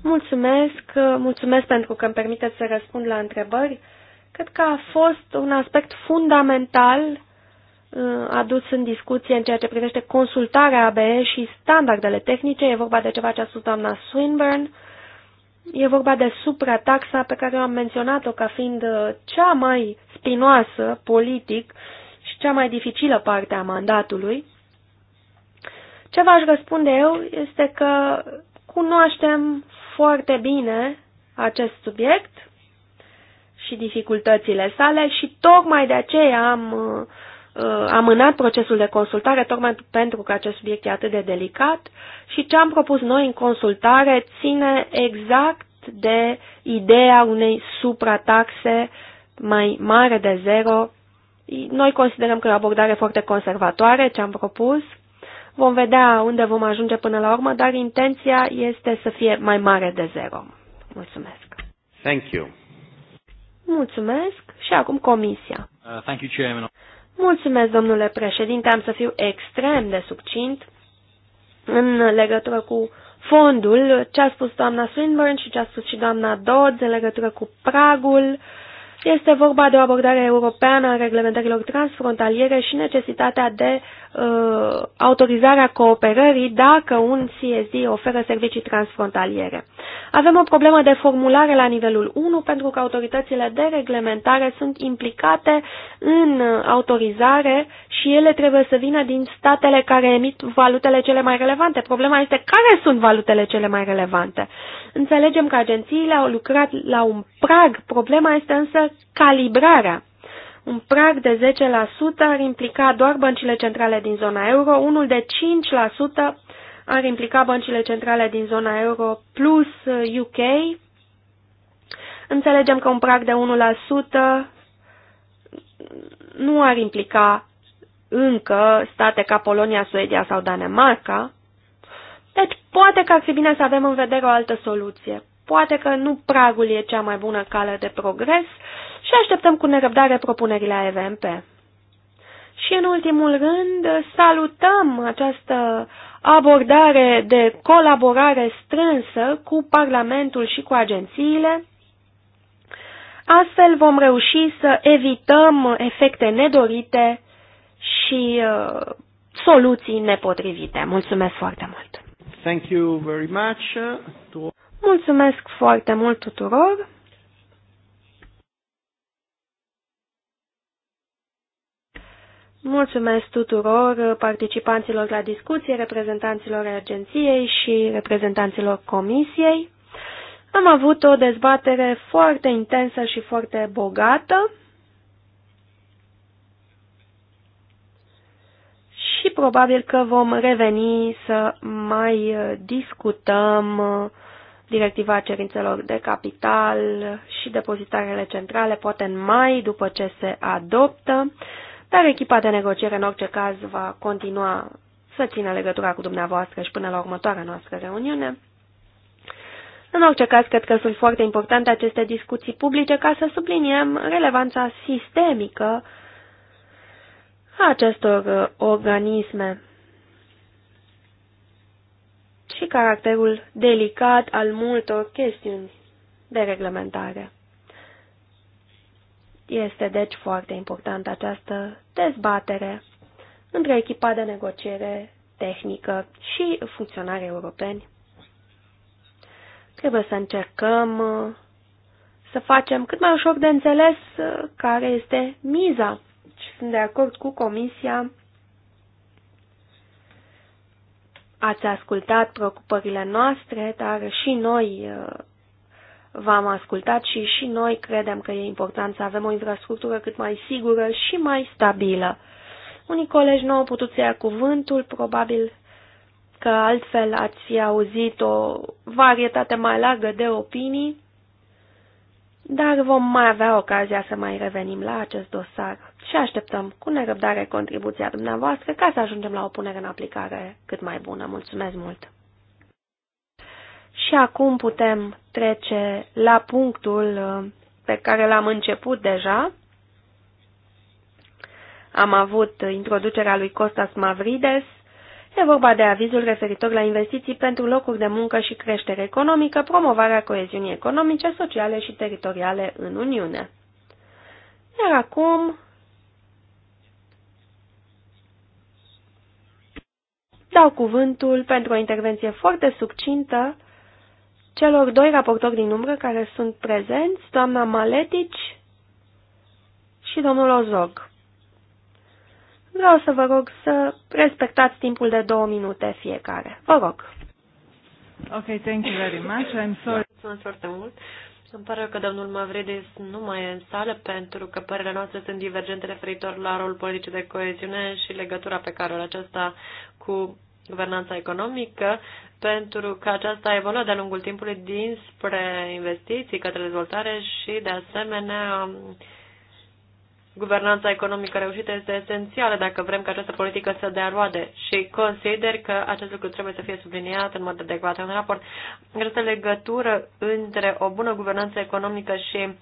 mulțumesc, mulțumesc pentru că îmi permiteți să răspund la întrebări. Cred că a fost un aspect fundamental Uh, adus în discuție în ceea ce privește consultarea ABE și standardele tehnice. E vorba de ceva ce a spus doamna Swinburne. E vorba de suprataxa pe care o am menționat-o ca fiind uh, cea mai spinoasă politic și cea mai dificilă parte a mandatului. Ce v-aș răspunde eu este că cunoaștem foarte bine acest subiect și dificultățile sale și tocmai de aceea am uh, Uh, amânat procesul de consultare tocmai pentru că acest subiect e atât de delicat și ce am propus noi în consultare ține exact de ideea unei suprataxe mai mare de zero. Noi considerăm că e o abordare foarte conservatoare ce am propus. Vom vedea unde vom ajunge până la urmă, dar intenția este să fie mai mare de zero. Mulțumesc. Thank you. Mulțumesc. Și acum comisia. Uh, thank you, Chairman. Mulțumesc, domnule președinte, am să fiu extrem de succint în legătură cu fondul, ce a spus doamna Swinburne și ce a spus și doamna Dodds în legătură cu pragul. Este vorba de o abordare europeană a reglementărilor transfrontaliere și necesitatea de uh, autorizarea cooperării dacă un CSD oferă servicii transfrontaliere. Avem o problemă de formulare la nivelul 1 pentru că autoritățile de reglementare sunt implicate în autorizare și ele trebuie să vină din statele care emit valutele cele mai relevante. Problema este care sunt valutele cele mai relevante. Înțelegem că agențiile au lucrat la un prag, problema este însă calibrarea. Un prag de 10% ar implica doar băncile centrale din zona euro, unul de 5% ar implica băncile centrale din zona euro plus UK. Uh, Înțelegem că un prag de 1% nu ar implica încă state ca Polonia, Suedia sau Danemarca. Deci poate că ar fi bine să avem în vedere o altă soluție. Poate că nu pragul e cea mai bună cale de progres și așteptăm cu nerăbdare propunerile EVMP. Și în ultimul rând, salutăm această abordare de colaborare strânsă cu Parlamentul și cu agențiile. Astfel vom reuși să evităm efecte nedorite și uh, soluții nepotrivite. Mulțumesc foarte mult! Thank you very much. Uh, Mulțumesc foarte mult tuturor! Mulțumesc tuturor participanților la discuție, reprezentanților agenției și reprezentanților comisiei. Am avut o dezbatere foarte intensă și foarte bogată și probabil că vom reveni să mai discutăm directiva cerințelor de capital și depozitarele centrale, poate în mai, după ce se adoptă dar echipa de negociere în orice caz va continua să țină legătura cu dumneavoastră și până la următoarea noastră reuniune. În orice caz, cred că sunt foarte importante aceste discuții publice ca să subliniem relevanța sistemică a acestor uh, organisme și caracterul delicat al multor chestiuni de reglementare. Este deci foarte importantă această dezbatere între echipa de negociere tehnică și funcționari europeni. Trebuie să încercăm uh, să facem cât mai ușor de înțeles uh, care este miza. Și sunt de acord cu Comisia. Ați ascultat preocupările noastre, dar și noi uh, v-am ascultat și și noi credem că e important să avem o infrastructură cât mai sigură și mai stabilă. Unii colegi nu au putut să ia cuvântul, probabil că altfel ați fi auzit o varietate mai largă de opinii, dar vom mai avea ocazia să mai revenim la acest dosar și așteptăm cu nerăbdare contribuția dumneavoastră ca să ajungem la o punere în aplicare cât mai bună. Mulțumesc mult! Și acum putem trece la punctul uh, pe care l-am început deja. Am avut introducerea lui Costas Mavrides. E vorba de avizul referitor la investiții pentru locuri de muncă și creștere economică, promovarea coeziunii economice, sociale și teritoriale în Uniune. Iar acum dau cuvântul pentru o intervenție foarte succintă celor doi raportori din umbră care sunt prezenți, doamna Maletici și domnul Ozog. Vreau să vă rog să respectați timpul de două minute fiecare. Vă rog. Ok, thank you very much. I'm sorry. Mulțumesc foarte mult. Îmi pare că domnul Mavridis nu mai e în sală pentru că părerile noastre sunt divergente referitor la rolul politic de coeziune și legătura pe care are acesta cu guvernanța economică, pentru că aceasta a evoluat de-a lungul timpului dinspre investiții către dezvoltare și, de asemenea, guvernanța economică reușită este esențială dacă vrem ca această politică să dea roade și consider că acest lucru trebuie să fie subliniat în mod adecvat în raport. Această legătură între o bună guvernanță economică și uh,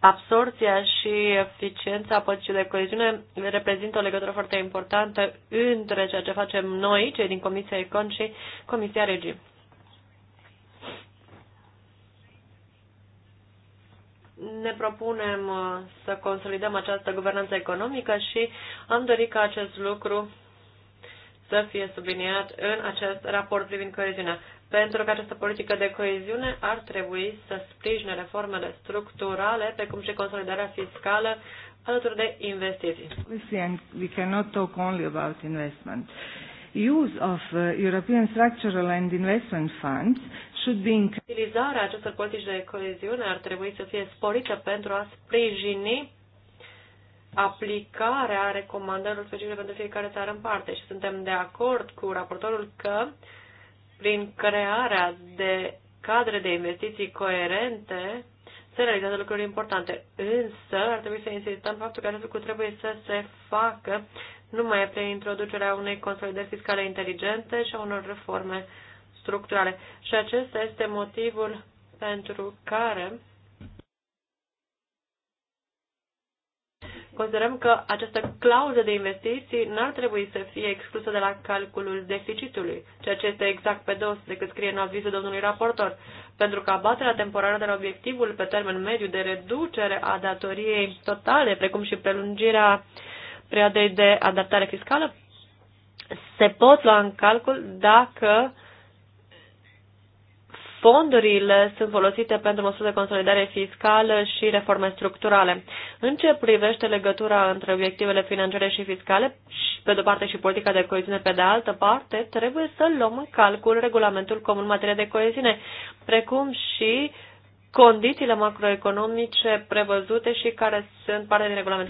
absorția și eficiența politicii de coeziune reprezintă o legătură foarte importantă între ceea ce facem noi, cei din Comisia Econ și Comisia Regii. ne propunem uh, să consolidăm această guvernanță economică și am dorit ca acest lucru să fie subliniat în acest raport privind coeziunea. Pentru că această politică de coeziune ar trebui să sprijine reformele structurale, precum și consolidarea fiscală, alături de investiții. We cannot talk only about investment. Use of uh, European Structural and Investment Funds should be Utilizarea acestor politici de coeziune ar trebui să fie sporită pentru a sprijini aplicarea recomandărilor specifice pentru fiecare țară în parte și suntem de acord cu raportorul că prin crearea de cadre de investiții coerente se realizează lucruri importante. Însă ar trebui să insistăm faptul că acest lucru trebuie să se facă numai prin introducerea unei consolidări fiscale inteligente și a unor reforme structurale. Și acesta este motivul pentru care Considerăm că această clauză de investiții n-ar trebui să fie exclusă de la calculul deficitului, ceea ce este exact pe dos decât scrie în avizul domnului raportor, pentru că abaterea temporară de la obiectivul pe termen mediu de reducere a datoriei totale, precum și prelungirea perioadei de adaptare fiscală, se pot lua în calcul dacă uh, fondurile sunt folosite pentru măsuri de consolidare fiscală și reforme structurale. În ce privește legătura între obiectivele financiare și fiscale, pe de-o parte și politica de coeziune, pe de altă parte, trebuie să luăm în calcul regulamentul comun în materie de coeziune, precum și condițiile macroeconomice prevăzute și care sunt parte din regulament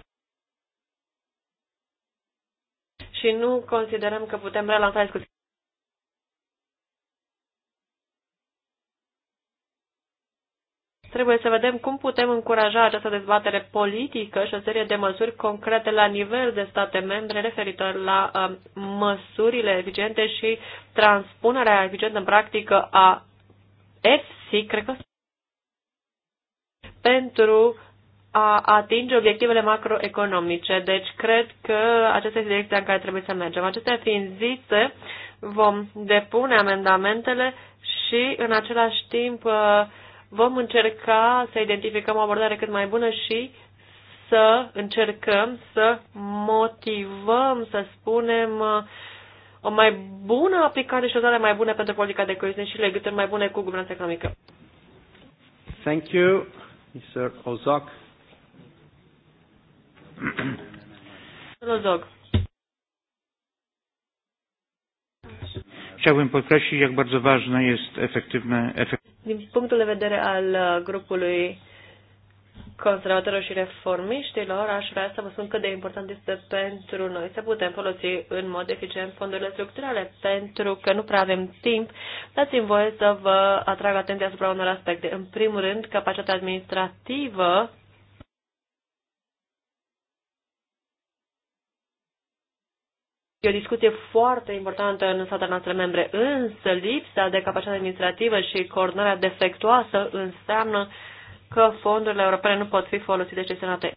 și nu considerăm că putem relansa discuția. Trebuie să vedem cum putem încuraja această dezbatere politică și o serie de măsuri concrete la nivel de state membre referitor la uh, măsurile eficiente și transpunerea eficientă în practică a EFSI, cred că pentru a atinge obiectivele macroeconomice. Deci, cred că aceasta este direcția în care trebuie să mergem. Acestea fiind zise, vom depune amendamentele și, în același timp, uh, Vom încerca să identificăm o abordare cât mai bună și să încercăm să motivăm, să spunem, o mai bună aplicare și o zare mai bună pentru politica de coeziune și legături mai bune cu guvernanța economică. Thank you, Mr. Ozok. Ozog. Chciałbym podkreślić, jak bardzo ważne jest efektywne efektywne din punctul de vedere al uh, grupului conservatorilor și reformiștilor, aș vrea să vă spun cât de important este pentru noi să putem folosi în mod eficient fondurile structurale, pentru că nu prea avem timp. Dați-mi voie să vă atrag atenția asupra unor aspecte. În primul rând, capacitatea administrativă E o discuție foarte importantă în statele noastre membre, însă lipsa de capacitate administrativă și coordonarea defectuoasă înseamnă că fondurile europene nu pot fi folosite și senate.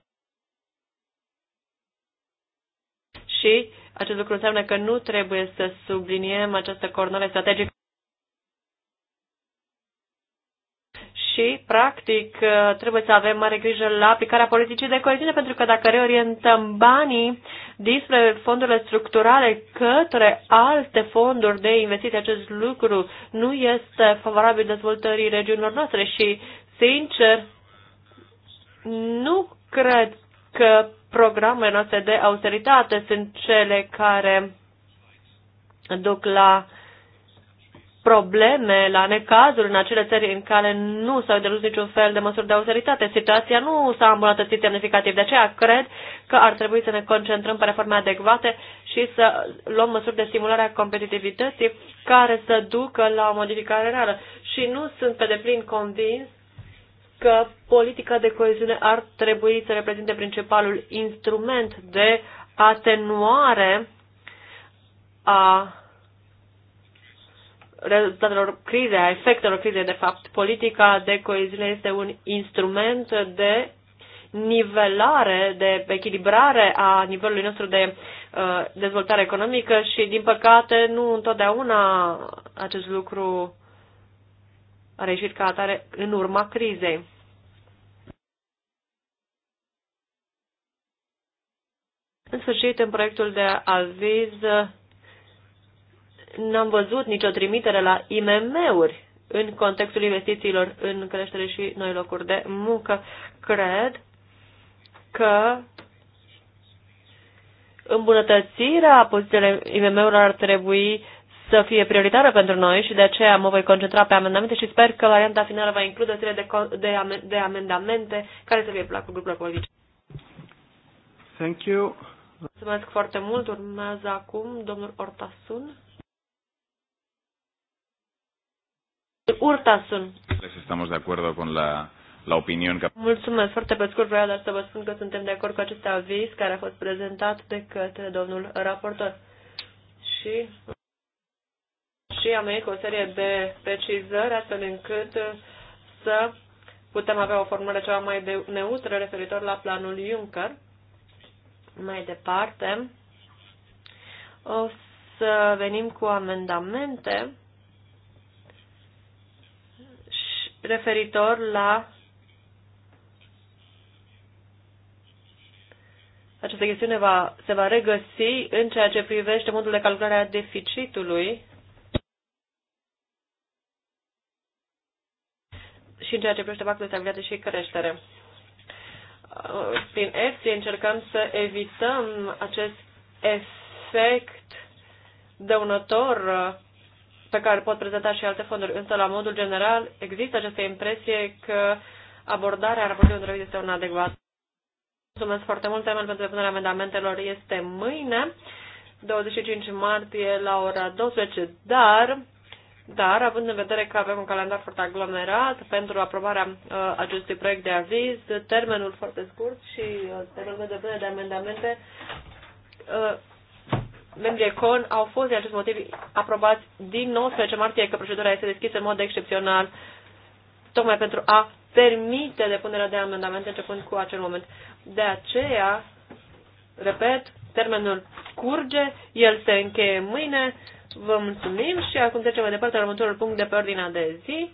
Și acest lucru înseamnă că nu trebuie să subliniem această coordonare strategică și, practic, trebuie să avem mare grijă la aplicarea politicii de coeziune, pentru că dacă reorientăm banii dinspre fondurile structurale către alte fonduri de investiții, acest lucru nu este favorabil dezvoltării regiunilor noastre și, sincer, nu cred că programele noastre de austeritate sunt cele care duc la uh, probleme, la necazuri în acele țări în care nu s-au derus niciun fel de măsuri de austeritate. Situația nu s-a îmbunătățit semnificativ. De aceea cred că ar trebui să ne concentrăm pe reforme adecvate și să luăm măsuri de stimulare a competitivității care să ducă la o modificare reală. Și nu sunt pe deplin convins că politica de coeziune ar trebui să reprezinte principalul instrument de atenuare a rezultatelor crizei, a efectelor crizei, de fapt. Politica de coeziune este un instrument de nivelare, de echilibrare a nivelului nostru de uh, dezvoltare economică și, din păcate, nu întotdeauna acest lucru a reieșit ca atare în urma crizei. În sfârșit, în proiectul de aviz n-am văzut nicio trimitere la IMM-uri în contextul investițiilor în creștere și noi locuri de muncă. Cred că îmbunătățirea pozițiilor IMM-urilor ar trebui să fie prioritară pentru noi și de aceea mă voi concentra pe amendamente și sper că varianta finală va include o serie de, de, de amendamente care să fie cu grupul politice. Thank you. Mulțumesc foarte mult. Urmează acum domnul Ortasun. Urtasun. Estamos de acuerdo con la, la opinión că... Mulțumesc. Foarte pe scurt vreau doar să vă spun că suntem de acord cu acest aviz care a fost prezentat de către domnul raportor. Și, și am venit cu o serie de precizări astfel încât să putem avea o formulă ceva mai de, neutră referitor la planul Juncker. Mai departe, o să venim cu amendamente referitor la această chestiune va, se va regăsi în ceea ce privește modul de calculare a deficitului și în ceea ce privește pactul de stabilitate și creștere. Prin EFSI încercăm să evităm acest efect dăunător pe care pot prezenta și alte fonduri, însă la modul general există această impresie că abordarea raportului de este un adecvat. Mulțumesc foarte mult, termenul pentru depunerea amendamentelor este mâine, 25 martie la ora 12, dar dar, având în vedere că avem un calendar foarte aglomerat pentru aprobarea uh, acestui proiect de aviz, termenul foarte scurt și uh, termenul de depunere de amendamente uh, membrii ECON au fost din acest motiv aprobați din 19 martie că procedura este deschisă în mod excepțional tocmai pentru a permite depunerea de amendamente începând cu acel moment. De aceea, repet, termenul curge, el se încheie mâine, vă mulțumim și acum trecem mai departe la următorul punct de pe ordinea de zi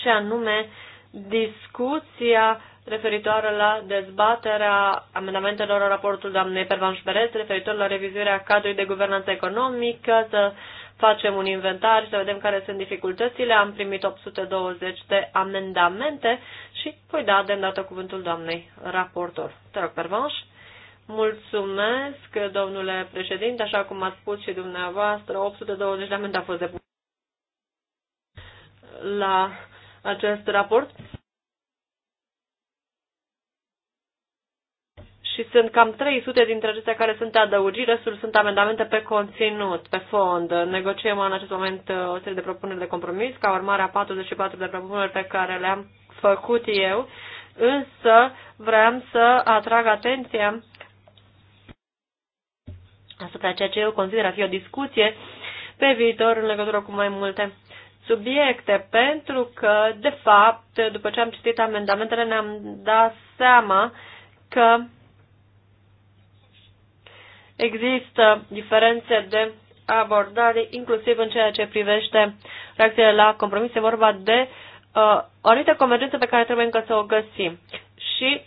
și anume discuția referitoare la dezbaterea amendamentelor în raportul doamnei Pervan Șperez, referitor la revizuirea cadrului de guvernanță economică, să facem un inventar și să vedem care sunt dificultățile. Am primit 820 de amendamente și voi da de îndată cuvântul doamnei raportor. Te rog, Pervanș. Mulțumesc, domnule președinte, așa cum a spus și dumneavoastră, 820 de amendamente au fost depuse la acest raport. și sunt cam 300 dintre acestea care sunt adăugiri, restul sunt amendamente pe conținut, pe fond. Negociem în acest moment uh, o serie de propuneri de compromis, ca urmare a 44 de propuneri pe care le-am făcut eu, însă vreau să atrag atenția asupra ceea ce eu consider a fi o discuție pe viitor în legătură cu mai multe subiecte, pentru că, de fapt, după ce am citit amendamentele, ne-am dat seama că există diferențe de abordare, inclusiv în ceea ce privește reacțiile la compromis. E vorba de uh, o anumită convergență pe care trebuie încă să o găsim. Și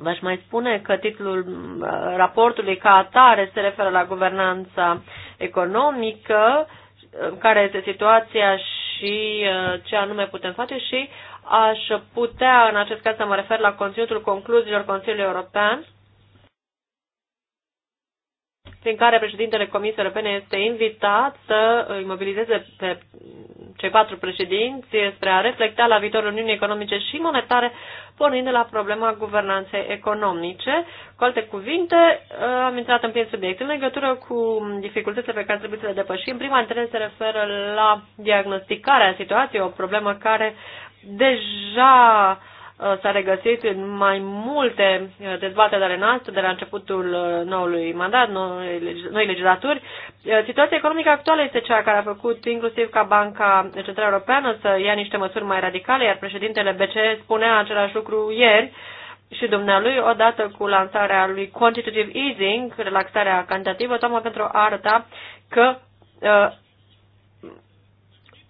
v-aș mai spune că titlul uh, raportului ca atare se referă la guvernanța economică, uh, care este situația și uh, ce anume putem face și aș putea, în acest caz, să mă refer la conținutul concluziilor Consiliului European, prin care președintele Comisiei Europene este invitat să îi mobilizeze pe cei patru președinți spre a reflecta la viitorul Uniunii Economice și Monetare, pornind de la problema guvernanței economice. Cu alte cuvinte, am intrat în plin subiect în legătură cu dificultățile pe care trebuie să le depășim. Prima întrebare se referă la diagnosticarea situației, o problemă care deja uh, Uh, s-a regăsit în mai multe uh, dezbateri ale noastre de la începutul uh, noului mandat, noi legislaturi. Situația economică actuală este cea care a făcut inclusiv ca Banca Centrală Europeană să ia niște măsuri mai radicale, iar președintele BCE spunea același lucru ieri și dumnealui, odată cu lansarea lui quantitative easing, relaxarea cantitativă, tocmai pentru a arăta că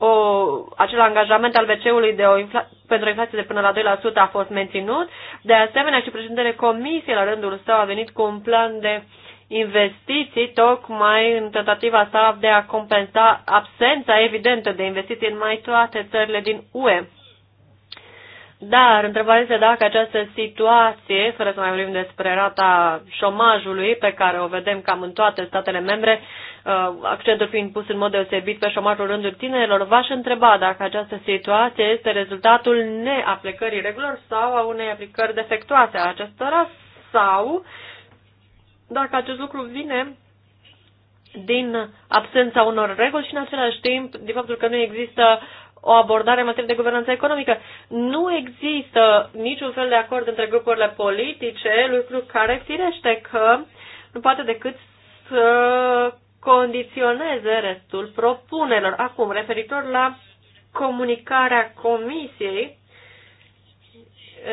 o, acel angajament al BCE-ului infla, pentru o inflație de până la 2% a fost menținut. De asemenea, și președintele Comisiei, la rândul său, a venit cu un plan de investiții, tocmai în tentativa sa de a compensa absența evidentă de investiții în mai toate țările din UE. Dar întrebarea este dacă această situație, fără să mai vorbim despre rata șomajului pe care o vedem cam în toate statele membre, Uh, accentul fiind pus în mod deosebit pe șomajul rândul tinerilor, v-aș întreba dacă această situație este rezultatul neaplicării regulilor sau a unei aplicări defectuoase a acestora sau dacă acest lucru vine din absența unor reguli și în același timp din faptul că nu există o abordare în materie de guvernanță economică. Nu există niciun fel de acord între grupurile politice, lucru care firește că nu poate decât să condiționeze restul propunerilor. Acum, referitor la comunicarea Comisiei,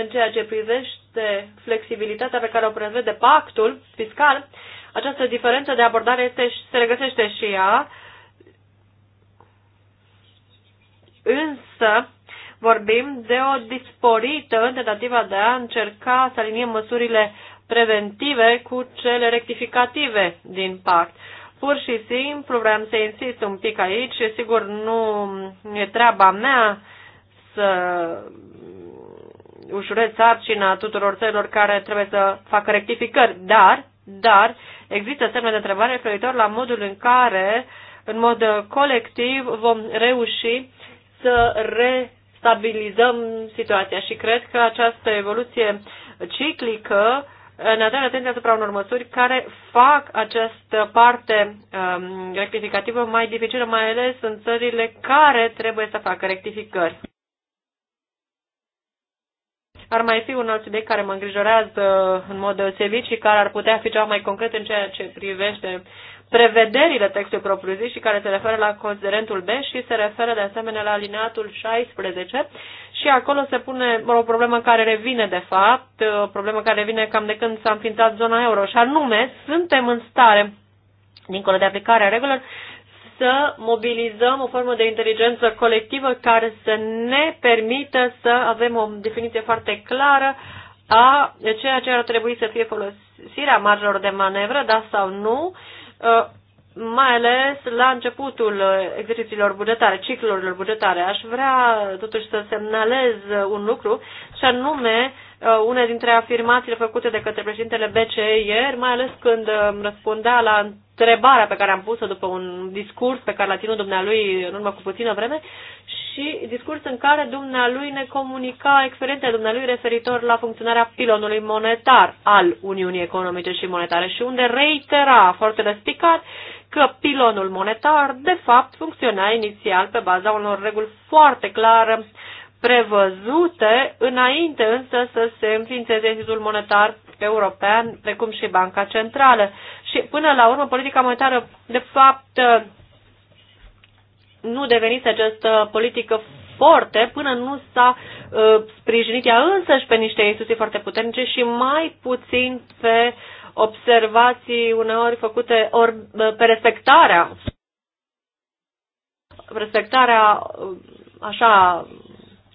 în ceea ce privește flexibilitatea pe care o prevede pactul fiscal, această diferență de abordare este, se regăsește și ea, însă vorbim de o disporită în tentativa de a încerca să aliniem măsurile preventive cu cele rectificative din pact. Pur și simplu vreau să insist un pic aici și sigur nu e treaba mea să ușurez sarcina tuturor țărilor care trebuie să facă rectificări, dar, dar există semne de întrebare referitor la modul în care, în mod colectiv, vom reuși să restabilizăm situația și cred că această evoluție ciclică uh, ne atrage atenția asupra unor măsuri care fac această parte um, rectificativă mai dificilă, mai ales în țările care trebuie să facă rectificări. Ar mai fi un alt subiect care mă îngrijorează în mod deosebit și care ar putea fi ceva mai concret în ceea ce privește prevederile textului propriu-zis și care se referă la considerentul B și se referă de asemenea la alineatul 16 și acolo se pune o problemă care revine, de fapt, o problemă care revine cam de când s-a înființat zona euro. Și anume, suntem în stare, dincolo de aplicarea regulilor, să mobilizăm o formă de inteligență colectivă care să ne permită să avem o definiție foarte clară a ceea ce ar trebui să fie folosirea marjelor de manevră, da sau nu, mai ales la începutul exercițiilor bugetare, ciclurilor bugetare. Aș vrea totuși să semnalez un lucru și anume uh, una dintre afirmațiile făcute de către președintele BCE ieri, mai ales când um, răspundea la întrebarea pe care am pus-o după un discurs pe care l-a ținut dumnealui în urmă cu puțină vreme și discurs în care dumnealui ne comunica experiența dumnealui referitor la funcționarea pilonului monetar al Uniunii Economice și Monetare și unde reitera foarte răspicat că pilonul monetar de fapt funcționa inițial pe baza unor reguli foarte clare prevăzute înainte însă să se înființeze Institutul Monetar European, precum și Banca Centrală. Și până la urmă, politica monetară, de fapt, nu devenise această politică forte până nu s-a uh, sprijinit ea însăși pe niște instituții foarte puternice și mai puțin pe observații uneori făcute ori, ă, pe respectarea respectarea ă, așa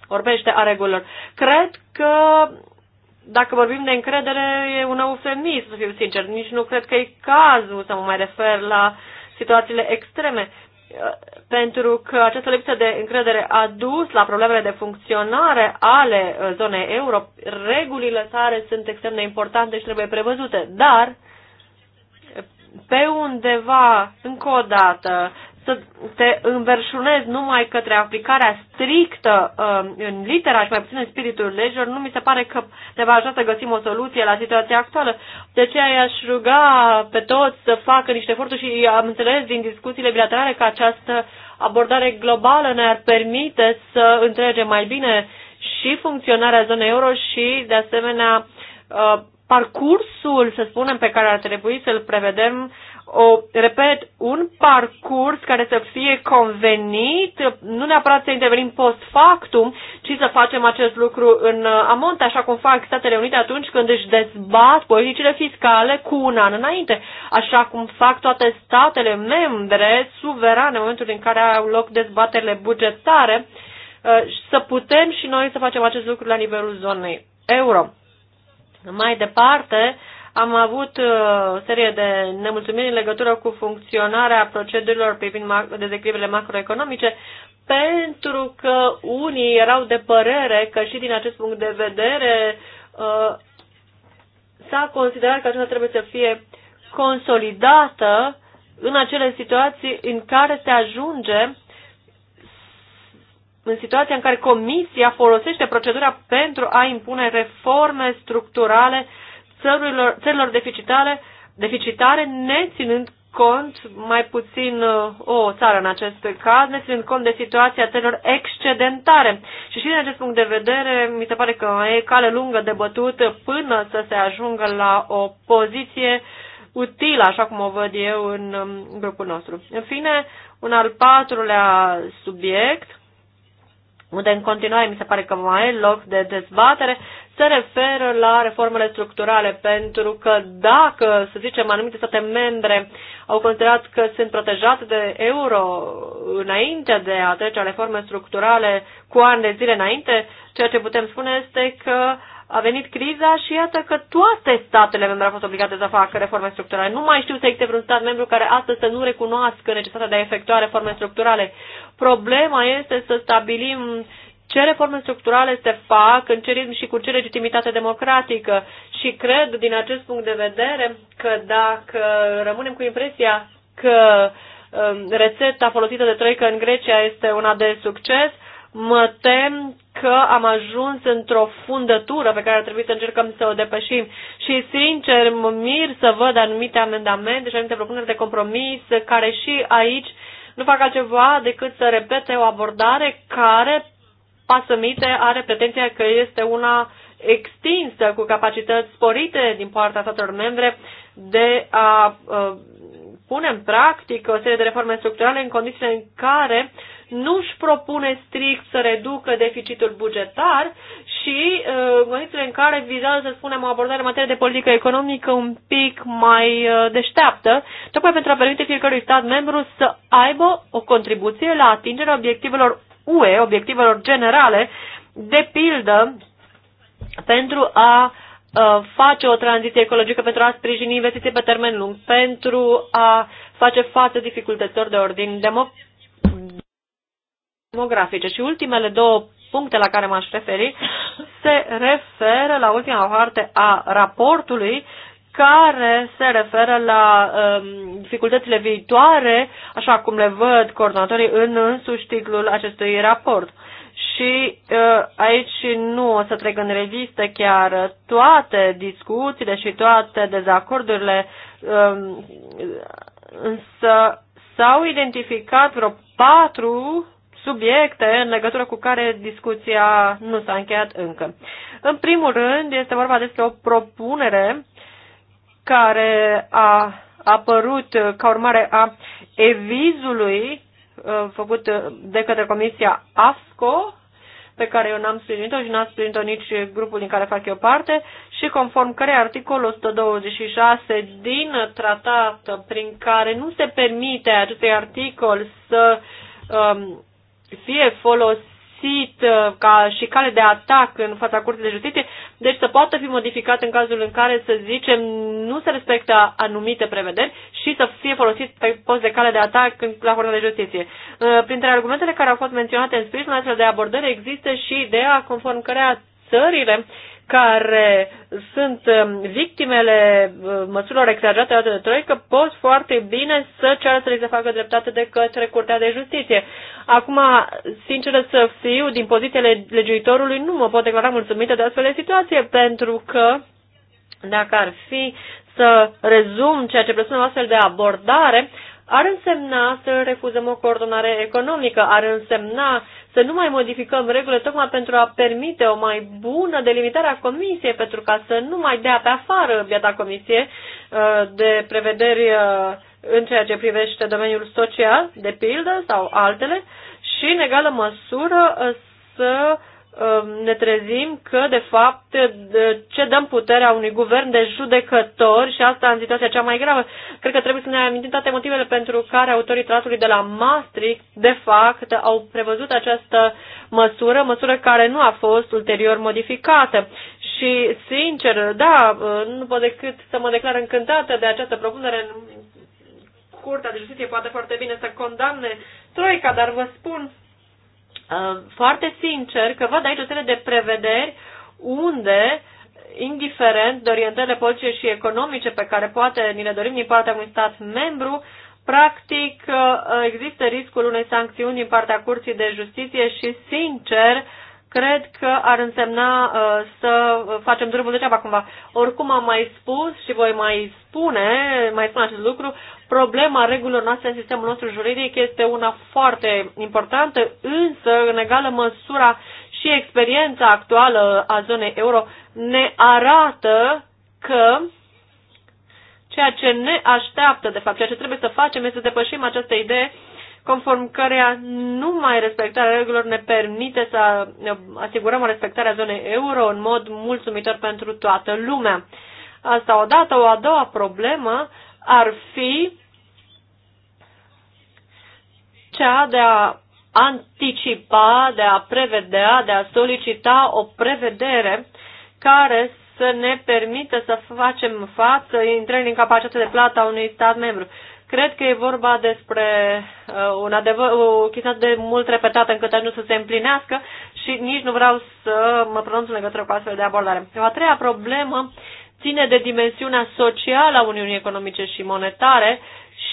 orbește a regulilor. Cred că dacă vorbim de încredere, e un eufemism, să fiu sincer. Nici nu cred că e cazul să mă mai refer la situațiile extreme pentru că această lipsă de încredere a dus la problemele de funcționare ale uh, zonei euro. Regulile sale sunt extrem de importante și trebuie prevăzute, dar pe undeva, încă o dată, să te înverșunezi numai către aplicarea strictă um, în litera și mai puțin în spiritul legilor, nu mi se pare că ne va ajuta să găsim o soluție la situația actuală. De aceea i-aș ruga pe toți să facă niște eforturi și am înțeles din discuțiile bilaterale că această abordare globală ne-ar permite să înțelegem mai bine și funcționarea zonei euro și, de asemenea, uh, parcursul, să spunem, pe care ar trebui să-l prevedem o, repet, un parcurs care să fie convenit, nu neapărat să intervenim post factum, ci să facem acest lucru în uh, amont, așa cum fac Statele Unite atunci când își dezbat politicile fiscale cu un an înainte, așa cum fac toate statele membre suverane în momentul în care au loc dezbaterile bugetare, uh, să putem și noi să facem acest lucru la nivelul zonei euro. Mai departe, am avut uh, o serie de nemulțumiri în legătură cu funcționarea procedurilor privind dezechilibrele macroeconomice, pentru că unii erau de părere că și din acest punct de vedere uh, s-a considerat că aceasta trebuie să fie consolidată în acele situații în care se ajunge în situația în care Comisia folosește procedura pentru a impune reforme structurale țărilor, țărilor deficitare, deficitare, ținând cont, mai puțin uh, o țară în acest caz, ne ținând cont de situația țărilor excedentare. Și și din acest punct de vedere, mi se pare că e cale lungă de bătut până să se ajungă la o poziție utilă, așa cum o văd eu în um, grupul nostru. În fine, un al patrulea subiect, unde în continuare mi se pare că mai e loc de dezbatere, se referă la reformele structurale, pentru că dacă, să zicem, anumite state membre au considerat că sunt protejate de euro înainte de a trece reforme structurale cu ani de zile înainte, ceea ce putem spune este că a venit criza și iată că toate statele membre au fost obligate să facă reforme structurale. Nu mai știu să existe vreun stat membru care astăzi să nu recunoască necesitatea de a efectua reforme structurale. Problema este să stabilim uh, ce reforme structurale se fac, în ce ritm și cu ce legitimitate democratică. Și cred, din acest punct de vedere, că dacă rămânem cu impresia că um, rețeta folosită de Troică în Grecia este una de succes, mă tem că am ajuns într-o fundătură pe care ar trebui să încercăm să o depășim. Și, sincer, mă mir să văd anumite amendamente și anumite propuneri de compromis care și aici nu fac altceva decât să repete o abordare care pasămite are pretenția că este una extinsă cu capacități sporite din partea statelor membre de a ă, pune în practică o serie de reforme structurale în condițiile în care nu își propune strict să reducă deficitul bugetar și ă, în condițiile în care vizează, să spunem, o abordare în materie de politică economică un pic mai ă, deșteaptă, tocmai pentru a permite fiecărui stat membru să aibă o contribuție la atingerea obiectivelor UE, obiectivelor generale, de pildă pentru a face o tranziție ecologică, pentru a sprijini investiții pe termen lung, pentru a face față dificultăților de ordin demo demografice. Și ultimele două puncte la care m-aș referi se referă la ultima parte a raportului care se referă la um, dificultățile viitoare, așa cum le văd coordonatorii în însuși titlul acestui raport. Și uh, aici nu o să trec în revistă chiar toate discuțiile și toate dezacordurile, um, însă s-au identificat vreo patru subiecte în legătură cu care discuția nu s-a încheiat încă. În primul rând, este vorba despre o propunere care a apărut ca urmare a evizului uh, făcut de către Comisia ASCO, pe care eu n-am sprijinit-o și n-am sprijinit-o nici grupul din care fac eu parte și conform care articolul 126 din tratat prin care nu se permite acestui articol să um, fie folosit folosit uh, ca și cale de atac în fața Curții de Justiție, deci să poată fi modificat în cazul în care, să zicem, nu se respectă anumite prevederi și să fie folosit pe post de cale de atac la Curtea de Justiție. Uh, printre argumentele care au fost menționate în sprijinul astfel de abordări există și ideea conform cărea țările care sunt um, victimele uh, măsurilor exagerate ale de troică pot foarte bine să ceară să li se facă dreptate de către Curtea de Justiție. Acum, sincer să fiu, din poziția legiuitorului nu mă pot declara mulțumită de astfel de situație, pentru că dacă ar fi să rezum ceea ce presupune o astfel de abordare, ar însemna să refuzăm o coordonare economică, ar însemna să nu mai modificăm regulile tocmai pentru a permite o mai bună delimitare a comisiei, pentru ca să nu mai dea pe afară biata comisie uh, de prevederi uh, în ceea ce privește domeniul social, de pildă, sau altele, și în egală măsură uh, să Um, ne trezim că, de fapt, ce dăm puterea unui guvern de judecători și asta în situația cea mai gravă. Cred că trebuie să ne amintim toate motivele pentru care autorii tratului de la Maastricht, de fapt, au prevăzut această măsură, măsură care nu a fost ulterior modificată. Și, sincer, da, uh, nu pot decât să mă declar încântată de această propunere. Curtea de Justiție poate foarte bine să condamne Troica, dar vă spun foarte sincer că văd aici o serie de prevederi unde, indiferent de orientările politice și economice pe care poate ni le dorim din partea unui stat membru, practic uh, există riscul unei sancțiuni din partea Curții de Justiție și, sincer, cred că ar însemna uh, să facem drumul degeaba cumva. Oricum am mai spus și voi mai spune, mai spun acest lucru, Problema regulilor noastre în sistemul nostru juridic este una foarte importantă, însă, în egală măsura și experiența actuală a zonei euro ne arată că ceea ce ne așteaptă, de fapt, ceea ce trebuie să facem este să depășim această idee conform căreia numai respectarea regulilor ne permite să asigurăm o respectare a zonei euro în mod mulțumitor pentru toată lumea. Asta odată, o a doua problemă ar fi cea de a anticipa, de a prevedea, de a solicita o prevedere care să ne permită să facem față intrării în capacitatea de plată a unui stat membru. Cred că e vorba despre uh, un adevăr, o chestie de mult repetată încât nu să se împlinească și nici nu vreau să mă pronunț în legătură cu astfel de abordare. O a treia problemă ține de dimensiunea socială a Uniunii Economice și Monetare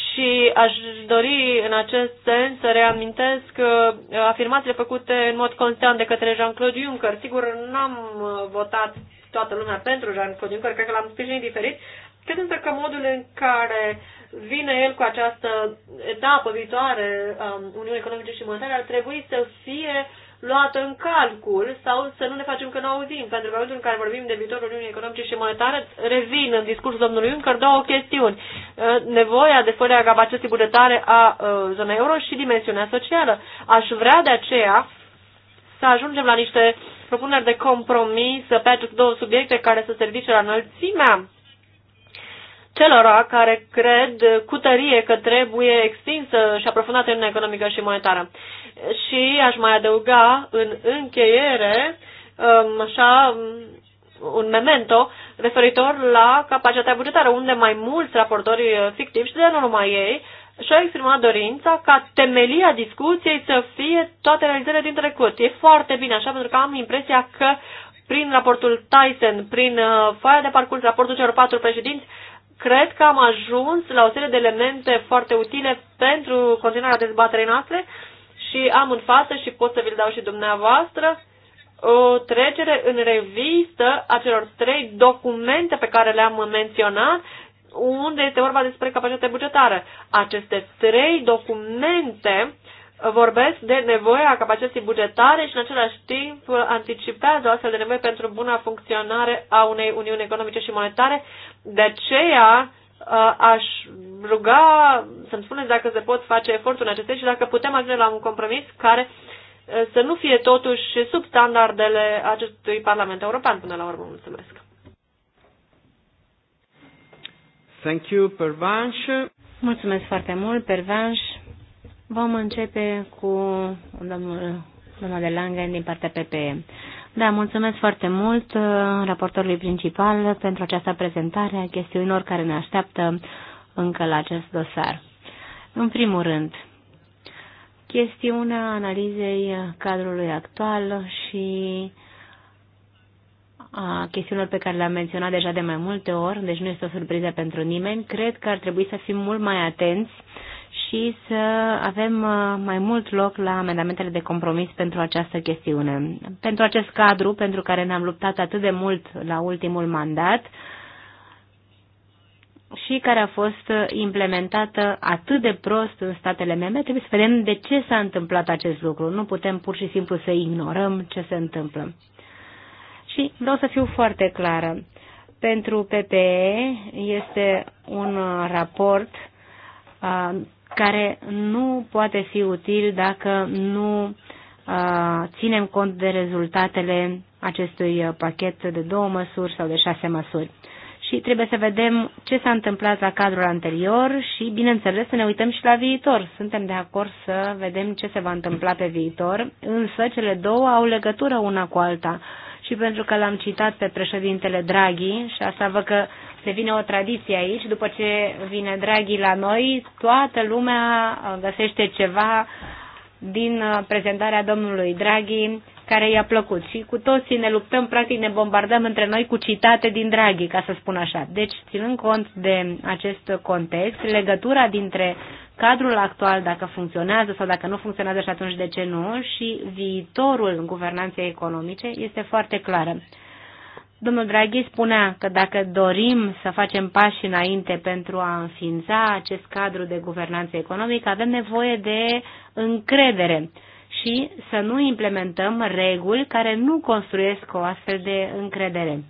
și aș dori în acest sens să reamintesc uh, afirmațiile făcute în mod constant de către Jean-Claude Juncker. Sigur, n-am uh, votat toată lumea pentru Jean-Claude Juncker, cred că l-am sprijinit diferit. Cred însă că modul în care vine el cu această etapă viitoare a um, Uniunii Economice și Monetare ar trebui să fie uh, luată în calcul sau să nu ne facem că nu auzim, pentru că în momentul în care vorbim de viitorul Uniunii Economice și Monetare, revin în discursul domnului Juncker două chestiuni. Ă, nevoia de fără capacității bugetare a ă, zonei euro și dimensiunea socială. Aș vrea de aceea să ajungem la niște propuneri de compromis pe aceste două subiecte care să service la înălțimea celora care cred cu tărie că trebuie extinsă și aprofundată în Economică și Monetară. Și aș mai adăuga în încheiere, um, așa, um, un memento referitor la capacitatea bugetară, unde mai mulți raportori uh, fictivi și de nu numai ei și-au exprimat dorința ca temelia discuției să fie toate realizările din trecut. E foarte bine așa, pentru că am impresia că prin raportul Tyson, prin uh, foaia de parcurs, raportul celor patru președinți, cred că am ajuns la o serie de elemente foarte utile pentru continuarea dezbaterii noastre și am în față și pot să vi-l dau și dumneavoastră o trecere în revistă a celor trei documente pe care le-am menționat, unde este vorba despre capacitatea bugetară. Aceste trei documente vorbesc de nevoia capacității bugetare și în același timp anticipează o astfel de nevoie pentru buna funcționare a unei uniuni economice și monetare. De aceea, Uh, aș ruga să-mi spuneți dacă se pot face efortul acestei și dacă putem ajunge la un compromis care uh, să nu fie totuși sub standardele acestui Parlament European până la urmă. Mulțumesc. Thank you, Pervanș. Mulțumesc foarte mult, Pervanș. Vom începe cu domnul, domnul de Langen din partea PPM. Da, mulțumesc foarte mult uh, raportorului principal pentru această prezentare a chestiunilor care ne așteaptă încă la acest dosar. În primul rând, chestiunea analizei cadrului actual și a chestiunilor pe care le-am menționat deja de mai multe ori, deci nu este o surpriză pentru nimeni. Cred că ar trebui să fim mult mai atenți uh, și să avem uh, mai mult loc la amendamentele de compromis pentru această chestiune. Pentru acest cadru, pentru care ne-am luptat atât de mult la ultimul mandat, și care a fost implementată atât de prost în statele membre, trebuie să vedem de ce s-a întâmplat acest lucru. Nu putem pur și simplu să ignorăm ce se întâmplă. Și vreau să fiu foarte clară. Pentru PPE este un uh, raport uh, care nu poate fi util dacă nu uh, ținem cont de rezultatele acestui uh, pachet de două măsuri sau de șase măsuri. Și trebuie să vedem ce s-a întâmplat la cadrul anterior și, bineînțeles, să ne uităm și la viitor. Suntem de acord să vedem ce se va întâmpla pe viitor, însă cele două au legătură una cu alta. Și pentru că l-am citat pe președintele Draghi, și asta văd că devine o tradiție aici. După ce vine Draghi la noi, toată lumea uh, găsește ceva din uh, prezentarea domnului Draghi care i-a plăcut și cu toții ne luptăm, practic ne bombardăm între noi cu citate din Draghi, ca să spun așa. Deci, ținând cont de acest context, legătura dintre cadrul actual, dacă funcționează sau dacă nu funcționează și atunci de ce nu, și viitorul guvernanței economice este foarte clară. Domnul Draghi spunea că dacă dorim să facem pași înainte pentru a înființa acest cadru de guvernanță economică, avem nevoie de încredere și să nu implementăm reguli care nu construiesc o astfel de încredere.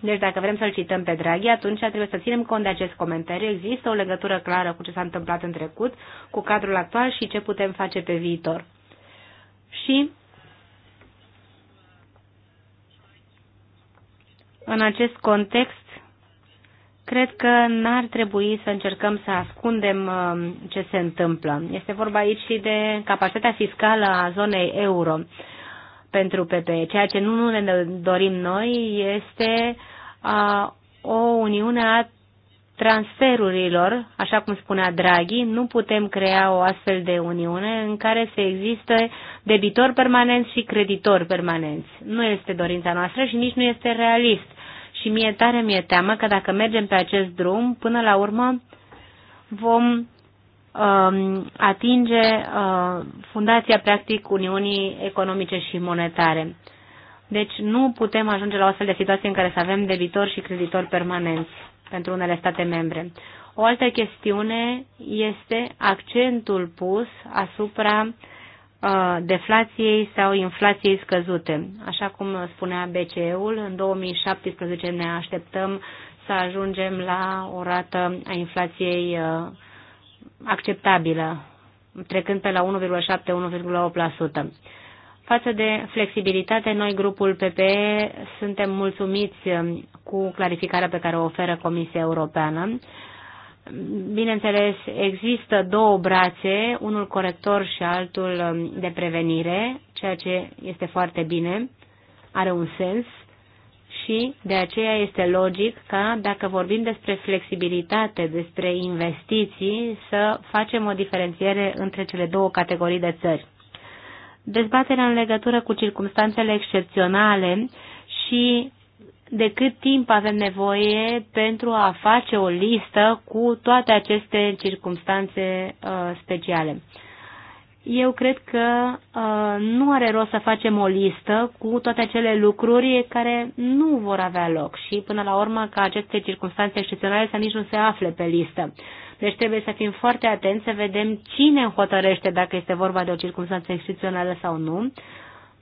Deci dacă vrem să-l cităm pe Draghi, atunci trebuie să ținem cont de acest comentariu. Există o legătură clară cu ce s-a întâmplat în trecut, cu cadrul actual și ce putem face pe viitor. Și În acest context, cred că n-ar trebui să încercăm să ascundem uh, ce se întâmplă. Este vorba aici și de capacitatea fiscală a zonei euro pentru PPE. Ceea ce nu ne dorim noi este uh, o uniune a transferurilor, așa cum spunea Draghi, nu putem crea o astfel de uniune în care să existe debitori permanenți și creditori permanenți. Nu este dorința noastră și nici nu este realist și mie tare mi-e teamă că dacă mergem pe acest drum, până la urmă vom uh, atinge uh, fundația practic Uniunii Economice și Monetare. Deci nu putem ajunge la o astfel de situație în care să avem debitori și creditori permanenți pentru unele state membre. O altă chestiune este accentul pus asupra uh, deflației sau inflației scăzute. Așa cum spunea BCE-ul, în 2017 ne așteptăm să ajungem la o rată a inflației acceptabilă, trecând pe la 1,7-1,8%. Față de flexibilitate, noi, grupul PPE, suntem mulțumiți cu clarificarea pe care o oferă Comisia Europeană Bineînțeles, există două brațe, unul corector și altul um, de prevenire, ceea ce este foarte bine, are un sens și de aceea este logic ca dacă vorbim despre flexibilitate, despre investiții, să facem o diferențiere între cele două categorii de țări. Dezbaterea în legătură cu circumstanțele excepționale și de cât timp avem nevoie pentru a face o listă cu toate aceste circumstanțe uh, speciale. Eu cred că uh, nu are rost să facem o listă cu toate acele lucruri care nu vor avea loc și până la urmă ca aceste circunstanțe excepționale să nici nu se afle pe listă. Deci trebuie să fim foarte atenți să vedem cine hotărăște dacă este vorba de o circunstanță excepțională sau nu,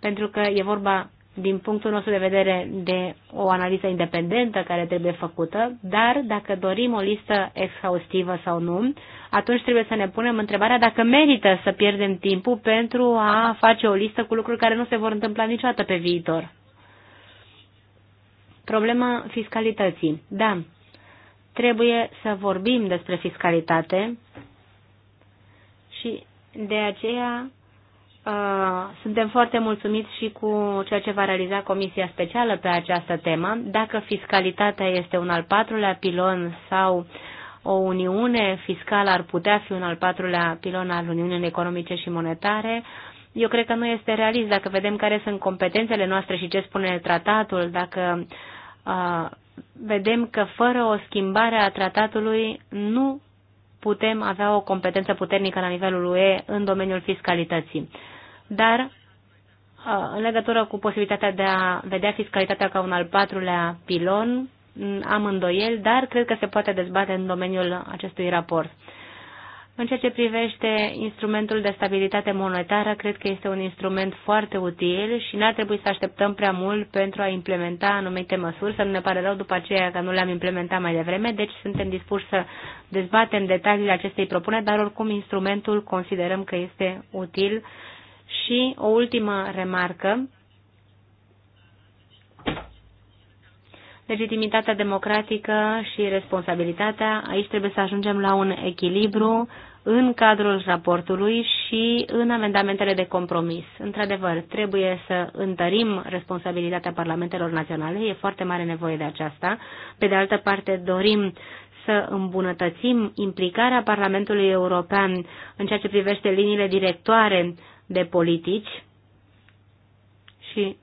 pentru că e vorba din punctul nostru de vedere, de o analiză independentă care trebuie făcută, dar dacă dorim o listă exhaustivă sau nu, atunci trebuie să ne punem întrebarea dacă merită să pierdem timpul pentru a face o listă cu lucruri care nu se vor întâmpla niciodată pe viitor. Problema fiscalității. Da, trebuie să vorbim despre fiscalitate și de aceea Uh, suntem foarte mulțumiți și cu ceea ce va realiza Comisia Specială pe această temă. Dacă fiscalitatea este un al patrulea pilon sau o uniune fiscală ar putea fi un al patrulea pilon al Uniunii Economice și Monetare, eu cred că nu este realist dacă vedem care sunt competențele noastre și ce spune tratatul, dacă uh, vedem că fără o schimbare a tratatului nu putem avea o competență puternică la nivelul UE în domeniul fiscalității dar uh, în legătură cu posibilitatea de a vedea fiscalitatea ca un al patrulea pilon, mm, am îndoiel, dar cred că se poate dezbate în domeniul acestui raport. În ceea ce privește instrumentul de stabilitate monetară, cred că este un instrument foarte util și n-ar trebui să așteptăm prea mult pentru a implementa anumite măsuri, să nu ne pare rău după aceea că nu le-am implementat mai devreme, deci suntem dispuși să dezbatem detaliile acestei propuneri, dar oricum instrumentul considerăm că este util și o ultimă remarcă. Legitimitatea democratică și responsabilitatea, aici trebuie să ajungem la un echilibru în cadrul raportului și în amendamentele de compromis. Într-adevăr, trebuie să întărim responsabilitatea parlamentelor naționale, e foarte mare nevoie de aceasta. Pe de altă parte, dorim să îmbunătățim implicarea Parlamentului European în ceea ce privește liniile directoare de politici și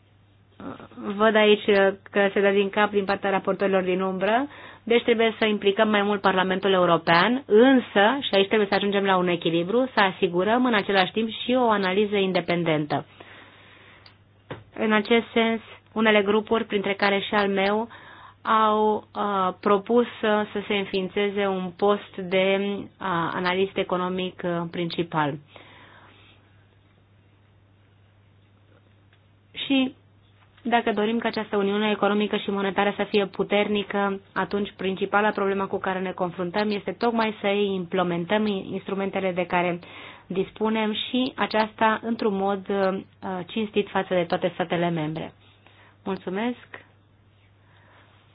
uh, văd aici că se dă din cap din partea raportorilor din umbră, deci trebuie să implicăm mai mult Parlamentul European, însă, și aici trebuie să ajungem la un echilibru, să asigurăm în același timp și o analiză independentă. În acest sens, unele grupuri, printre care și al meu, au uh, propus uh, să se înființeze un post de uh, analist economic uh, principal. Uh, și dacă dorim ca această uniune economică și monetară să fie puternică, atunci principala problemă cu care ne confruntăm este tocmai să implementăm instrumentele de care dispunem și aceasta într-un mod uh, cinstit față de toate statele membre. Mulțumesc!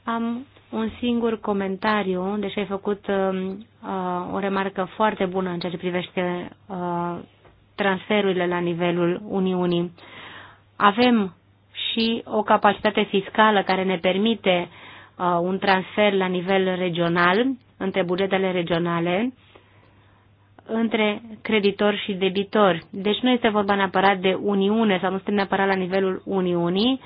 Am un singur comentariu, deși ai făcut uh, uh o remarcă foarte bună în ceea ce privește uh, transferurile la nivelul Uniunii. Uh, avem și o capacitate fiscală care ne permite uh, un transfer la nivel regional, între bugetele regionale, între creditori și debitori. Deci nu este vorba neapărat de Uniune sau nu suntem neapărat la nivelul Uniunii, uh,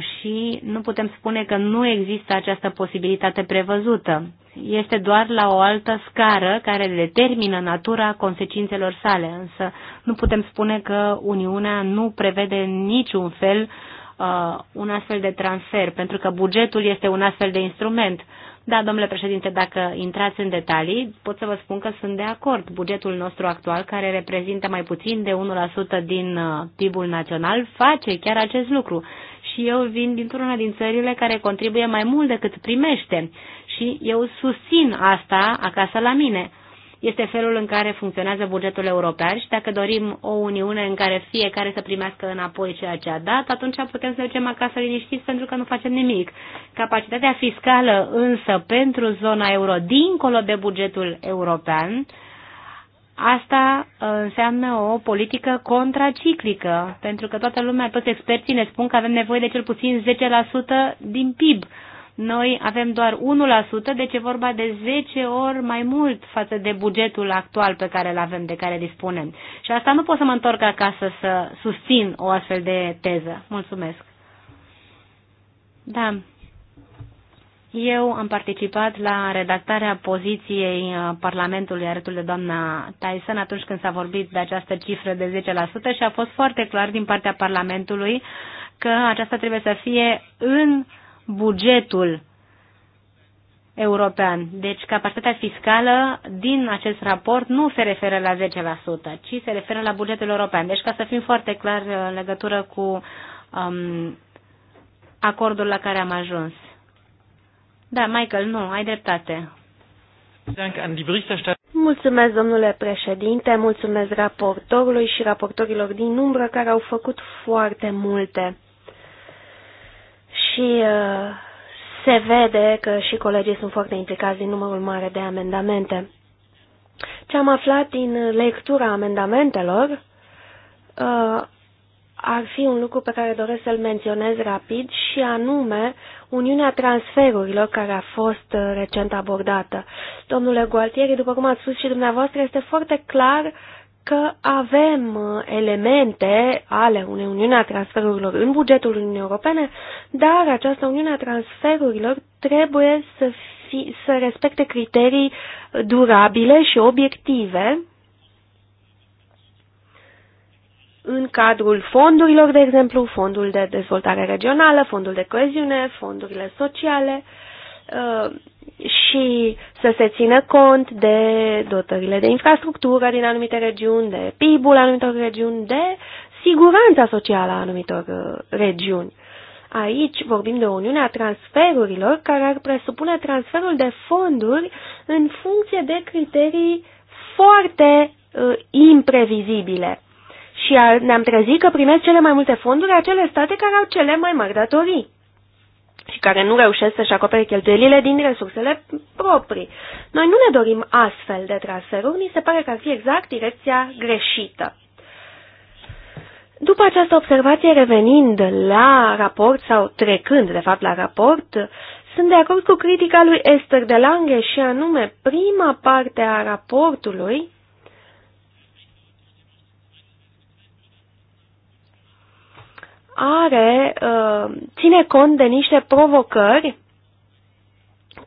și nu putem spune că nu există această posibilitate prevăzută. Este doar la o altă scară care determină natura consecințelor sale, însă nu putem spune că Uniunea nu prevede niciun fel uh, un astfel de transfer, pentru că bugetul este un astfel de instrument. Da, domnule președinte, dacă intrați în detalii, pot să vă spun că sunt de acord. Bugetul nostru actual, care reprezintă mai puțin de 1% din PIB-ul național, face chiar acest lucru și eu vin dintr-una din țările care contribuie mai mult decât primește și eu susțin asta acasă la mine. Este felul în care funcționează bugetul european și dacă dorim o uniune în care fiecare să primească înapoi ceea ce a dat, atunci putem să ducem acasă liniștiți pentru că nu facem nimic. Capacitatea fiscală însă pentru zona euro dincolo de bugetul european Asta uh, înseamnă o politică contraciclică, pentru că toată lumea, toți experții ne spun că avem nevoie de cel puțin 10% din PIB. Noi avem doar 1%, deci e vorba de 10 ori mai mult față de bugetul actual pe care îl avem, de care dispunem. Și asta nu pot să mă întorc acasă să susțin o astfel de teză. Mulțumesc. Da, eu am participat la redactarea poziției uh, Parlamentului arătul de doamna Tyson atunci când s-a vorbit de această cifră de 10% și a fost foarte clar din partea Parlamentului că aceasta trebuie să fie în bugetul european. Deci capacitatea fiscală din acest raport nu se referă la 10%, ci se referă la bugetul european. Deci ca să fim foarte clar uh, în legătură cu um, acordul la care am ajuns. Da, Michael, nu, ai dreptate. Mulțumesc, domnule președinte, mulțumesc raportorului și raportorilor din umbră care au făcut foarte multe. Și uh, se vede că și colegii sunt foarte implicați din numărul mare de amendamente. Ce am aflat din lectura amendamentelor uh, ar fi un lucru pe care doresc să-l menționez rapid și anume Uniunea Transferurilor, care a fost uh, recent abordată. Domnule Gualtieri, după cum ați spus și dumneavoastră, este foarte clar că avem uh, elemente ale unei Uniunea a Transferurilor în bugetul Uniunii Europene, dar această Uniunea a Transferurilor trebuie să, fi, să respecte criterii durabile și obiective în cadrul fondurilor, de exemplu, fondul de dezvoltare regională, fondul de coeziune, fondurile sociale uh, și să se țină cont de dotările de infrastructură din anumite regiuni, de PIB-ul anumitor regiuni, de siguranța socială a anumitor uh, regiuni. Aici vorbim de Uniunea transferurilor care ar presupune transferul de fonduri în funcție de criterii foarte uh, imprevizibile și ne-am trezit că primesc cele mai multe fonduri acele state care au cele mai mari datorii și care nu reușesc să-și acopere cheltuielile din resursele proprii. Noi nu ne dorim astfel de traseruri, ni se pare că ar fi exact direcția greșită. După această observație, revenind la raport sau trecând, de fapt, la raport, sunt de acord cu critica lui Esther de Lange și anume prima parte a raportului are, uh, ține cont de niște provocări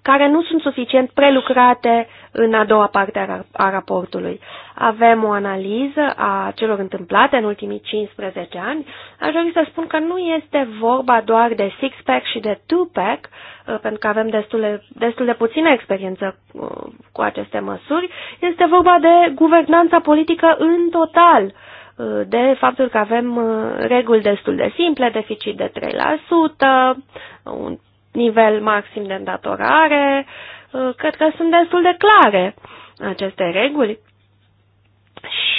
care nu sunt suficient prelucrate în a doua parte a raportului. Avem o analiză a celor întâmplate în ultimii 15 ani. Aș dori să spun că nu este vorba doar de six-pack și de two-pack, uh, pentru că avem destule, destul de puțină experiență uh, cu aceste măsuri. Este vorba de guvernanța politică în total Uh, de faptul că avem uh, reguli destul de simple, deficit de 3%, un nivel maxim de îndatorare, uh, cred că sunt destul de clare aceste reguli.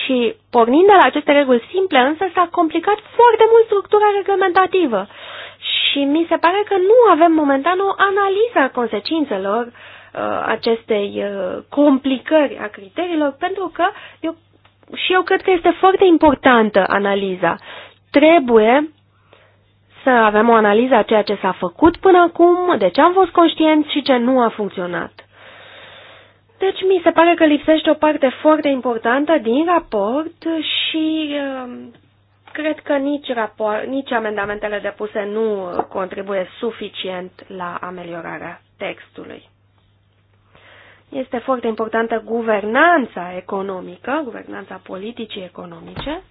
Și pornind de la aceste reguli simple, însă s-a complicat foarte mult structura reglementativă. Și mi se pare că nu avem momentan o analiză a consecințelor uh, acestei uh, complicări a criteriilor, pentru că eu și eu cred că este foarte importantă analiza. Trebuie să avem o analiză a ceea ce s-a făcut până acum, de ce am fost conștienți și ce nu a funcționat. Deci mi se pare că lipsește o parte foarte importantă din raport și um, cred că nici, rapor, nici amendamentele depuse nu contribuie suficient la ameliorarea textului. Este foarte importantă guvernanța economică, guvernanța politicii economice,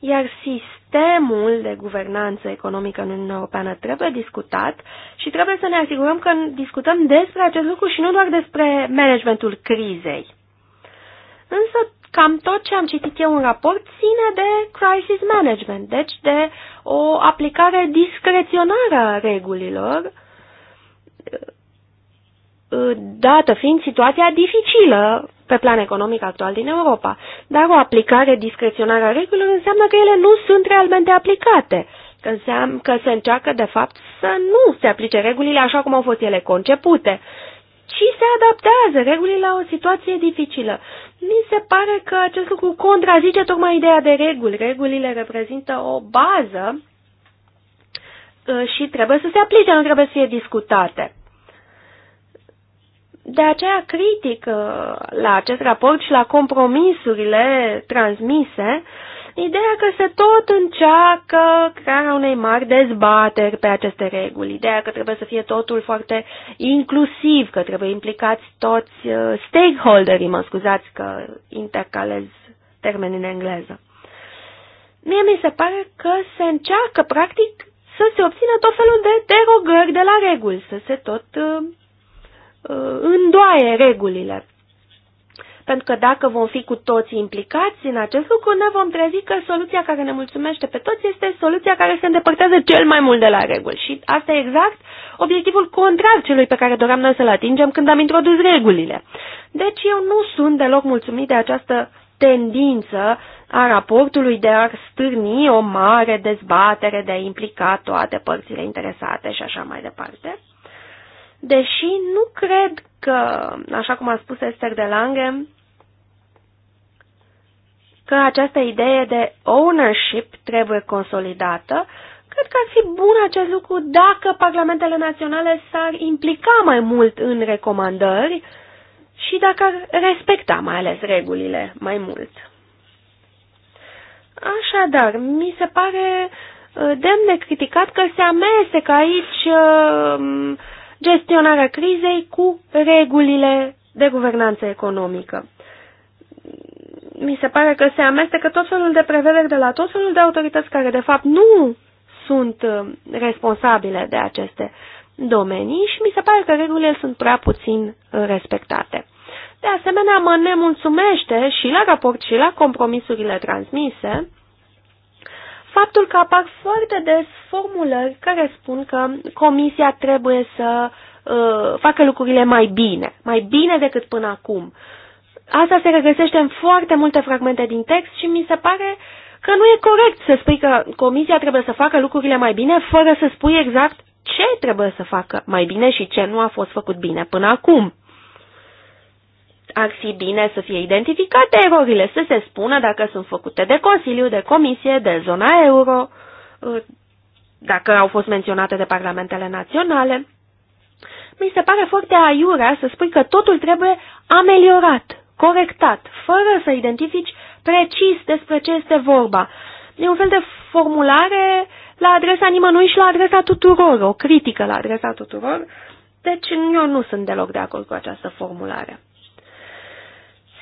iar sistemul de guvernanță economică în Uniunea Europeană trebuie discutat și trebuie să ne asigurăm că discutăm despre acest lucru și nu doar despre managementul crizei. Însă cam tot ce am citit eu în raport ține de crisis management, deci de o aplicare discreționară a regulilor dată fiind situația dificilă pe plan economic actual din Europa. Dar o aplicare discreționară a regulilor înseamnă că ele nu sunt realmente aplicate, că înseamnă că se încearcă de fapt să nu se aplice regulile așa cum au fost ele concepute, ci se adaptează regulile la o situație dificilă. Mi se pare că acest lucru contrazice tocmai ideea de reguli. Regulile reprezintă o bază uh, și trebuie să se aplice, nu trebuie să fie discutate de aceea critic uh, la acest raport și la compromisurile transmise ideea că se tot încearcă crearea unei mari dezbateri pe aceste reguli, ideea că trebuie să fie totul foarte inclusiv, că trebuie implicați toți uh, stakeholderii, mă scuzați că intercalez termen în engleză. Mie mi se pare că se încearcă, practic, să se obțină tot felul de derogări de la reguli, să se tot uh, Uh, îndoaie regulile. Pentru că dacă vom fi cu toți implicați în acest lucru, ne vom trezi că soluția care ne mulțumește pe toți este soluția care se îndepărtează cel mai mult de la reguli. Și asta e exact obiectivul contrar celui pe care doream noi să-l atingem când am introdus regulile. Deci eu nu sunt deloc mulțumit de această tendință a raportului de a stârni o mare dezbatere, de a implica toate părțile interesate și așa mai departe deși nu cred că, așa cum a spus Esther de Lange, că această idee de ownership trebuie consolidată, cred că ar fi bun acest lucru dacă parlamentele naționale s-ar implica mai mult în recomandări și dacă ar respecta mai ales regulile mai mult. Așadar, mi se pare uh, demn de criticat că se amestecă aici uh, gestionarea crizei cu regulile de guvernanță economică. Mi se pare că se amestecă tot felul de prevederi de la tot felul de autorități care, de fapt, nu sunt uh, responsabile de aceste domenii și mi se pare că regulile sunt prea puțin uh, respectate. De asemenea, mă nemulțumește și la raport și la compromisurile transmise faptul că apar foarte des formulări care spun că comisia trebuie să uh, facă lucrurile mai bine, mai bine decât până acum. Asta se regăsește în foarte multe fragmente din text și mi se pare că nu e corect să spui că comisia trebuie să facă lucrurile mai bine fără să spui exact ce trebuie să facă mai bine și ce nu a fost făcut bine până acum ar fi bine să fie identificate erorile, să se spună dacă sunt făcute de Consiliu, de Comisie, de zona euro, uh, dacă au fost menționate de parlamentele naționale. Mi se pare foarte aiurea să spui că totul trebuie ameliorat, corectat, fără să identifici precis despre ce este vorba. E un fel de formulare la adresa nimănui și la adresa tuturor, o critică la adresa tuturor, deci eu nu sunt deloc de acord cu această formulare.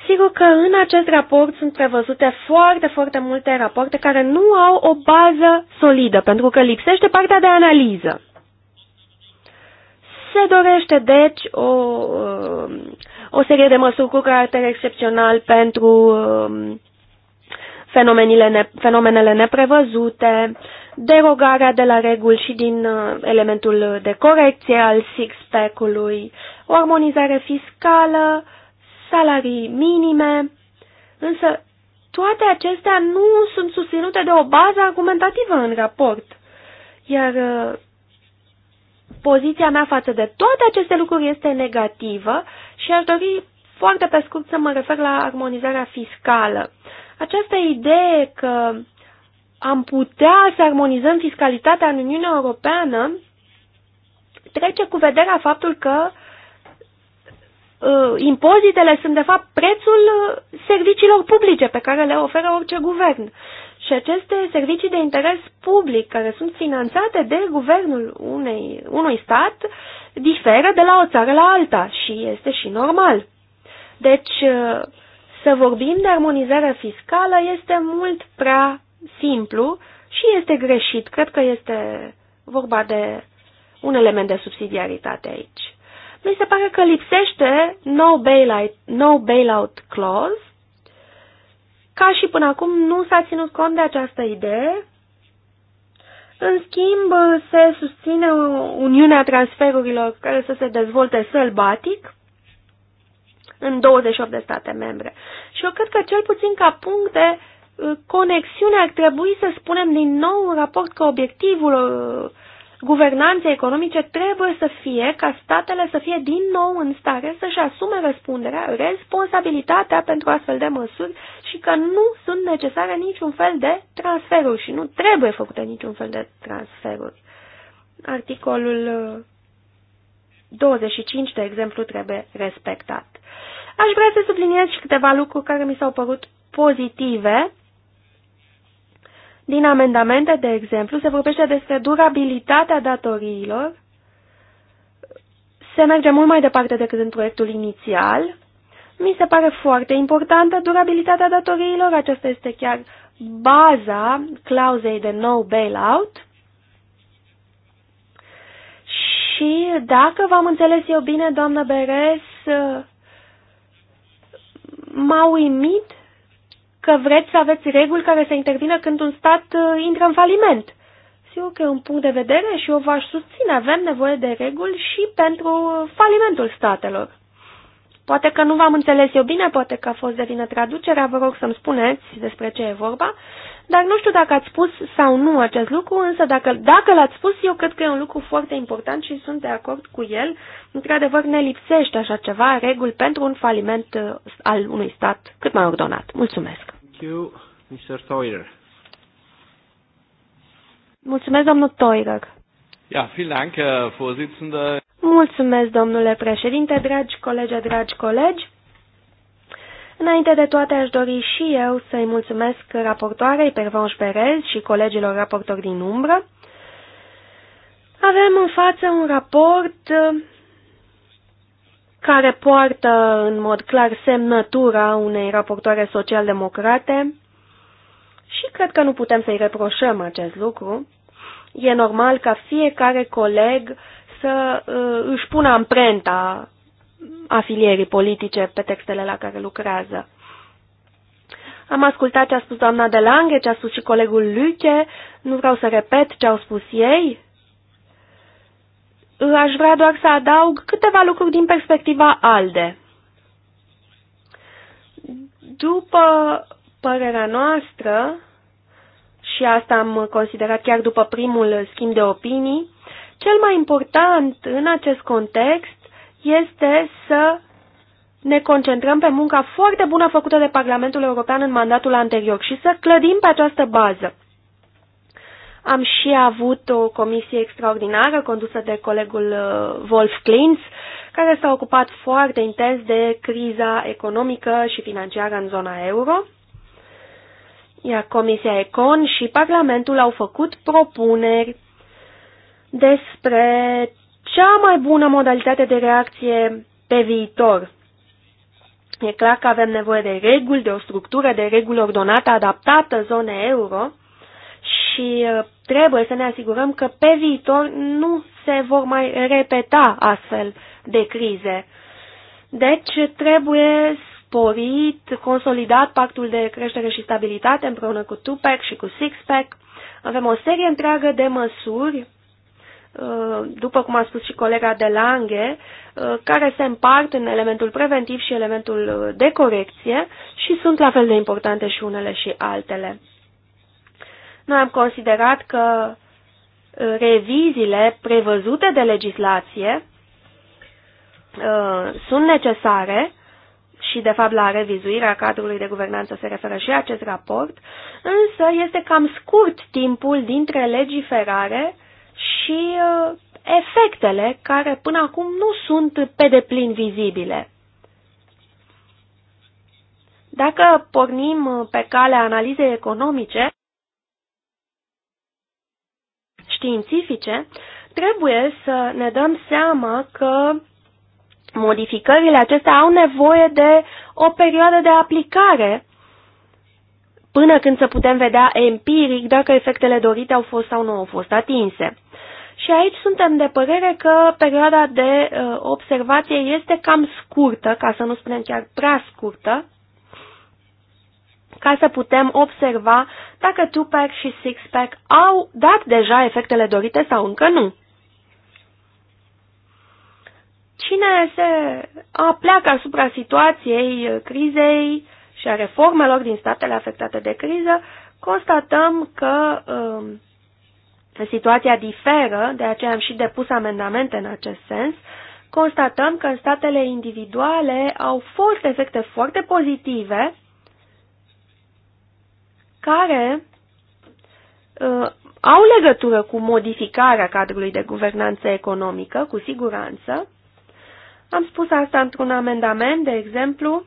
Sigur că în acest raport sunt prevăzute foarte, foarte multe rapoarte care nu au o bază solidă, pentru că lipsește partea de analiză. Se dorește, deci, o, um, o serie de măsuri cu caracter excepțional pentru um, fenomenile ne, fenomenele neprevăzute, derogarea de la reguli și din uh, elementul de corecție al six-pack-ului, o armonizare fiscală, salarii minime, însă toate acestea nu sunt susținute de o bază argumentativă în raport. Iar uh, poziția mea față de toate aceste lucruri este negativă și aș dori foarte pe scurt să mă refer la armonizarea fiscală. Această idee că am putea să armonizăm fiscalitatea în Uniunea Europeană trece cu vederea faptul că Uh, impozitele sunt de fapt prețul uh, serviciilor publice pe care le oferă orice guvern. Și aceste servicii de interes public care sunt finanțate de guvernul unei, unui stat diferă de la o țară la alta și este și normal. Deci, uh, să vorbim de armonizare fiscală este mult prea simplu și este greșit. Cred că este vorba de un element de subsidiaritate aici mi se pare că lipsește no bailout, no bailout clause. Ca și până acum nu s-a ținut cont de această idee. În schimb, se susține Uniunea Transferurilor care să se dezvolte sălbatic în 28 de state membre. Și eu cred că cel puțin ca punct de uh, conexiune ar trebui să spunem din nou în raport că obiectivul uh, Guvernanțe economice trebuie să fie ca statele să fie din nou în stare să-și asume răspunderea, responsabilitatea pentru astfel de măsuri și că nu sunt necesare niciun fel de transferuri și nu trebuie făcute niciun fel de transferuri. Articolul 25, uh, de exemplu, trebuie respectat. Aș vrea să subliniez și câteva lucruri care mi s-au părut pozitive din amendamente, de exemplu, se vorbește despre durabilitatea datoriilor. Se merge mult mai departe decât în proiectul inițial. Mi se pare foarte importantă durabilitatea datoriilor. Aceasta este chiar baza clauzei de no bailout. Și dacă v-am înțeles eu bine, doamnă Beres, m-a uimit că vreți să aveți reguli care să intervină când un stat uh, intră în faliment. Sigur că e un punct de vedere și eu v-aș susține. Avem nevoie de reguli și pentru falimentul statelor. Poate că nu v-am înțeles eu bine, poate că a fost de vină traducerea, vă rog să-mi spuneți despre ce e vorba, dar nu știu dacă ați spus sau nu acest lucru, însă dacă, dacă l-ați spus, eu cred că e un lucru foarte important și sunt de acord cu el. Într-adevăr, ne lipsește așa ceva, reguli pentru un faliment uh, al unui stat cât mai ordonat. Mulțumesc! Thank you, Mr. Toyer. Mulțumesc, domnul Toirer. Ja, vielen Dank, Vorsitzender. Mulțumesc, domnule președinte, dragi colegi, dragi colegi. Înainte de toate, aș dori și eu să-i mulțumesc raportoarei Pervanș Perez și colegilor raportori din umbră. Avem în față un raport uh, care poartă în mod clar semnătura unei raportoare social-democrate și cred că nu putem să-i reproșăm acest lucru. E normal ca fiecare coleg să uh, își pună amprenta afilierii politice pe textele la care lucrează. Am ascultat ce a spus doamna de Lange, ce a spus și colegul Luche, nu vreau să repet ce au spus ei. Aș vrea doar să adaug câteva lucruri din perspectiva ALDE. După părerea noastră, și asta am considerat chiar după primul schimb de opinii, cel mai important în acest context este să ne concentrăm pe munca foarte bună făcută de Parlamentul European în mandatul anterior și să clădim pe această bază. Am și avut o comisie extraordinară condusă de colegul uh, Wolf Klintz, care s-a ocupat foarte intens de criza economică și financiară în zona euro. Iar Comisia Econ și Parlamentul au făcut propuneri despre cea mai bună modalitate de reacție pe viitor. E clar că avem nevoie de reguli, de o structură de reguli ordonată, adaptată zone euro și uh, trebuie să ne asigurăm că pe viitor nu se vor mai repeta astfel de crize. Deci trebuie sporit, consolidat pactul de creștere și stabilitate împreună cu Tupac și cu Sixpack. Avem o serie întreagă de măsuri Uh, după cum a spus și colega de Lange, uh, care se împart în elementul preventiv și elementul uh, de corecție și sunt la fel de importante și unele și altele. Noi am considerat că reviziile prevăzute de legislație sunt necesare și, de fapt, la revizuirea cadrului de guvernanță se referă și acest raport, însă este cam scurt timpul dintre legiferare uh, și uh, efectele care până acum nu sunt pe deplin vizibile. Dacă pornim uh, pe calea analizei economice, științifice, trebuie să ne dăm seama că modificările acestea au nevoie de o perioadă de aplicare până când să putem vedea empiric dacă efectele dorite au fost sau nu au fost atinse. Și aici suntem de părere că perioada de uh, observație este cam scurtă, ca să nu spunem chiar prea scurtă, ca să putem observa dacă two-pack și six-pack au dat deja efectele dorite sau încă nu. Cine se apleacă asupra situației crizei și a reformelor din statele afectate de criză, constatăm că uh, situația diferă, de aceea am și depus amendamente în acest sens, constatăm că în statele individuale au fost efecte foarte pozitive care uh, au legătură cu modificarea cadrului de guvernanță economică, cu siguranță. Am spus asta într-un amendament, de exemplu,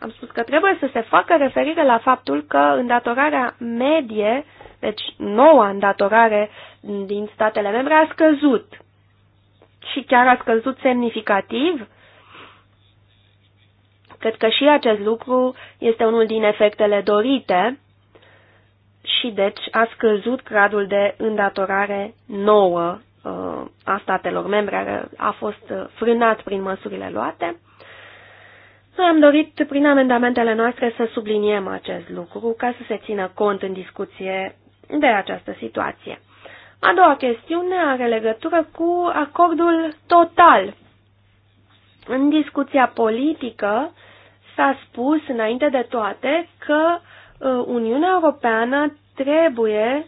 am spus că trebuie să se facă referire la faptul că îndatorarea medie uh, deci noua îndatorare din statele membre a scăzut și chiar a scăzut semnificativ. Cred că și acest lucru este unul din efectele dorite și deci a scăzut gradul de îndatorare nouă uh, a statelor membre, a fost uh, frânat prin măsurile luate. Noi am dorit prin amendamentele noastre să subliniem acest lucru ca să se țină cont în discuție de această situație. A doua chestiune are legătură cu acordul total. În discuția politică s-a spus înainte de toate că uh, Uniunea Europeană trebuie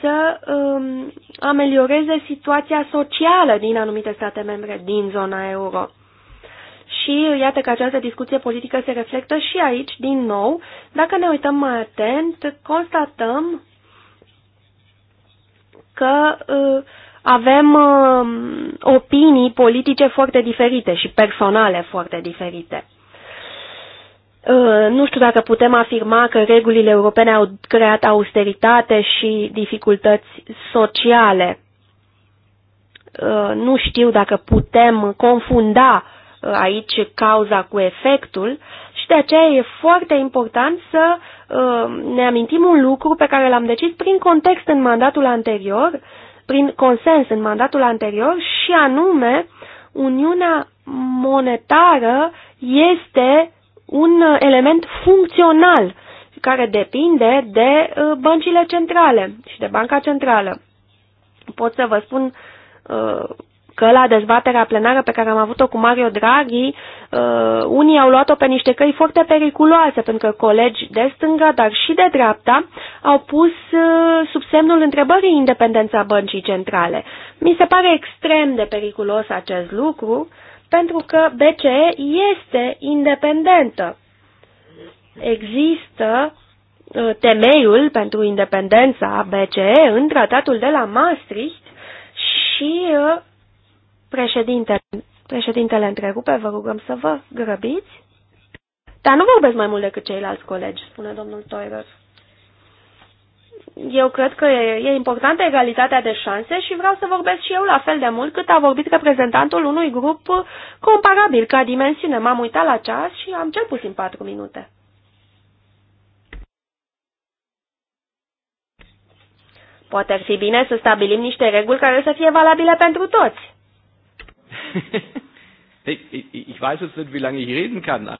să um, amelioreze situația socială din anumite state membre din zona euro. Și iată că această discuție politică se reflectă și aici, din nou. Dacă ne uităm mai atent, constatăm că uh, avem uh, opinii politice foarte diferite și personale foarte diferite. Uh, nu știu dacă putem afirma că regulile europene au creat austeritate și dificultăți sociale. Nu știu dacă putem confunda uh, Uh, aici cauza cu efectul și de aceea e foarte important să uh, ne amintim un lucru pe care l-am decis prin context în mandatul anterior, prin consens în mandatul anterior și anume Uniunea monetară este un element funcțional care depinde de uh, băncile centrale și de banca centrală. Pot să vă spun că la dezbaterea plenară pe care am avut-o cu Mario Draghi, uh, unii au luat-o pe niște căi foarte periculoase, pentru că colegi de stânga, dar și de dreapta, au pus uh, sub semnul întrebării independența băncii centrale. Mi se pare extrem de periculos acest lucru, pentru că BCE este independentă. Există uh, temeiul pentru independența BCE în tratatul de la Maastricht și uh, Președinte, președintele întrerupe, vă rugăm să vă grăbiți. Dar nu vorbesc mai mult decât ceilalți colegi, spune domnul Toirer. Eu cred că e, e importantă egalitatea de șanse și vreau să vorbesc și eu la fel de mult cât a vorbit reprezentantul unui grup comparabil ca dimensiune. M-am uitat la ceas și am cel puțin patru minute. Poate ar fi bine să stabilim niște reguli care să fie valabile pentru toți ich weiß jetzt nicht, wie lange ich reden kann.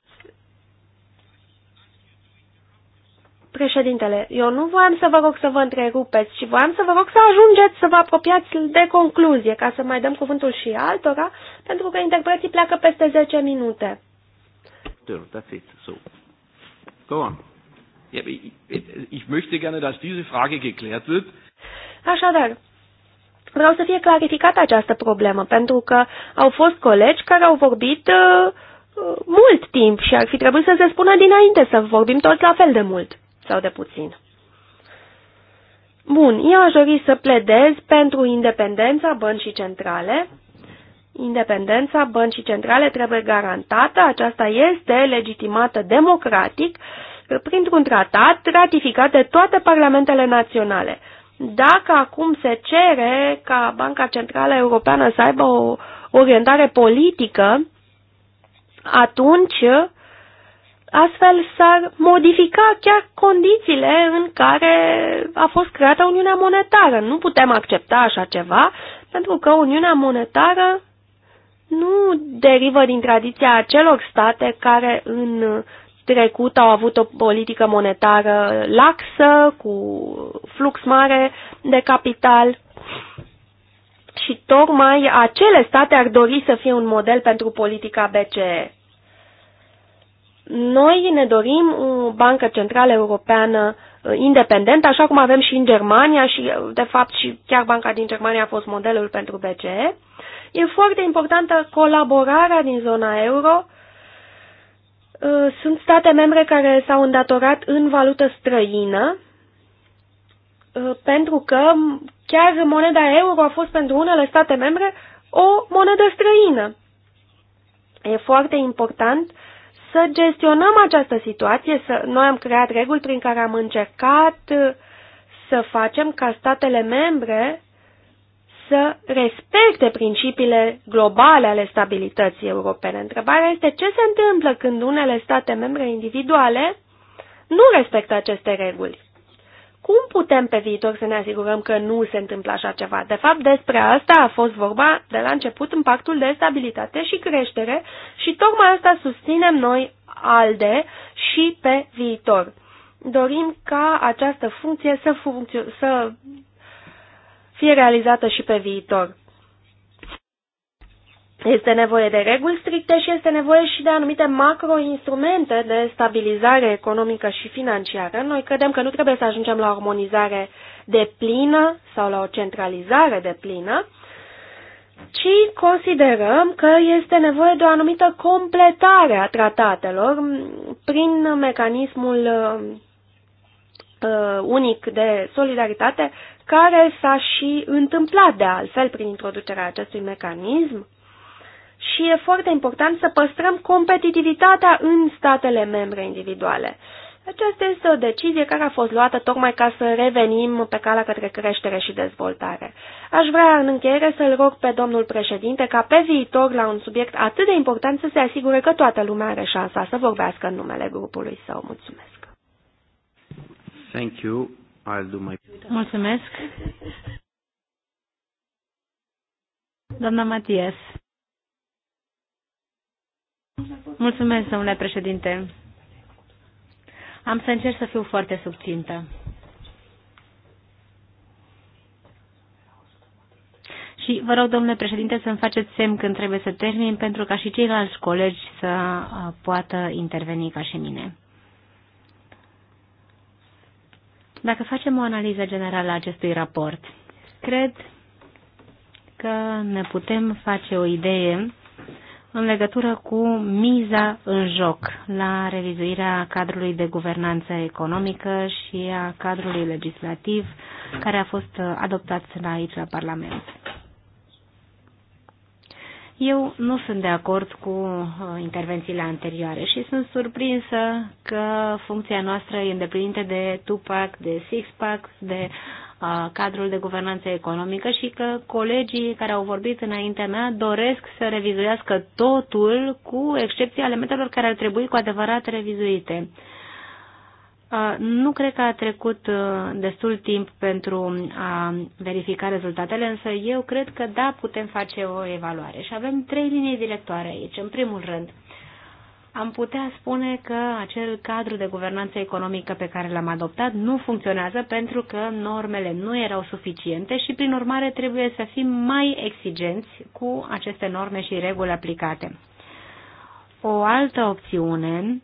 Președintele, eu nu voiam să vă rog să vă întrerupeți, ci voiam să vă rog să ajungeți să vă apropiați de concluzie, ca să mai dăm cuvântul și altora, pentru că interpreții pleacă peste 10 minute. That's it. So. Go on. ich möchte gerne, dass diese Frage geklärt wird. Așadar, Vreau să fie clarificată această problemă, pentru că au fost colegi care au vorbit uh, uh, mult timp și ar fi trebuit să se spună dinainte să vorbim toți la fel de mult sau de puțin. Bun, eu aș dori să pledez pentru independența băncii centrale. Independența băncii centrale trebuie garantată, aceasta este legitimată democratic printr-un tratat ratificat de toate parlamentele naționale. Dacă acum se cere ca Banca Centrală Europeană să aibă o orientare politică, atunci astfel s-ar modifica chiar condițiile în care a fost creată Uniunea Monetară. Nu putem accepta așa ceva, pentru că Uniunea Monetară nu derivă din tradiția acelor state care în trecut au avut o politică monetară laxă, cu flux mare de capital și tocmai acele state ar dori să fie un model pentru politica BCE. Noi ne dorim o bancă centrală europeană uh, independentă, așa cum avem și în Germania și, uh, de fapt, și chiar banca din Germania a fost modelul pentru BCE. E foarte importantă colaborarea din zona euro Uh, sunt state membre care s-au îndatorat în valută străină, uh, pentru că chiar moneda euro a fost pentru unele state membre o monedă străină. E foarte important să gestionăm această situație. Să, noi am creat reguli prin care am încercat uh, să facem ca statele membre să respecte principiile globale ale stabilității europene. Întrebarea este ce se întâmplă când unele state membre individuale nu respectă aceste reguli. Cum putem pe viitor să ne asigurăm că nu se întâmplă așa ceva? De fapt, despre asta a fost vorba de la început în pactul de stabilitate și creștere și tocmai asta susținem noi ALDE și pe viitor. Dorim ca această funcție să, funcțio- să fie realizată și pe viitor. Este nevoie de reguli stricte și este nevoie și de anumite macroinstrumente de stabilizare economică și financiară. Noi credem că nu trebuie să ajungem la armonizare de plină sau la o centralizare de plină, ci considerăm că este nevoie de o anumită completare a tratatelor prin mecanismul uh, unic de solidaritate care s-a și întâmplat de altfel prin introducerea acestui mecanism. Și e foarte important să păstrăm competitivitatea în statele membre individuale. Aceasta este o decizie care a fost luată tocmai ca să revenim pe calea către creștere și dezvoltare. Aș vrea în încheiere să-l rog pe domnul președinte ca pe viitor la un subiect atât de important să se asigure că toată lumea are șansa să vorbească în numele grupului său. Mulțumesc! Thank you. I'll do my... Mulțumesc. Doamna Matias. Mulțumesc, domnule președinte. Am să încerc să fiu foarte subțintă. Și vă rog, domnule președinte, să-mi faceți semn când trebuie să termin, pentru ca și ceilalți colegi să uh, poată interveni ca și mine. Dacă facem o analiză generală a acestui raport, cred că ne putem face o idee în legătură cu miza în joc la revizuirea cadrului de guvernanță economică și a cadrului legislativ care a fost adoptat la aici la Parlament. Eu nu sunt de acord cu uh, intervențiile anterioare și sunt surprinsă că funcția noastră e îndeplinită de Tupac, de Sixpack, de uh, cadrul de guvernanță economică și că colegii care au vorbit înaintea mea doresc să revizuiască totul cu excepția elementelor care ar trebui cu adevărat revizuite. Uh, nu cred că a trecut uh, destul timp pentru a verifica rezultatele, însă eu cred că da, putem face o evaluare. Și avem trei linii directoare aici. În primul rând, am putea spune că acel cadru de guvernanță economică pe care l-am adoptat nu funcționează pentru că normele nu erau suficiente și, prin urmare, trebuie să fim mai exigenți cu aceste norme și reguli aplicate. O altă opțiune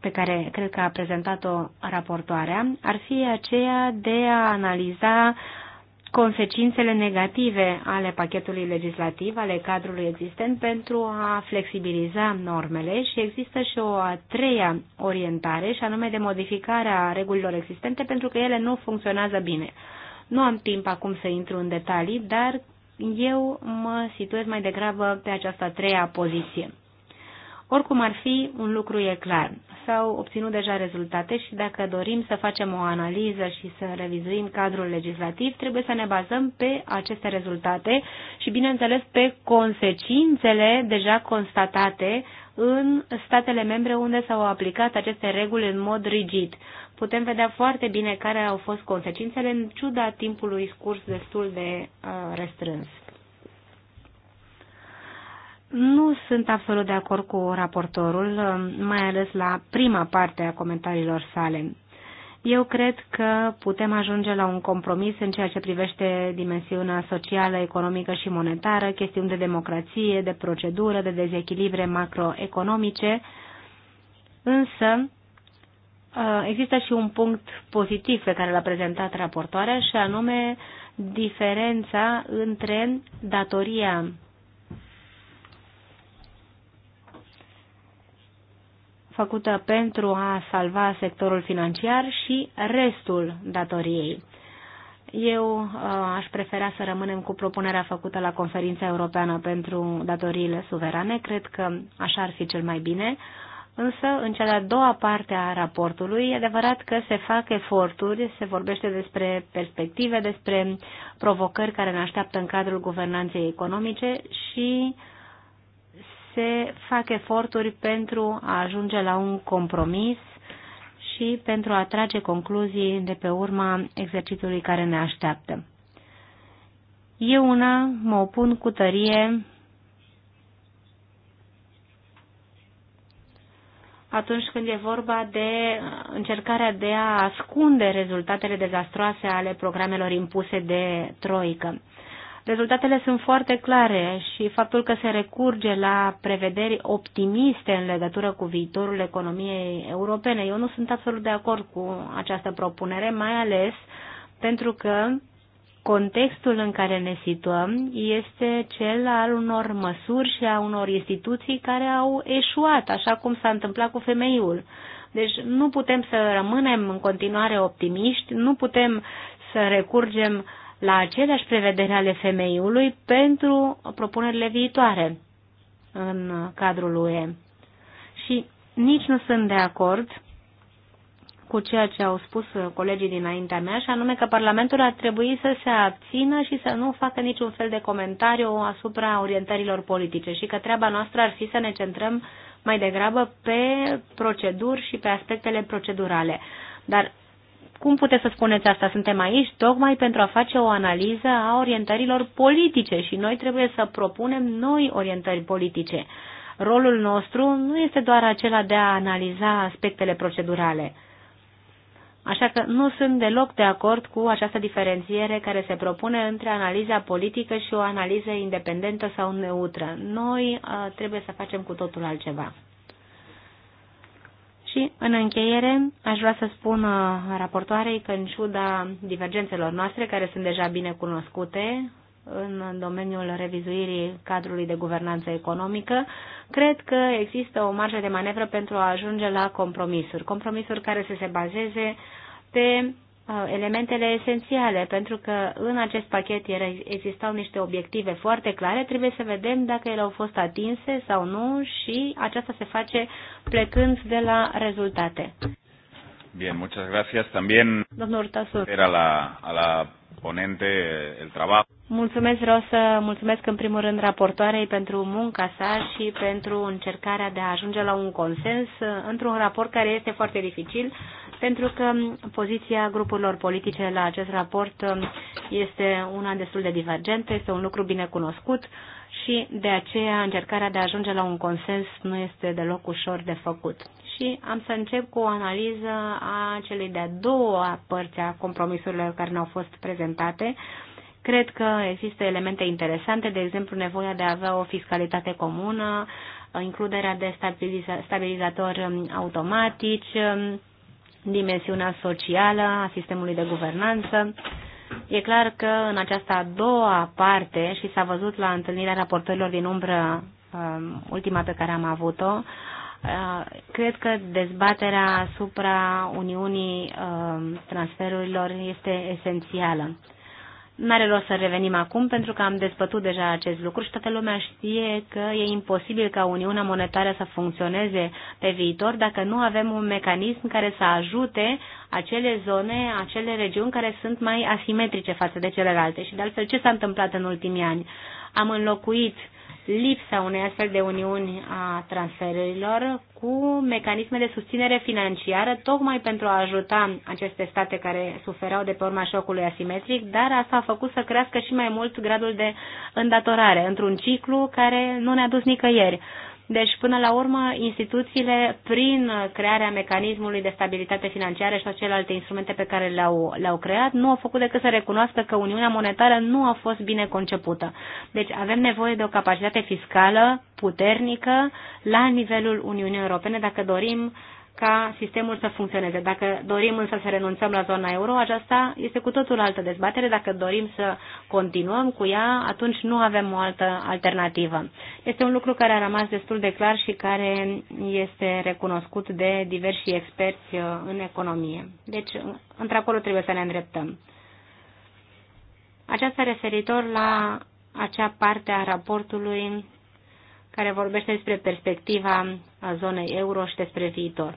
pe care cred că a prezentat-o raportoarea ar fi aceea de a analiza consecințele negative ale pachetului legislativ, ale cadrului existent, pentru a flexibiliza normele și există și o a treia orientare, și anume de modificarea regulilor existente, pentru că ele nu funcționează bine. Nu am timp acum să intru în detalii, dar eu mă situez mai degrabă pe această a treia poziție. Oricum ar fi, un lucru e clar. S-au obținut deja rezultate și dacă dorim să facem o analiză și să revizuim cadrul legislativ, trebuie să ne bazăm pe aceste rezultate și, bineînțeles, pe consecințele deja constatate în statele membre unde s-au aplicat aceste reguli în mod rigid. Putem vedea foarte bine care au fost consecințele în ciuda timpului scurs destul de uh, restrâns. Nu sunt absolut de acord cu raportorul, mai ales la prima parte a comentariilor sale. Eu cred că putem ajunge la un compromis în ceea ce privește dimensiunea socială, economică și monetară, chestiuni de democrație, de procedură, de dezechilibre macroeconomice, însă uh, există și un punct pozitiv pe care l-a prezentat raportoarea și anume diferența între datoria făcută pentru a salva sectorul financiar și restul datoriei. Eu uh, aș prefera să rămânem cu propunerea făcută la conferința europeană pentru datoriile suverane. Cred că așa ar fi cel mai bine. Însă, în cea de-a doua parte a raportului, e adevărat că se fac eforturi, se vorbește despre perspective, despre provocări care ne așteaptă în cadrul guvernanței economice și uh, se fac eforturi pentru a ajunge la un compromis și pentru a trage concluzii de pe urma exercițiului care ne așteaptă. Eu una mă opun cu tărie atunci când e vorba de încercarea de a ascunde rezultatele dezastroase ale programelor impuse de Troică. Rezultatele sunt foarte clare și faptul că se recurge la prevederi optimiste în legătură cu viitorul economiei europene. Eu nu sunt absolut de acord cu această propunere, mai ales pentru că contextul în care ne situăm este cel al unor măsuri și a unor instituții care au eșuat, așa cum s-a întâmplat cu femeiul. Deci nu putem să rămânem în continuare optimiști, nu putem să recurgem la aceleași prevederi ale femeiului pentru propunerile viitoare în cadrul UE. Și nici nu sunt de acord cu ceea ce au spus colegii dinaintea mea, și anume că Parlamentul ar trebui să se abțină și să nu facă niciun fel de comentariu asupra orientărilor politice și că treaba noastră ar fi să ne centrăm mai degrabă pe proceduri și pe aspectele procedurale. Dar cum puteți să spuneți asta? Suntem aici tocmai pentru a face o analiză a orientărilor politice și noi trebuie să propunem noi orientări politice. Rolul nostru nu este doar acela de a analiza aspectele procedurale. Așa că nu sunt deloc de acord cu această diferențiere care se propune între analiza politică și o analiză independentă sau neutră. Noi uh, trebuie să facem cu totul altceva. Și, în încheiere, aș vrea să spun uh, raportoarei că, în ciuda divergențelor noastre, care sunt deja bine cunoscute în domeniul revizuirii cadrului de guvernanță economică, cred că există o marjă de manevră pentru a ajunge la compromisuri. Compromisuri care să se bazeze pe Uh, elementele esențiale, pentru că în acest pachet era, existau niște obiective foarte clare, trebuie să vedem dacă ele au fost atinse sau nu și aceasta se face plecând de la rezultate. Bien, muchas gracias. También Domnul Tasur. era la, a la ponente el trabajo. Mulțumesc, vreau să mulțumesc în primul rând raportoarei pentru munca sa și pentru încercarea de a ajunge la un consens uh, într-un raport care este foarte dificil pentru că poziția grupurilor politice la acest raport um, este una destul de divergentă, este un lucru bine cunoscut și de aceea încercarea de a ajunge la un consens nu este deloc ușor de făcut. Și am să încep cu o analiză a celei de-a doua părți a compromisurilor care ne-au fost prezentate. Cred că există elemente interesante, de exemplu nevoia de a avea o fiscalitate comună, includerea de stabilizatori um, automatici, um, dimensiunea socială a sistemului de guvernanță. E clar că în această a doua parte, și s-a văzut la întâlnirea raportorilor din umbră, um, ultima pe care am avut-o, uh, cred că dezbaterea asupra Uniunii um, transferurilor este esențială. N-are rost să revenim acum pentru că am despătut deja acest lucru și toată lumea știe că e imposibil ca Uniunea Monetară să funcționeze pe viitor dacă nu avem un mecanism care să ajute acele zone, acele regiuni care sunt mai asimetrice față de celelalte. Și de altfel, ce s-a întâmplat în ultimii ani? Am înlocuit lipsa unei astfel de uniuni a transferurilor cu mecanisme de susținere financiară, tocmai pentru a ajuta aceste state care suferau de pe urma șocului asimetric, dar asta a făcut să crească și mai mult gradul de îndatorare într-un ciclu care nu ne-a dus nicăieri. Deci, până la urmă, instituțiile, prin crearea mecanismului de stabilitate financiară și toate celelalte instrumente pe care le-au, le-au creat, nu au făcut decât să recunoască că Uniunea Monetară nu a fost bine concepută. Deci, avem nevoie de o capacitate fiscală puternică la nivelul Uniunii Europene dacă dorim uh, ca sistemul să funcționeze. Dacă dorim însă să renunțăm la zona euro, aceasta este cu totul altă dezbatere. Dacă dorim să continuăm cu ea, atunci nu avem o altă alternativă. Este un lucru care a rămas destul de clar și care este recunoscut de diversi experți uh, în economie. Deci, uh, într-acolo trebuie să ne îndreptăm. Aceasta referitor la acea parte a raportului care vorbește despre perspectiva a zonei euro și despre viitor.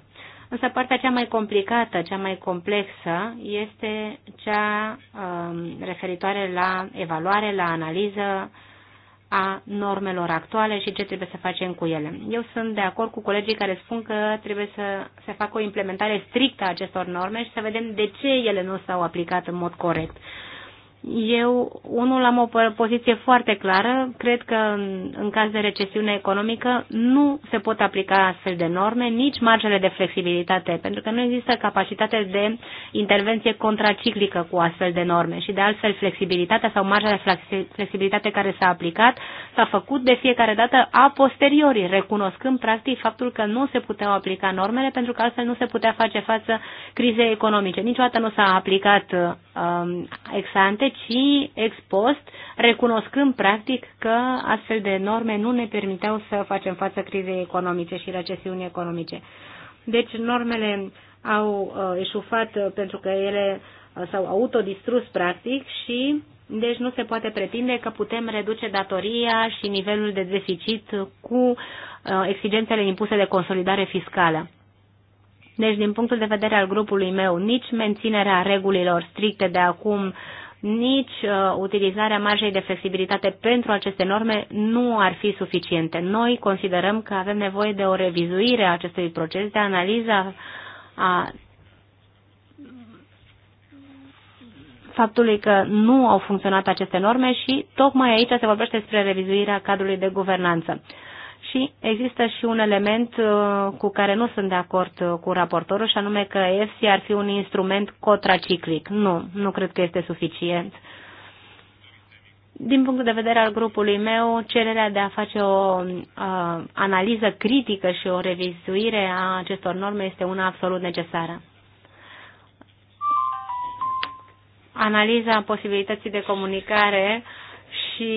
Însă partea cea mai complicată, cea mai complexă, este cea um, referitoare la evaluare, la analiză a normelor actuale și ce trebuie să facem cu ele. Eu sunt de acord cu colegii care spun că trebuie să se facă o implementare strictă a acestor norme și să vedem de ce ele nu s-au aplicat în mod corect. Eu, unul, am o poziție foarte clară. Cred că în, în caz de recesiune economică nu se pot aplica astfel de norme, nici margele de flexibilitate, pentru că nu există capacitate de intervenție contraciclică cu astfel de norme. Și de altfel, flexibilitatea sau marja de flexibilitate care s-a aplicat s-a făcut de fiecare dată a posteriori, recunoscând practic faptul că nu se puteau aplica normele pentru că altfel nu se putea face față crizei economice. Niciodată nu s-a aplicat Um, ex ante, ci ex post, recunoscând practic că astfel de norme nu ne permiteau să facem față crizei economice și recesiunii economice. Deci normele au uh, eșufat uh, pentru că ele uh, s-au autodistrus practic și deci nu se poate pretinde că putem reduce datoria și nivelul de deficit cu exigențele impuse de consolidare fiscală. Deci, din punctul de vedere al grupului meu, nici menținerea regulilor stricte de acum, nici uh, utilizarea marjei de flexibilitate pentru aceste norme nu ar fi suficiente. Noi considerăm că avem nevoie de o revizuire a acestui proces, de analiza a faptului că nu au funcționat aceste norme și tocmai aici se vorbește despre revizuirea cadrului de guvernanță. Și există și un element uh, cu care nu sunt de acord uh, cu raportorul, și anume că EFSI ar fi un instrument contraciclic. Nu, nu cred că este suficient. Din punct de vedere al grupului meu, cererea de a face o uh, analiză critică și o revizuire a acestor norme este una absolut necesară. Analiza posibilității de comunicare uh, și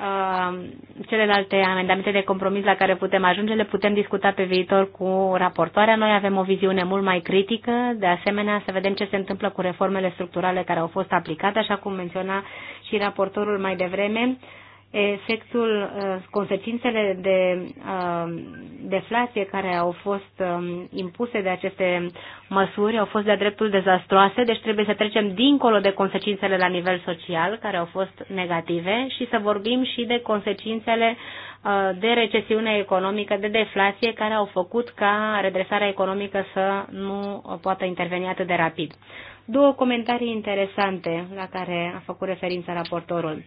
uh, celelalte amendamente de compromis la care putem ajunge le putem discuta pe viitor cu raportoarea. Noi avem o viziune mult mai critică, de asemenea să vedem ce se întâmplă cu reformele structurale care au fost aplicate, așa cum menționa și raportorul mai devreme. Uh, efectul, uh, consecințele de uh, deflație care au fost um, impuse de aceste măsuri au fost de-a dreptul dezastroase, deci trebuie să trecem dincolo de consecințele la nivel social, care au fost negative, și să vorbim și de consecințele uh, de recesiune economică, de deflație, care au făcut ca redresarea economică să nu poată interveni atât de rapid. Două comentarii interesante la care a făcut referință raportorul.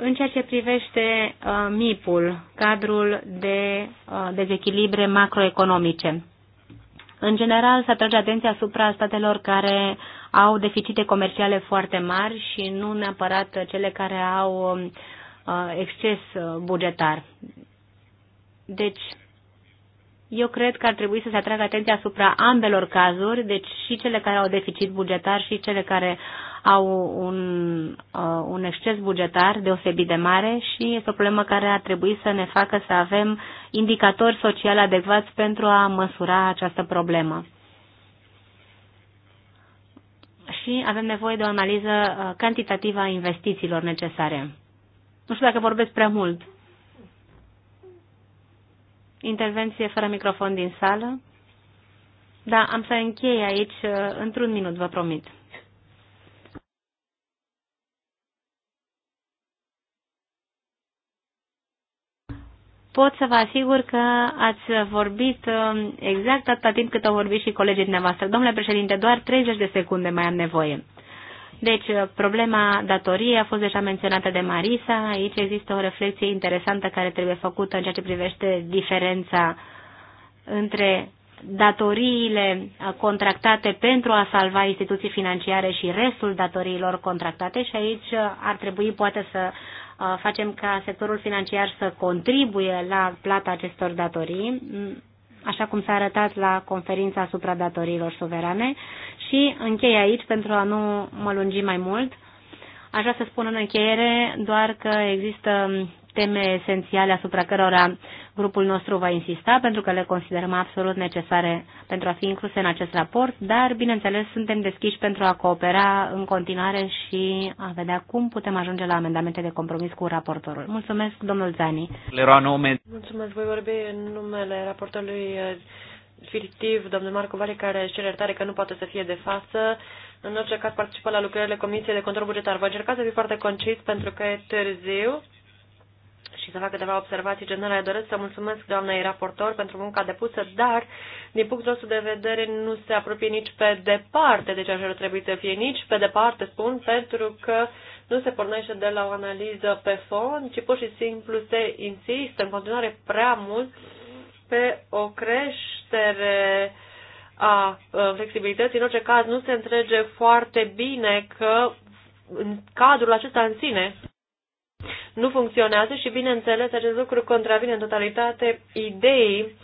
În ceea ce privește uh, MIP-ul, cadrul de uh, dezechilibre macroeconomice, în general, se atrage atenția asupra statelor care au deficite comerciale foarte mari și nu neapărat cele care au uh, exces uh, bugetar. Deci, eu cred că ar trebui să se atragă atenția asupra ambelor cazuri, deci și cele care au deficit bugetar și cele care au un, uh, un exces bugetar deosebit de mare și este o problemă care ar trebui să ne facă să avem indicatori sociali adecvați pentru a măsura această problemă. Și avem nevoie de o analiză uh, cantitativă a investițiilor necesare. Nu știu dacă vorbesc prea mult. Intervenție fără microfon din sală. Da, am să închei aici uh, într-un minut, vă promit. pot să vă asigur că ați vorbit uh, exact atâta timp cât au vorbit și colegii dumneavoastră. Domnule președinte, doar 30 de secunde mai am nevoie. Deci, uh, problema datoriei a fost deja menționată de Marisa. Aici există o reflexie interesantă care trebuie făcută în ceea ce privește diferența între datoriile contractate pentru a salva instituții financiare și restul datoriilor contractate și aici uh, ar trebui poate să Uh, facem ca sectorul financiar să contribuie la plata acestor datorii, mm, așa cum s-a arătat la conferința asupra datoriilor suverane. Și închei aici, pentru a nu mă lungi mai mult, aș vrea să spun în încheiere doar că există teme esențiale asupra cărora grupul nostru va insista, pentru că le considerăm absolut necesare pentru a fi incluse în acest raport, dar, bineînțeles, suntem deschiși pentru a coopera în continuare și a vedea cum putem ajunge la amendamente de compromis cu raportorul. Mulțumesc, domnul Zani. Mulțumesc, voi vorbi în numele raportorului eh, fictiv, domnul Marco Vale, care își cere iertare că nu poate să fie de față. În orice caz participă la lucrările Comisiei de Control Bugetar. Vă încerca să fiu foarte concis pentru că e târziu și să fac câteva observații generale. Doresc să mulțumesc doamnei raportor pentru munca depusă, dar din punctul nostru de vedere nu se apropie nici pe departe, deci așa ar trebui să fie nici pe departe, spun, pentru că nu se pornește de la o analiză pe fond, ci pur și simplu se insistă în continuare prea mult pe o creștere a uh, flexibilității. În orice caz, nu se întrege foarte bine că în cadrul acesta în sine nu funcționează și, bineînțeles, acest lucru contravine în totalitate ideii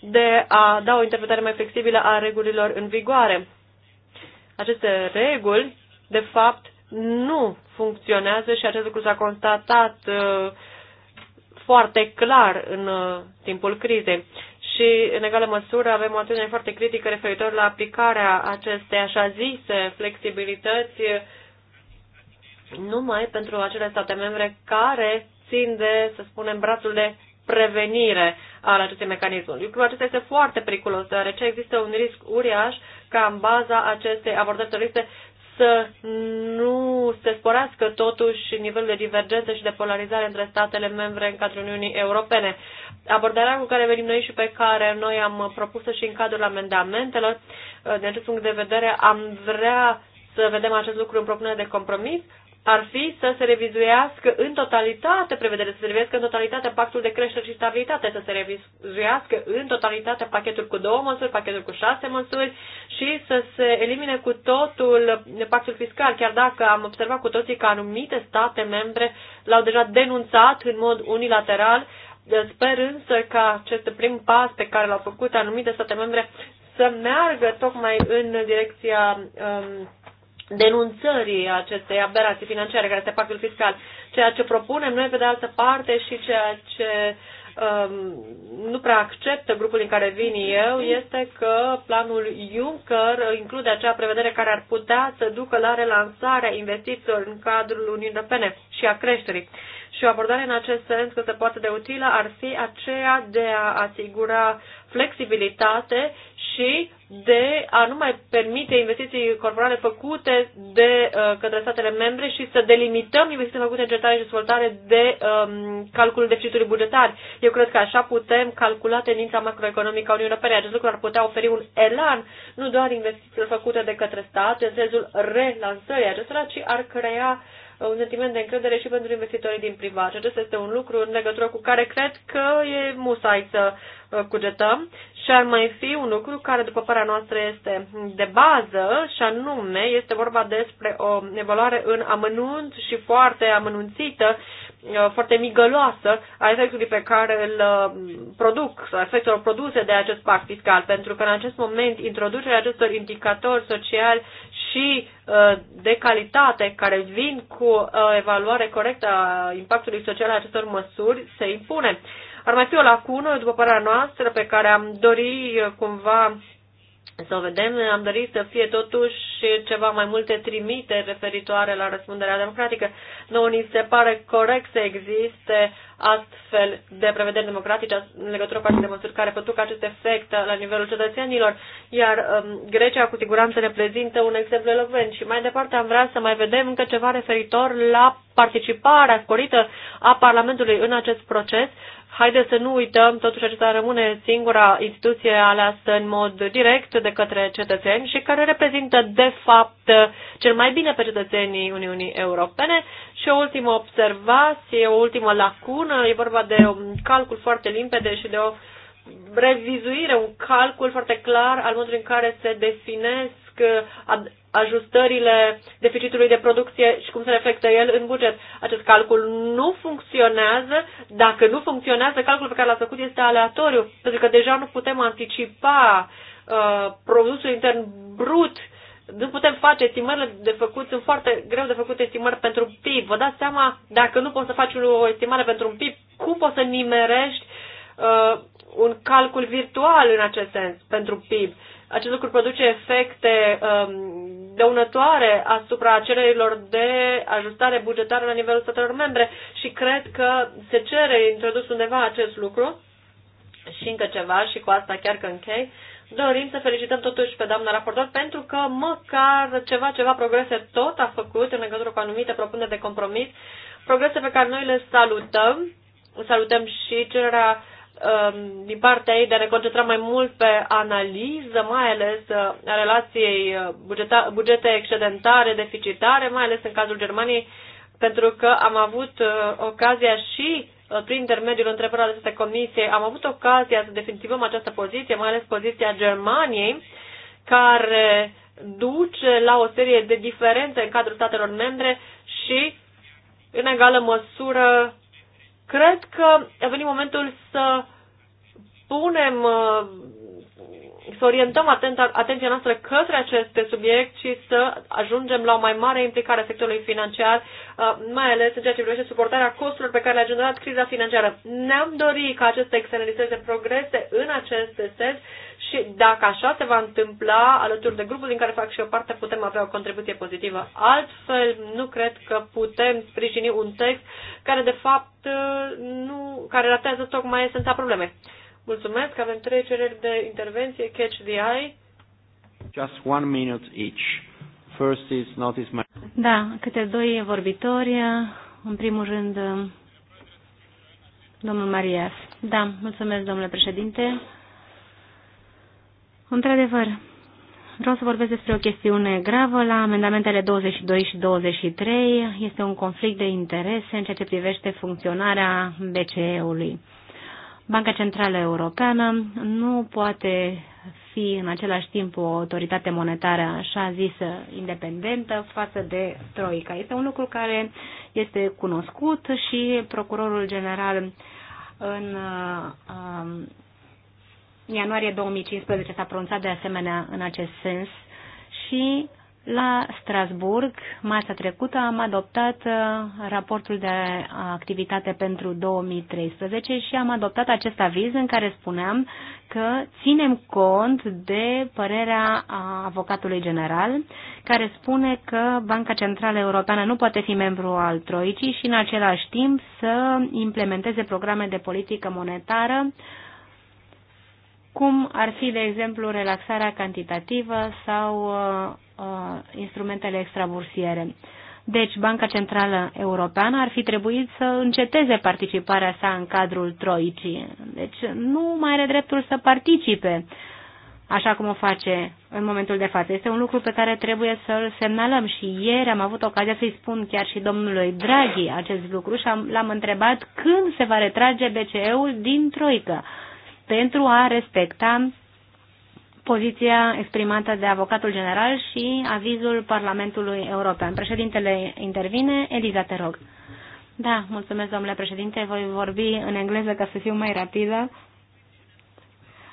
de a da o interpretare mai flexibilă a regulilor în vigoare. Aceste reguli, de fapt, nu funcționează și acest lucru s-a constatat uh, foarte clar în uh, timpul crizei. Și, în egală măsură, avem o atitudine foarte critică referitor la aplicarea acestei așa zise flexibilități numai pentru acele state membre care țin de, să spunem, brațul de prevenire al acestui mecanism. Lucrul acesta este foarte periculos, deoarece există un risc uriaș ca în baza acestei abordări teroriste să nu se sporească totuși nivelul de divergență și de polarizare între statele membre în cadrul Uniunii Europene. Abordarea cu care venim noi și pe care noi am propus-o și în cadrul amendamentelor, din acest punct de vedere, am vrea să vedem acest lucru în propunere de compromis, ar fi să se revizuiască în totalitate prevederile, să se revizuiască în totalitate pactul de creștere și stabilitate, să se revizuiască în totalitate pachetul cu două măsuri, pachetul cu șase măsuri și să se elimine cu totul pactul fiscal, chiar dacă am observat cu toții că anumite state membre l-au deja denunțat în mod unilateral, Sper însă că acest prim pas pe care l-au făcut anumite state membre să meargă tocmai în direcția um, denunțării acestei aberații financiare care este pactul fiscal. Ceea ce propunem noi, pe de altă parte, și ceea ce um, nu prea acceptă grupul în care vin eu, este că planul Juncker include acea prevedere care ar putea să ducă la relansarea investițiilor în cadrul Uniunii Europene și a creșterii. Și o abordare în acest sens, că se poate de utilă, ar fi aceea de a asigura flexibilitate și de a nu mai permite investiții corporale făcute de uh, către statele membre și să delimităm investiții făcute în cercetare și dezvoltare de um, calculul deficitului bugetar. Eu cred că așa putem calcula tendința macroeconomică a Uniunii Europene. Acest lucru ar putea oferi un elan, nu doar investițiile făcute de către state, în sensul relansării acestora, ci ar crea uh, un sentiment de încredere și pentru investitorii din privat. Și acesta este un lucru în legătură cu care cred că e musai să uh, cugetăm și ar mai fi un lucru care, după părerea noastră, este de bază și anume este vorba despre o evaluare în amănunt și foarte amănunțită, uh, foarte migăloasă a efectului pe care îl uh, produc, sau efectelor produse de acest pact fiscal, pentru că în acest moment introducerea acestor indicatori sociali și uh, de calitate care vin cu uh, evaluare corectă a impactului social a acestor măsuri se impune. Ar mai fi o lacună, după părerea noastră, pe care am dori uh, cumva să vedem. Am dorit să fie totuși ceva mai multe trimite referitoare la răspunderea democratică. Nu ni se pare corect să existe astfel de prevederi democratice în legătură cu aceste măsuri care produc acest efect la nivelul cetățenilor, iar um, Grecia cu siguranță reprezintă un exemplu elocvent. Și mai departe am vrea să mai vedem încă ceva referitor la participarea sporită a Parlamentului în acest proces, Haideți să nu uităm, totuși acesta rămâne singura instituție aleasă în mod direct de către cetățeni și care reprezintă, de fapt, cel mai bine pe cetățenii Uniunii Europene. Și o ultimă observație, o ultimă lacună, e vorba de un calcul foarte limpede și de o revizuire, un calcul foarte clar al modului în care se definesc ajustările deficitului de producție și cum se reflectă el în buget. Acest calcul nu funcționează. Dacă nu funcționează, calculul pe care l a făcut este aleatoriu, pentru că deja nu putem anticipa uh, produsul intern brut nu putem face estimările de făcut, sunt foarte greu de făcut estimări pentru PIB. Vă dați seama, dacă nu poți să faci o estimare pentru un PIB, cum poți să nimerești uh, un calcul virtual în acest sens pentru PIB? Acest lucru produce efecte um, dăunătoare asupra cererilor de ajustare bugetară la nivelul statelor membre și cred că se cere introdus undeva acest lucru și încă ceva și cu asta chiar că închei. Dorim să felicităm totuși pe doamna raportor pentru că măcar ceva, ceva progrese tot a făcut în legătură cu anumite propuneri de compromis, progrese pe care noi le salutăm, salutăm și cererea uh, Um, din partea ei de a ne concentra mai mult pe analiză, mai ales uh, a relației uh, bugeta, bugete excedentare, deficitare, mai ales în cazul Germaniei, pentru că am avut uh, ocazia și prin intermediul întrebărilor acestei comisie, am avut ocazia să definitivăm această poziție, mai ales poziția Germaniei, care duce la o serie de diferențe în cadrul statelor membre și, în egală măsură, Cred că a venit momentul să punem uh, să orientăm atent, atenția noastră către aceste subiect și să ajungem la o mai mare implicare a sectorului financiar, uh, mai ales în ceea ce privește suportarea costurilor pe care le-a generat criza financiară. Ne-am dorit ca aceste externalizări să progrese în acest sens și dacă așa se va întâmpla, alături de grupul din care fac și eu parte, putem avea o contribuție pozitivă. Altfel, nu cred că putem sprijini un text care, de fapt, uh, nu, care ratează tocmai esența problemei. Mulțumesc, avem trei cereri de intervenție, catch the eye. Just one minute each. First is notice my... Da, câte doi vorbitori. În primul rând, domnul Marias. Da, mulțumesc, domnule președinte. Într-adevăr, vreau să vorbesc despre o chestiune gravă la amendamentele 22 și 23. Este un conflict de interese în ceea ce privește funcționarea BCE-ului. Banca Centrală Europeană nu poate fi în același timp o autoritate monetară așa zisă independentă față de Troica. Este un lucru care este cunoscut și procurorul general în uh, ianuarie 2015 s-a pronunțat de asemenea în acest sens și la Strasburg, masa trecută, am adoptat uh, raportul de activitate pentru 2013 și am adoptat acest aviz în care spuneam că ținem cont de părerea avocatului general, care spune că Banca Centrală Europeană nu poate fi membru al Troicii și în același timp să implementeze programe de politică monetară cum ar fi, de exemplu, relaxarea cantitativă sau uh, Uh, instrumentele extrabursiere. Deci, Banca Centrală Europeană ar fi trebuit să înceteze participarea sa în cadrul Troicii. Deci, nu mai are dreptul să participe așa cum o face în momentul de față. Este un lucru pe care trebuie să-l semnalăm și ieri am avut ocazia să-i spun chiar și domnului Draghi acest lucru și l-am întrebat când se va retrage BCE-ul din Troică pentru a respecta poziția exprimată de avocatul general și avizul Parlamentului European. Președintele intervine. Eliza, te rog. Da, mulțumesc, domnule președinte. Voi vorbi în engleză ca să fiu mai rapidă.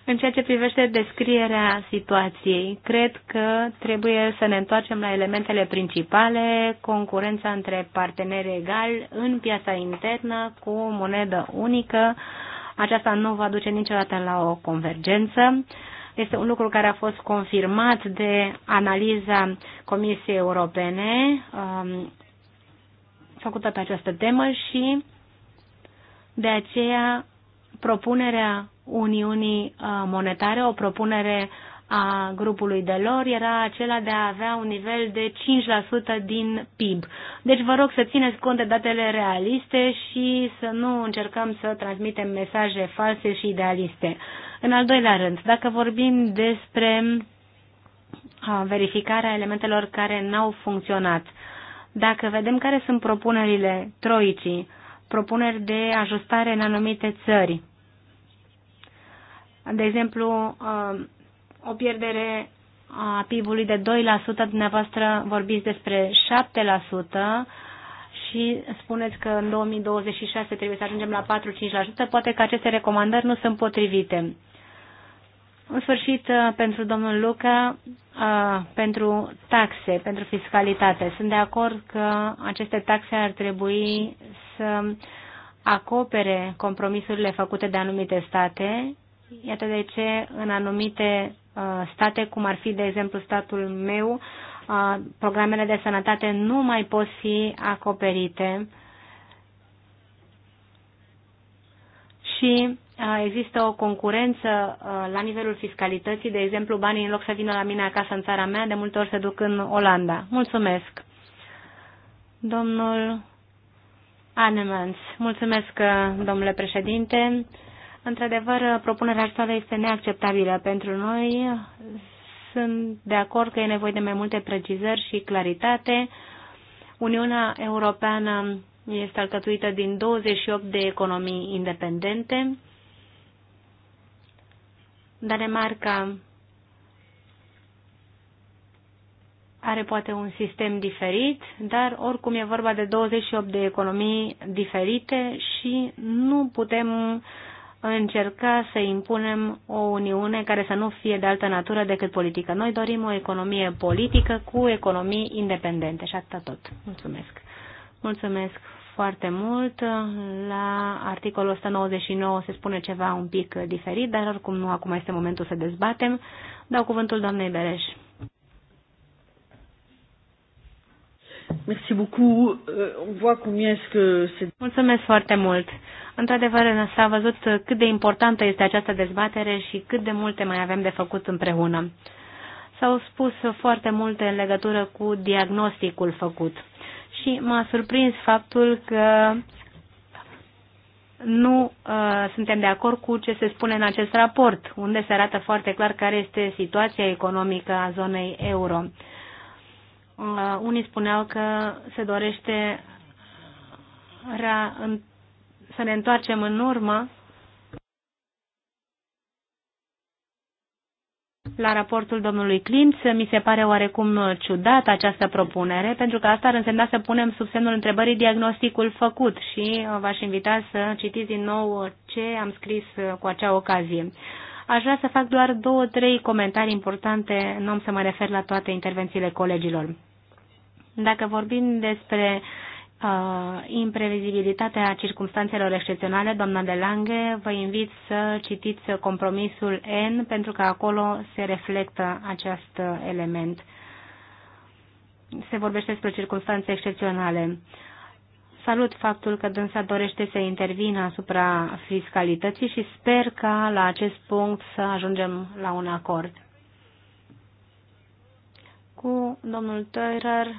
În ceea ce privește descrierea situației, cred că trebuie să ne întoarcem la elementele principale, concurența între parteneri egali în piața internă cu monedă unică. Aceasta nu va duce niciodată la o convergență. Este un lucru care a fost confirmat de analiza Comisiei Europene um, făcută pe această temă și de aceea propunerea Uniunii uh, Monetare, o propunere a grupului de lor era acela de a avea un nivel de 5% din PIB. Deci vă rog să țineți cont de datele realiste și să nu încercăm să transmitem mesaje false și idealiste. În al doilea rând, dacă vorbim despre verificarea elementelor care n-au funcționat, dacă vedem care sunt propunerile troicii, propuneri de ajustare în anumite țări, de exemplu, o pierdere a PIB-ului de 2%, dumneavoastră vorbiți despre 7%, și spuneți că în 2026 trebuie să ajungem la 4-5%, poate că aceste recomandări nu sunt potrivite. În sfârșit, uh, pentru domnul Luca, uh, pentru taxe, pentru fiscalitate. Sunt de acord că aceste taxe ar trebui să acopere compromisurile făcute de anumite state. Iată de ce în anumite uh, state, cum ar fi, de exemplu, statul meu, programele de sănătate nu mai pot fi acoperite și există o concurență uh, la nivelul fiscalității, de exemplu, banii în loc să vină la mine acasă în țara mea, de multe ori se duc în Olanda. Mulțumesc. Domnul Anemans, mulțumesc, uh, domnule președinte. Într-adevăr, uh, propunerea actuală este neacceptabilă pentru noi. Sunt de acord că e nevoie de mai multe precizări și claritate. Uniunea Europeană este alcătuită din 28 de economii independente Danemarca are poate un sistem diferit, dar oricum e vorba de 28 de economii diferite și nu putem încerca să impunem o uniune care să nu fie de altă natură decât politică. Noi dorim o economie politică cu economii independente și atât tot. Mulțumesc. Mulțumesc foarte mult. La articolul 199 se spune ceva un pic diferit, dar oricum nu acum este momentul să dezbatem. Dau cuvântul doamnei Bereș. Merci beaucoup. Euh, on voit combien est-ce que c'est... Mulțumesc foarte mult. Într-adevăr, s-a văzut cât de importantă este această dezbatere și cât de multe mai avem de făcut împreună. S-au spus foarte multe în legătură cu diagnosticul făcut și m-a surprins faptul că nu uh, suntem de acord cu ce se spune în acest raport, unde se arată foarte clar care este situația economică a zonei euro. Uh, unii spuneau că se dorește în, să ne întoarcem în urmă la raportul domnului Klimt. Mi se pare oarecum ciudată această propunere, pentru că asta ar însemna să punem sub semnul întrebării diagnosticul făcut și uh, v-aș invita să citiți din nou uh, ce am scris uh, cu acea ocazie. Aș vrea să fac doar două, trei comentarii importante, nu am să mă refer la toate intervențiile colegilor. Dacă vorbim despre uh, uh, imprevizibilitatea circumstanțelor excepționale, doamna de Lange, vă invit să citiți compromisul N, pentru că acolo se reflectă acest element. Se vorbește despre circumstanțe excepționale. Salut faptul că dânsa dorește să intervină asupra fiscalității și sper ca la acest punct să ajungem la un acord. Cu domnul Teurer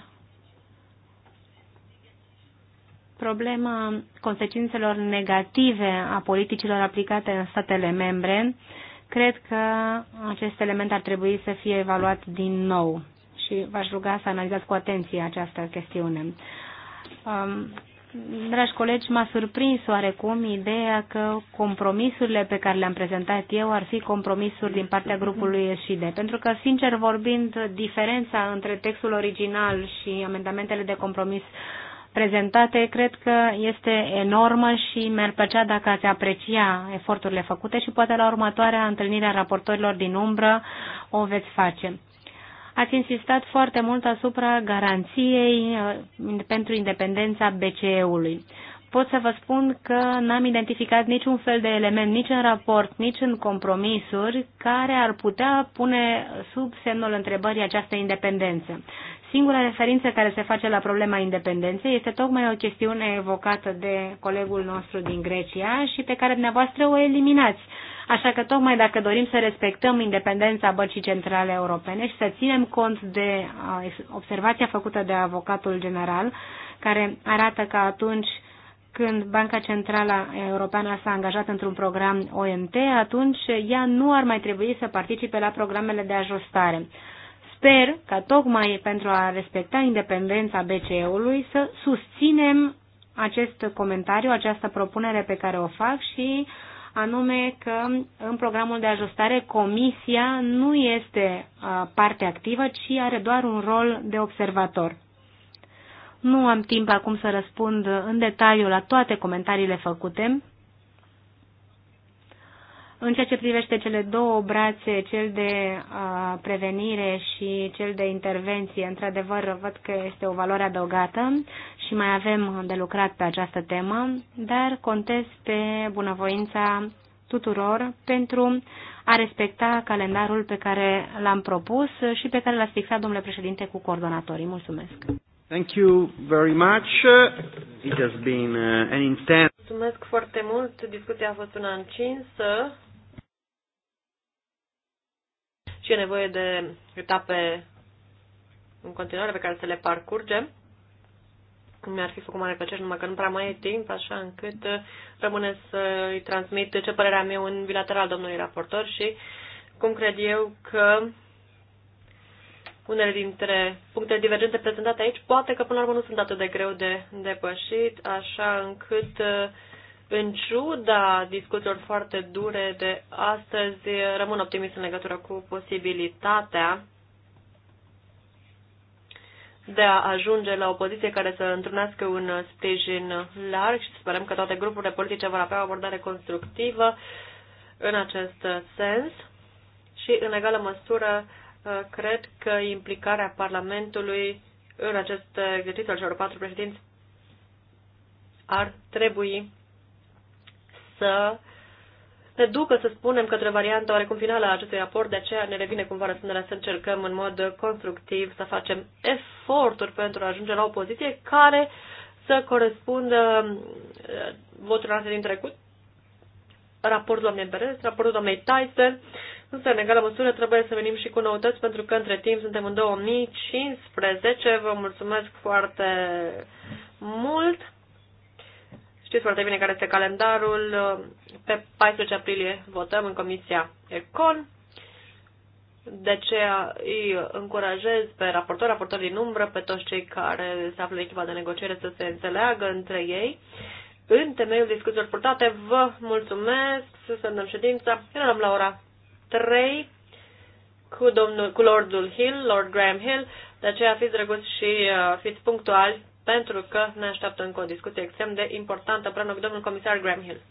problema consecințelor negative a politicilor aplicate în statele membre, cred că acest element ar trebui să fie evaluat din nou și v-aș ruga să analizați cu atenție această chestiune. Um, dragi colegi, m-a surprins oarecum ideea că compromisurile pe care le-am prezentat eu ar fi compromisuri din partea grupului SID, pentru că, sincer vorbind, diferența între textul original și amendamentele de compromis uh, prezentate cred că este enormă și mi-ar plăcea dacă ați aprecia eforturile făcute și poate la următoarea întâlnire a raportorilor din umbră o veți face. Ați insistat foarte mult asupra garanției uh, pentru independența BCE-ului. Pot să vă spun că n-am identificat niciun fel de element, nici în raport, nici în compromisuri, care ar putea pune sub semnul întrebării această independență. Singura referință care se face la problema independenței este tocmai o chestiune evocată de colegul nostru din Grecia și pe care dumneavoastră o eliminați. Așa că tocmai dacă dorim să respectăm independența Băncii Centrale Europene și să ținem cont de observația făcută de avocatul general, care arată că atunci când Banca Centrală Europeană s-a angajat într-un program OMT, atunci ea nu ar mai trebui să participe la programele de ajustare sper că tocmai pentru a respecta independența BCE-ului să susținem acest comentariu, această propunere pe care o fac și anume că în programul de ajustare comisia nu este parte activă, ci are doar un rol de observator. Nu am timp acum să răspund în detaliu la toate comentariile făcute, în ceea ce privește cele două brațe, cel de uh, prevenire și cel de intervenție, într-adevăr văd că este o valoare adăugată și mai avem de lucrat pe această temă, dar contez pe bunăvoința tuturor pentru a respecta calendarul pe care l-am propus și pe care l a fixat, domnule președinte, cu coordonatorii. Mulțumesc! Thank you very much. It has been uh, an intense... Mulțumesc foarte mult. Discuția a fost una încinsă și e nevoie de etape în continuare pe care să le parcurgem. Mi-ar fi făcut mare plăcere, numai că nu prea mai e timp, așa încât uh, rămâne să îi transmit ce părerea mea în bilateral domnului raportor și cum cred eu că unele dintre punctele divergente prezentate aici, poate că până la urmă nu sunt atât de greu de depășit, așa încât uh, în ciuda discuțiilor foarte dure de astăzi, rămân optimist în legătură cu posibilitatea de a ajunge la o poziție care să întrunească un sprijin larg și sperăm că toate grupurile politice vor avea o abordare constructivă în acest sens și, în egală măsură, cred că implicarea Parlamentului în acest exercițiu al celor patru președinți ar trebui să ne ducă, să spunem, către varianta oarecum finală a acestui raport, de aceea ne revine cumva răspunderea să încercăm în mod constructiv să facem eforturi pentru a ajunge la o poziție care să corespundă uh, votul noastre din trecut, raportul doamnei Berez, raportul doamnei Tyson, însă în egală măsură trebuie să venim și cu noutăți pentru că între timp suntem în 2015, vă mulțumesc foarte mult Știți foarte bine care este calendarul. Pe 14 aprilie votăm în Comisia ECON. De ce îi încurajez pe raportor, raportor din umbră, pe toți cei care se află în echipa de negociere să se înțeleagă între ei. În temeiul discuțiilor purtate, vă mulțumesc, semnăm ședința, reluăm la ora 3 cu, domnul, cu Lordul Hill, Lord Graham Hill, de aceea fiți drăguți și uh, fiți punctuali pentru că ne așteaptă încă o discuție extrem de importantă împreună cu domnul comisar Graham Hill.